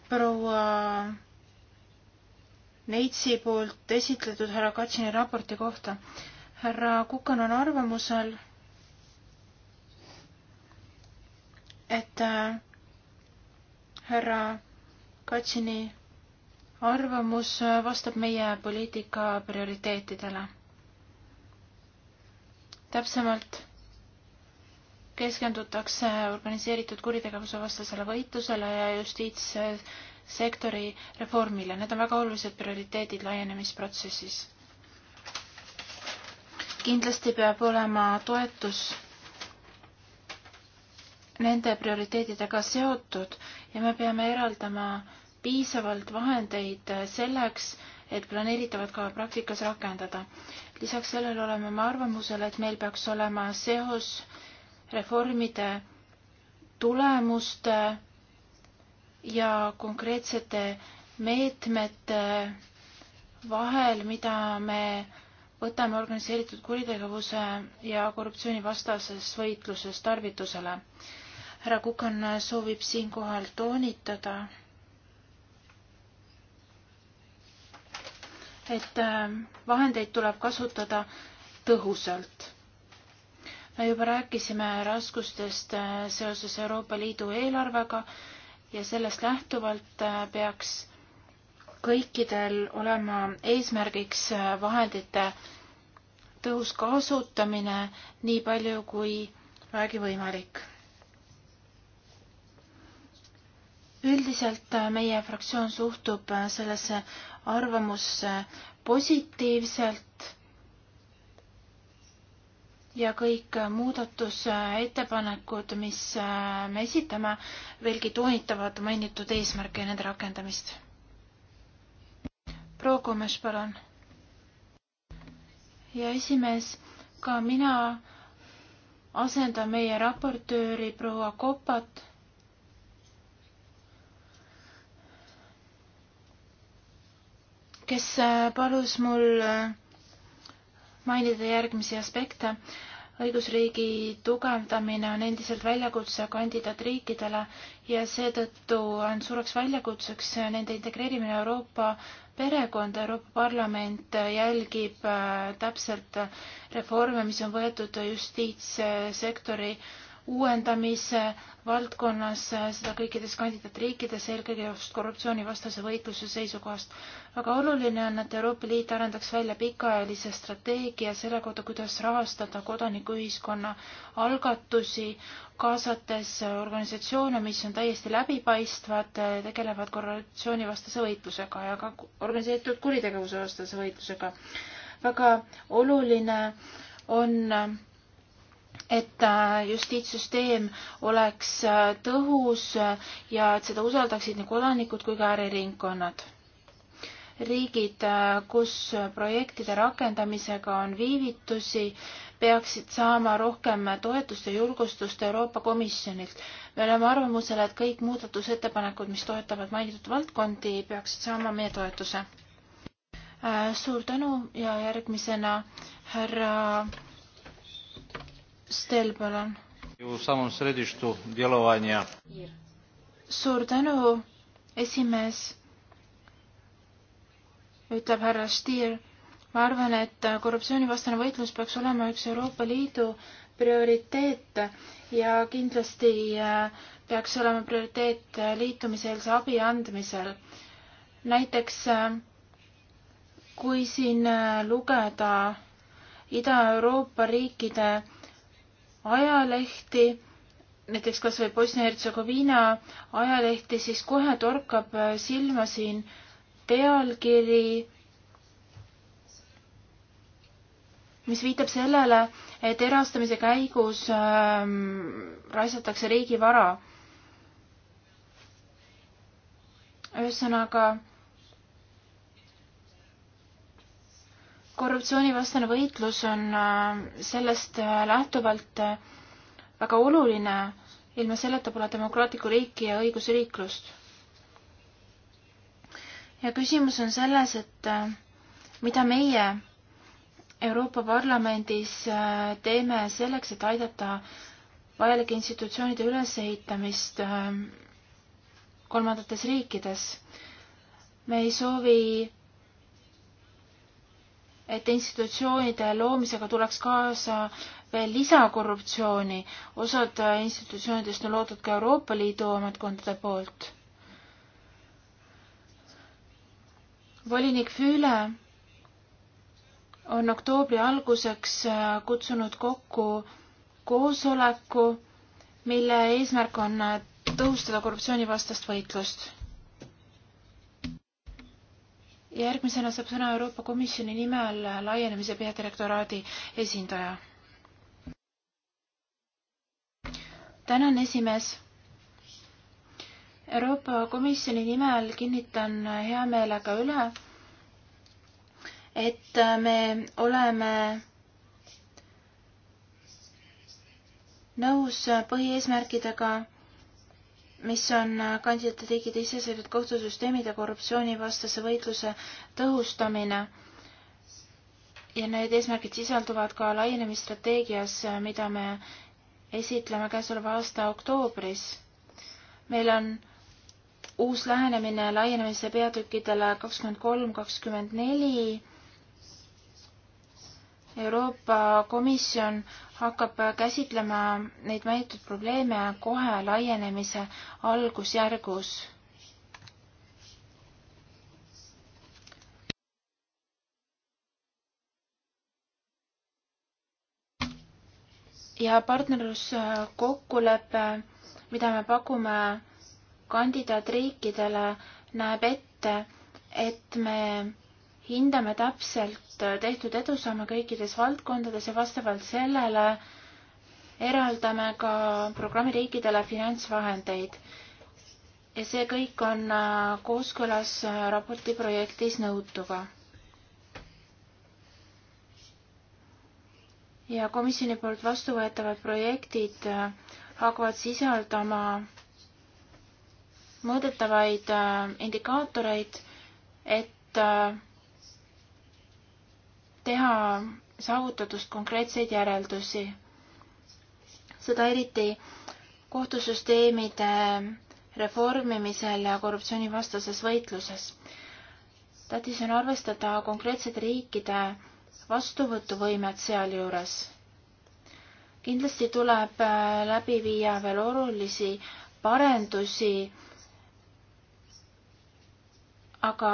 proua Neitsi poolt esitletud härra Katsini raporti kohta. härra Kukan on arvamusel, et äh, härra Katsini arvamus vastab meie poliitika prioriteetidele. täpsemalt keskendutakse organiseeritud kuritegevuse vastasele võitlusele ja justiitssektori reformile. Need on väga olulised prioriteedid laienemisprotsessis. kindlasti peab olema toetus nende prioriteedidega seotud ja me peame eraldama piisavalt vahendeid selleks, et planeeritavad kava praktikas rakendada. lisaks sellele oleme me arvamusel, et meil peaks olema seos reformide tulemuste ja konkreetsete meetmete vahel, mida me võtame organiseeritud kuritegevuse ja korruptsiooni vastases võitluses tarvitusele. härra Kukan soovib siinkohal toonitada, et äh, vahendeid tuleb kasutada tõhusalt. me juba rääkisime raskustest äh, seoses Euroopa Liidu eelarvega ja sellest lähtuvalt äh, peaks kõikidel olema eesmärgiks vahendite tõhus kasutamine nii palju kui vähegi võimalik üldiselt äh, meie fraktsioon suhtub äh, sellesse arvamusse positiivselt ja kõik äh, muudatusettepanekud, mis me esitame, veelgi toonitavad mainitud eesmärke ja nende rakendamist. proua Komes, palun. ja esimees, ka mina asendan meie raportööri proua Kopat kes äh, palus mul äh, mainida järgmisi aspekte. õigusriigi tugevdamine on endiselt väljakutse kandidaatriikidele ja seetõttu on suureks väljakutseks nende integreerimine Euroopa perekond, Euroopa Parlament jälgib äh, täpselt reforme, mis on võetud justiitssektori äh, uuendamise valdkonnas, seda kõikides kandidaatriikides, eelkõige just korruptsioonivastase võitluse seisukohast. väga oluline on, et Euroopa Liit arendaks välja pikaajalise strateegia selle kohta, kuidas rahastada kodanikuühiskonna algatusi, kaasates organisatsioone, mis on täiesti läbipaistvad, tegelevad korruptsioonivastase võitlusega ja ka organiseeritud kuritegevuse vastase võitlusega. väga oluline on et äh, justiitssüsteem oleks äh, tõhus äh, ja et seda usaldaksid nii kodanikud kui ka äriringkonnad. riigid, kus projektide rakendamisega on viivitusi, peaksid saama rohkem toetust ja julgustust Euroopa Komisjonilt. me oleme arvamusel, et kõik muudatusettepanekud, mis toetavad mainitud valdkondi, peaksid saama meie toetuse. suur tänu ja järgmisena härra Stel, palun. suur tänu, esimees, ütleb härra Stier. ma arvan, et korruptsioonivastane võitlus peaks olema üks Euroopa Liidu prioriteete ja kindlasti äh, peaks olema prioriteet liitumiseelse abi andmisel. näiteks äh, kui siin äh, lugeda Ida-Euroopa riikide ajalehti, näiteks kas või Bosnia-Hertsegoviina ajalehti, siis kohe torkab äh, silma siin pealkiri, mis viitab sellele, et erastamise käigus ähm, raisatakse riigi vara. ühesõnaga korruptsioonivastane võitlus on äh, sellest äh, lähtuvalt äh, väga oluline, ilma selleta pole demokraatlikku riiki ja õigusriiklust. ja küsimus on selles, et mida meie Euroopa Parlamendis teeme selleks, et aidata vajalike institutsioonide ülesehitamist kolmandates riikides. me ei soovi et institutsioonide loomisega tuleks kaasa veel lisakorruptsiooni. osad institutsioonidest on loodud ka Euroopa Liidu ametkondade poolt. volinik Füüle on oktoobri alguseks kutsunud kokku koosoleku, mille eesmärk on tõhustada korruptsioonivastast võitlust järgmisena saab sõna Euroopa Komisjoni nimel laienemise peadirektoraadi esindaja. tänan, esimees. Euroopa Komisjoni nimel kinnitan hea meelega üle, et me oleme nõus põhieesmärkidega mis on äh, kandidaatriigide iseseisvad kohtusüsteemid ja korruptsioonivastase võitluse tõhustamine. ja need eesmärgid sisalduvad ka laienemisstrateegias, äh, mida me esitleme käesoleva aasta oktoobris. meil on uus lähenemine laienemise peatükkidele kakskümmend kolm, kakskümmend neli Euroopa Komisjon hakkab käsitlema neid mainitud probleeme kohe laienemise algusjärgus. ja partnerluskokkulepe, mida me pakume kandidaatriikidele, näeb ette, et me hindame täpselt äh, tehtud edusamme kõikides valdkondades ja vastavalt sellele eraldame ka programmi riikidele finantsvahendeid. ja see kõik on äh, kooskõlas äh, raporti projektis nõutuga. ja komisjoni poolt vastuvõetavad projektid hakkavad sisaldama mõõdetavaid indikaatoreid, et teha saavutatust konkreetseid järeldusi. seda eriti kohtusüsteemide reformimisel ja korruptsioonivastases võitluses. tähtis on arvestada konkreetsete riikide vastuvõtuvõimet sealjuures. kindlasti tuleb äh, läbi viia veel olulisi parendusi, aga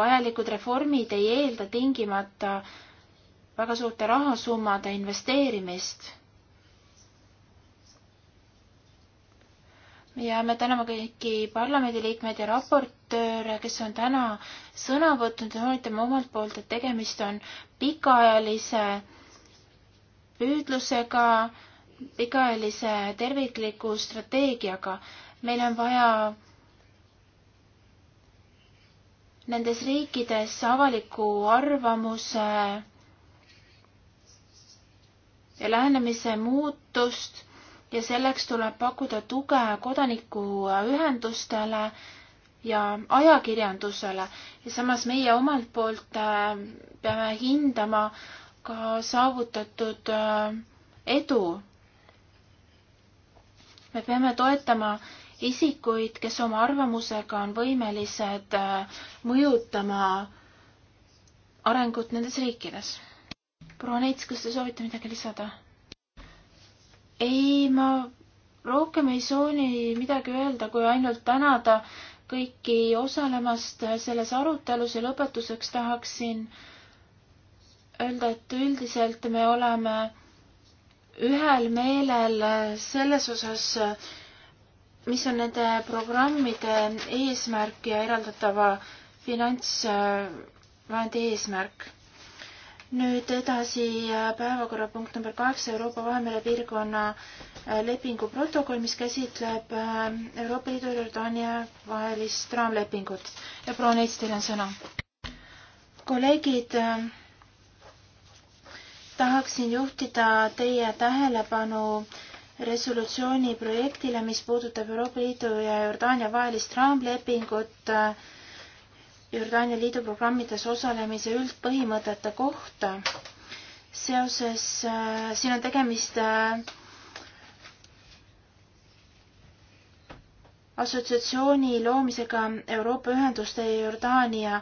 vajalikud reformid ei eelda tingimata väga suurte rahasummade investeerimist. ja me täname kõiki parlamendiliikmeid ja raportööre, kes on täna sõna võtnud ja hoolitame omalt poolt, et tegemist on pikaajalise püüdlusega, pikaajalise tervikliku strateegiaga. meil on vaja nendes riikides avaliku arvamuse ja lähenemise muutust ja selleks tuleb pakkuda tuge kodanikuühendustele ja ajakirjandusele ja samas meie omalt poolt äh, peame hindama ka saavutatud äh, edu. me peame toetama isikuid, kes oma arvamusega on võimelised äh, mõjutama arengut nendes riikides. proua Neits, kas te soovite midagi lisada? ei, ma rohkem ei soovi midagi öelda, kui ainult tänada kõiki osalemast selles arutelus ja lõpetuseks tahaksin öelda, et üldiselt me oleme ühel meelel selles osas, mis on nende programmide eesmärk ja eraldatava finantsvahendi eesmärk. nüüd edasi äh, päevakorrapunkt number kaheksa Euroopa Vahemere piirkonna äh, lepingu protokoll, mis käsitleb äh, Euroopa Liidu ja Jordaania vahelist raamlepingut. ja proua Neits, teil on sõna. kolleegid, tahaksin juhtida teie tähelepanu äh, resolutsiooni projektile, mis puudutab Euroopa Liidu ja Jordaania vahelist raamlepingut äh, Jordaania Liidu programmides osalemise üldpõhimõtete kohta. seoses, äh, siin on tegemist äh, assotsiatsiooni loomisega Euroopa Ühenduste ja Jordaania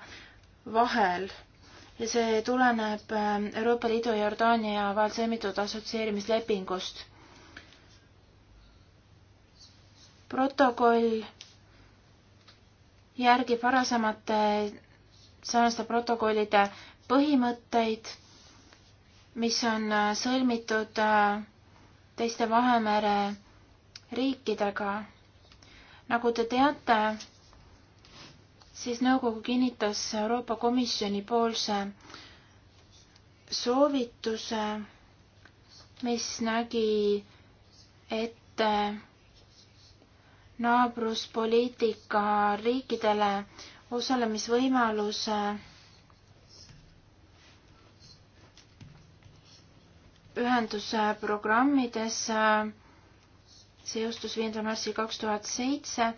vahel ja see tuleneb Euroopa Liidu ja Jordaania vahel sõlmitud assotsieerimislepingust protokoll järgib varasemate sarnaste protokollide põhimõtteid, mis on äh, sõlmitud äh, teiste Vahemere riikidega. nagu te teate, siis nõukogu kinnitas Euroopa Komisjoni poolse soovituse, mis nägi ette naabruspoliitika riikidele osalemisvõimaluse ühenduse programmides. Äh, see jõustus viiendal märtsil kaks tuhat seitse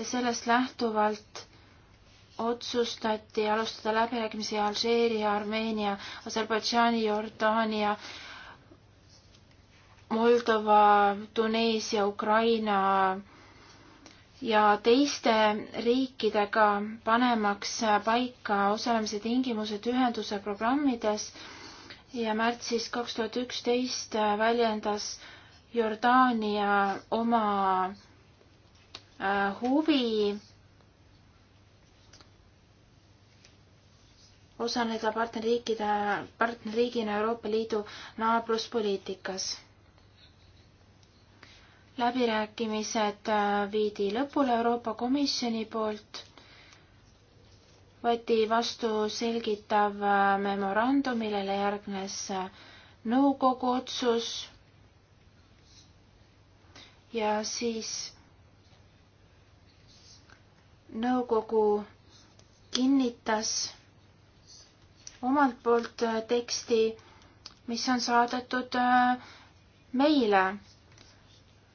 ja sellest lähtuvalt otsustati alustada läbirääkimisi Alžeeria, Armeenia, Aserbaidžaani, Jordaania, Moldova, Tuneesia, Ukraina ja teiste riikidega panemaks paika osalemise tingimused ühenduse programmides ja märtsis kaks tuhat üksteist väljendas Jordaania oma äh, huvi osaleda partnerriikide, partnerriigina Euroopa Liidu naabruspoliitikas läbirääkimised äh, viidi lõpule Euroopa Komisjoni poolt, võeti vastu selgitav äh, memorandum, millele järgnes äh, nõukogu otsus ja siis nõukogu kinnitas omalt poolt teksti, mis on saadetud meile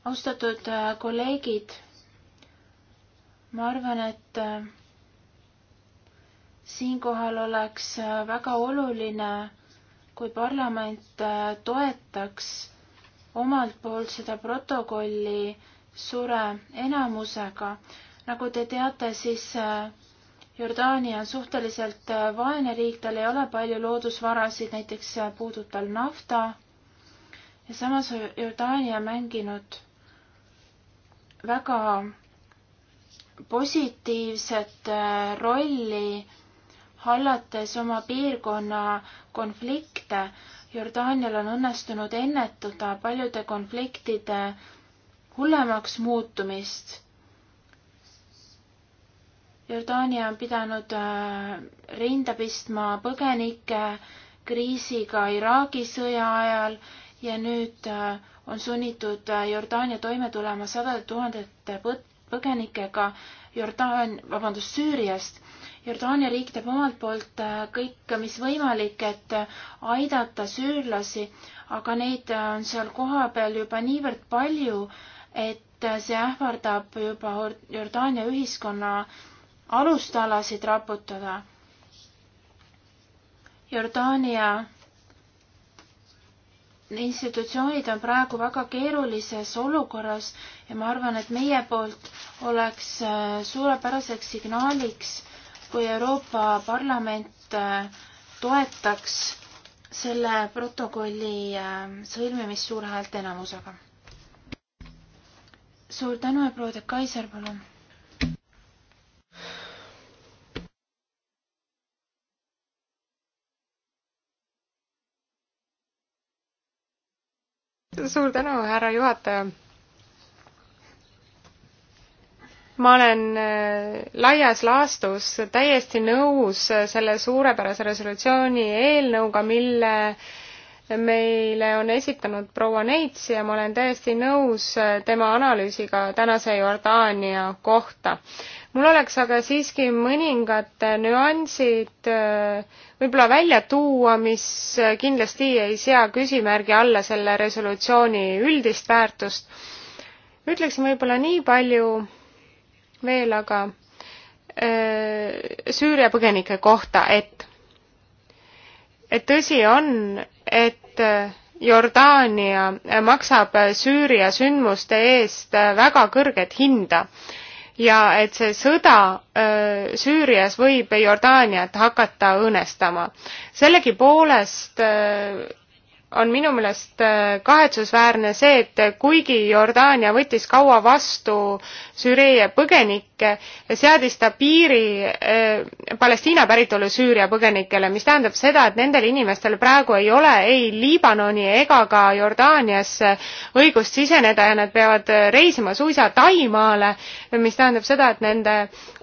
austatud äh, kolleegid, ma arvan, et äh, siinkohal oleks äh, väga oluline, kui parlament toetaks omalt poolt seda protokolli suure enamusega. nagu te teate, siis Jordaania on suhteliselt vaene riik, tal ei ole palju loodusvarasid, näiteks puudub tal nafta ja samas Jordaania mänginud väga positiivset äh, rolli hallates oma piirkonna konflikte. Jordaanial on õnnestunud ennetada paljude konfliktide hullemaks muutumist. Jordaania on pidanud äh, rinda pistma põgenike kriisiga Iraagi sõja ajal ja nüüd äh, on sunnitud äh, Jordaania toime tulema sadade tuhandete põgenikega Jordaan, vabandust, Süüriast. Jordaania riik teeb omalt poolt äh, kõik, mis võimalik, et äh, aidata süürlasi, aga neid on seal kohapeal juba niivõrd palju, et see ähvardab juba Jordaania ühiskonna alustalasid raputada. Jordaania institutsioonid on praegu väga keerulises olukorras ja ma arvan, et meie poolt oleks äh, suurepäraseks signaaliks, kui Euroopa Parlament äh, toetaks selle protokolli äh, sõlmimist suurhäälte enamusega. suur tänu ja proua de Kaiser, palun suur tänu, härra juhataja. ma olen äh, laias laastus täiesti nõus äh, selle suurepärase resolutsiooni eelnõuga, mille äh, meile on esitanud proua Neits ja ma olen täiesti nõus äh, tema analüüsiga tänase Jordaania kohta. mul oleks aga siiski mõningad äh, nüansid äh, võib-olla välja tuua, mis kindlasti ei sea küsimärgi alla selle resolutsiooni üldist väärtust. ütleksin võib-olla nii palju veel aga Süüria põgenike kohta, et et tõsi on, et Jordaania maksab Süüria sündmuste eest väga kõrget hinda ja et see sõda äh, Süürias võib Jordaaniat hakata õõnestama. sellegipoolest äh, on minu meelest äh, kahetsusväärne see, et kuigi Jordaania võttis kaua vastu Süüria põgenikke, seadis ta piiri äh, Palestiina päritolu Süüria põgenikele, mis tähendab seda, et nendel inimestel praegu ei ole ei Liibanoni ega ka Jordaaniasse õigust siseneda ja nad peavad reisima suisa Taimaale, mis tähendab seda, et nende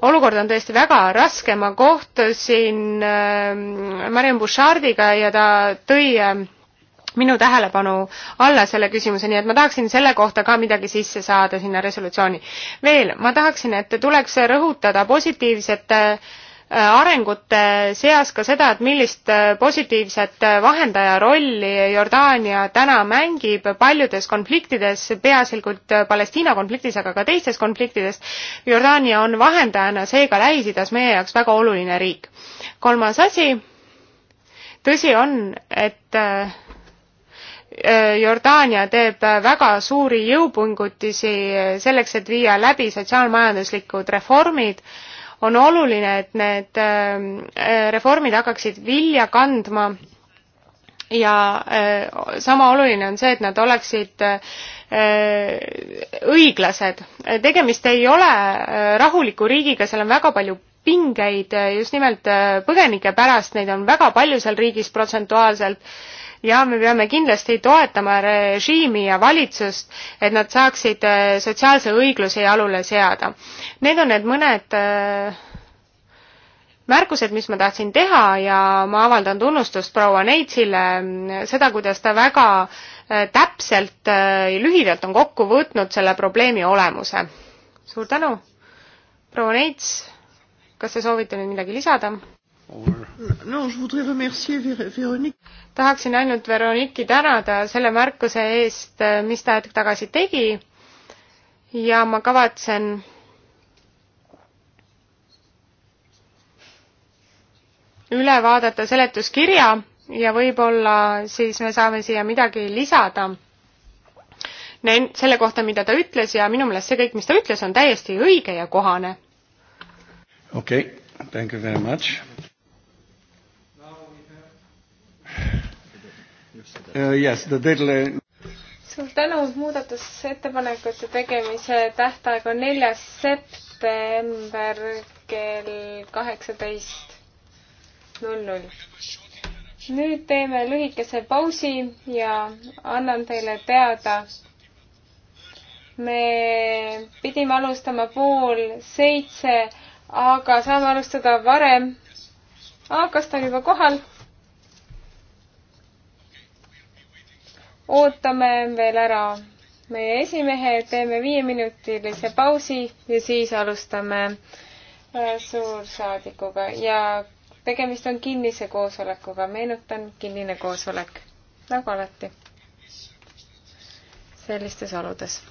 olukord on tõesti väga raske. ma kohtusin äh, Marianne Bouchardiga ja ta tõi äh, minu tähelepanu alla selle küsimuse, nii et ma tahaksin selle kohta ka midagi sisse saada sinna resolutsiooni. veel, ma tahaksin, et tuleks rõhutada positiivsete äh, arengute seas ka seda, et millist äh, positiivset äh, vahendaja rolli Jordaania täna mängib paljudes konfliktides, peaasjalikult Palestiina konfliktis, aga ka teistes konfliktides. Jordaania on vahendajana seega Lähis-Idas meie jaoks väga oluline riik. kolmas asi, tõsi on, et äh, Äh, Jordaania teeb väga suuri jõupingutusi selleks, et viia läbi sotsiaalmajanduslikud reformid. on oluline, et need äh, reformid hakkaksid vilja kandma ja äh, sama oluline on see, et nad oleksid õiglased. tegemist ei ole rahuliku riigiga, seal on väga palju pingeid just nimelt põgenike pärast, neid on väga palju seal riigis protsentuaalselt ja me peame kindlasti toetama režiimi ja valitsust, et nad saaksid äh, sotsiaalse õigluse jalule seada. Need on need mõned äh, märkused, mis ma tahtsin teha ja ma avaldan tunnustust proua Neitsile, mm, seda, kuidas ta väga äh, täpselt ja lühidalt on kokku võtnud selle probleemi olemuse. suur tänu, proua Neits, kas te soovite nüüd midagi lisada? no, tahaksin ainult Veroniki tänada selle märkuse eest, mis ta hetk tagasi tegi ja ma kavatsen üle vaadata seletuskirja ja võib-olla siis me saame siia midagi lisada selle kohta, mida ta ütles ja minu meelest see kõik, mis ta ütles, on täiesti õige ja kohane. okei okay., thank you very much uh,. Yes, the deadline. suur tänu, muudatusettepanekute tegemise tähtaeg on neljas september kell kaheksateist null null. nüüd teeme lühikese pausi ja annan teile teada. me pidime alustama pool seitse, aga saame alustada varem. aa, kas ta on juba kohal? ootame veel ära meie esimehe, teeme viieminutilise pausi ja siis alustame äh, suursaadikuga ja tegemist on kinnise koosolekuga, meenutan, kinnine koosolek, nagu alati sellistes oludes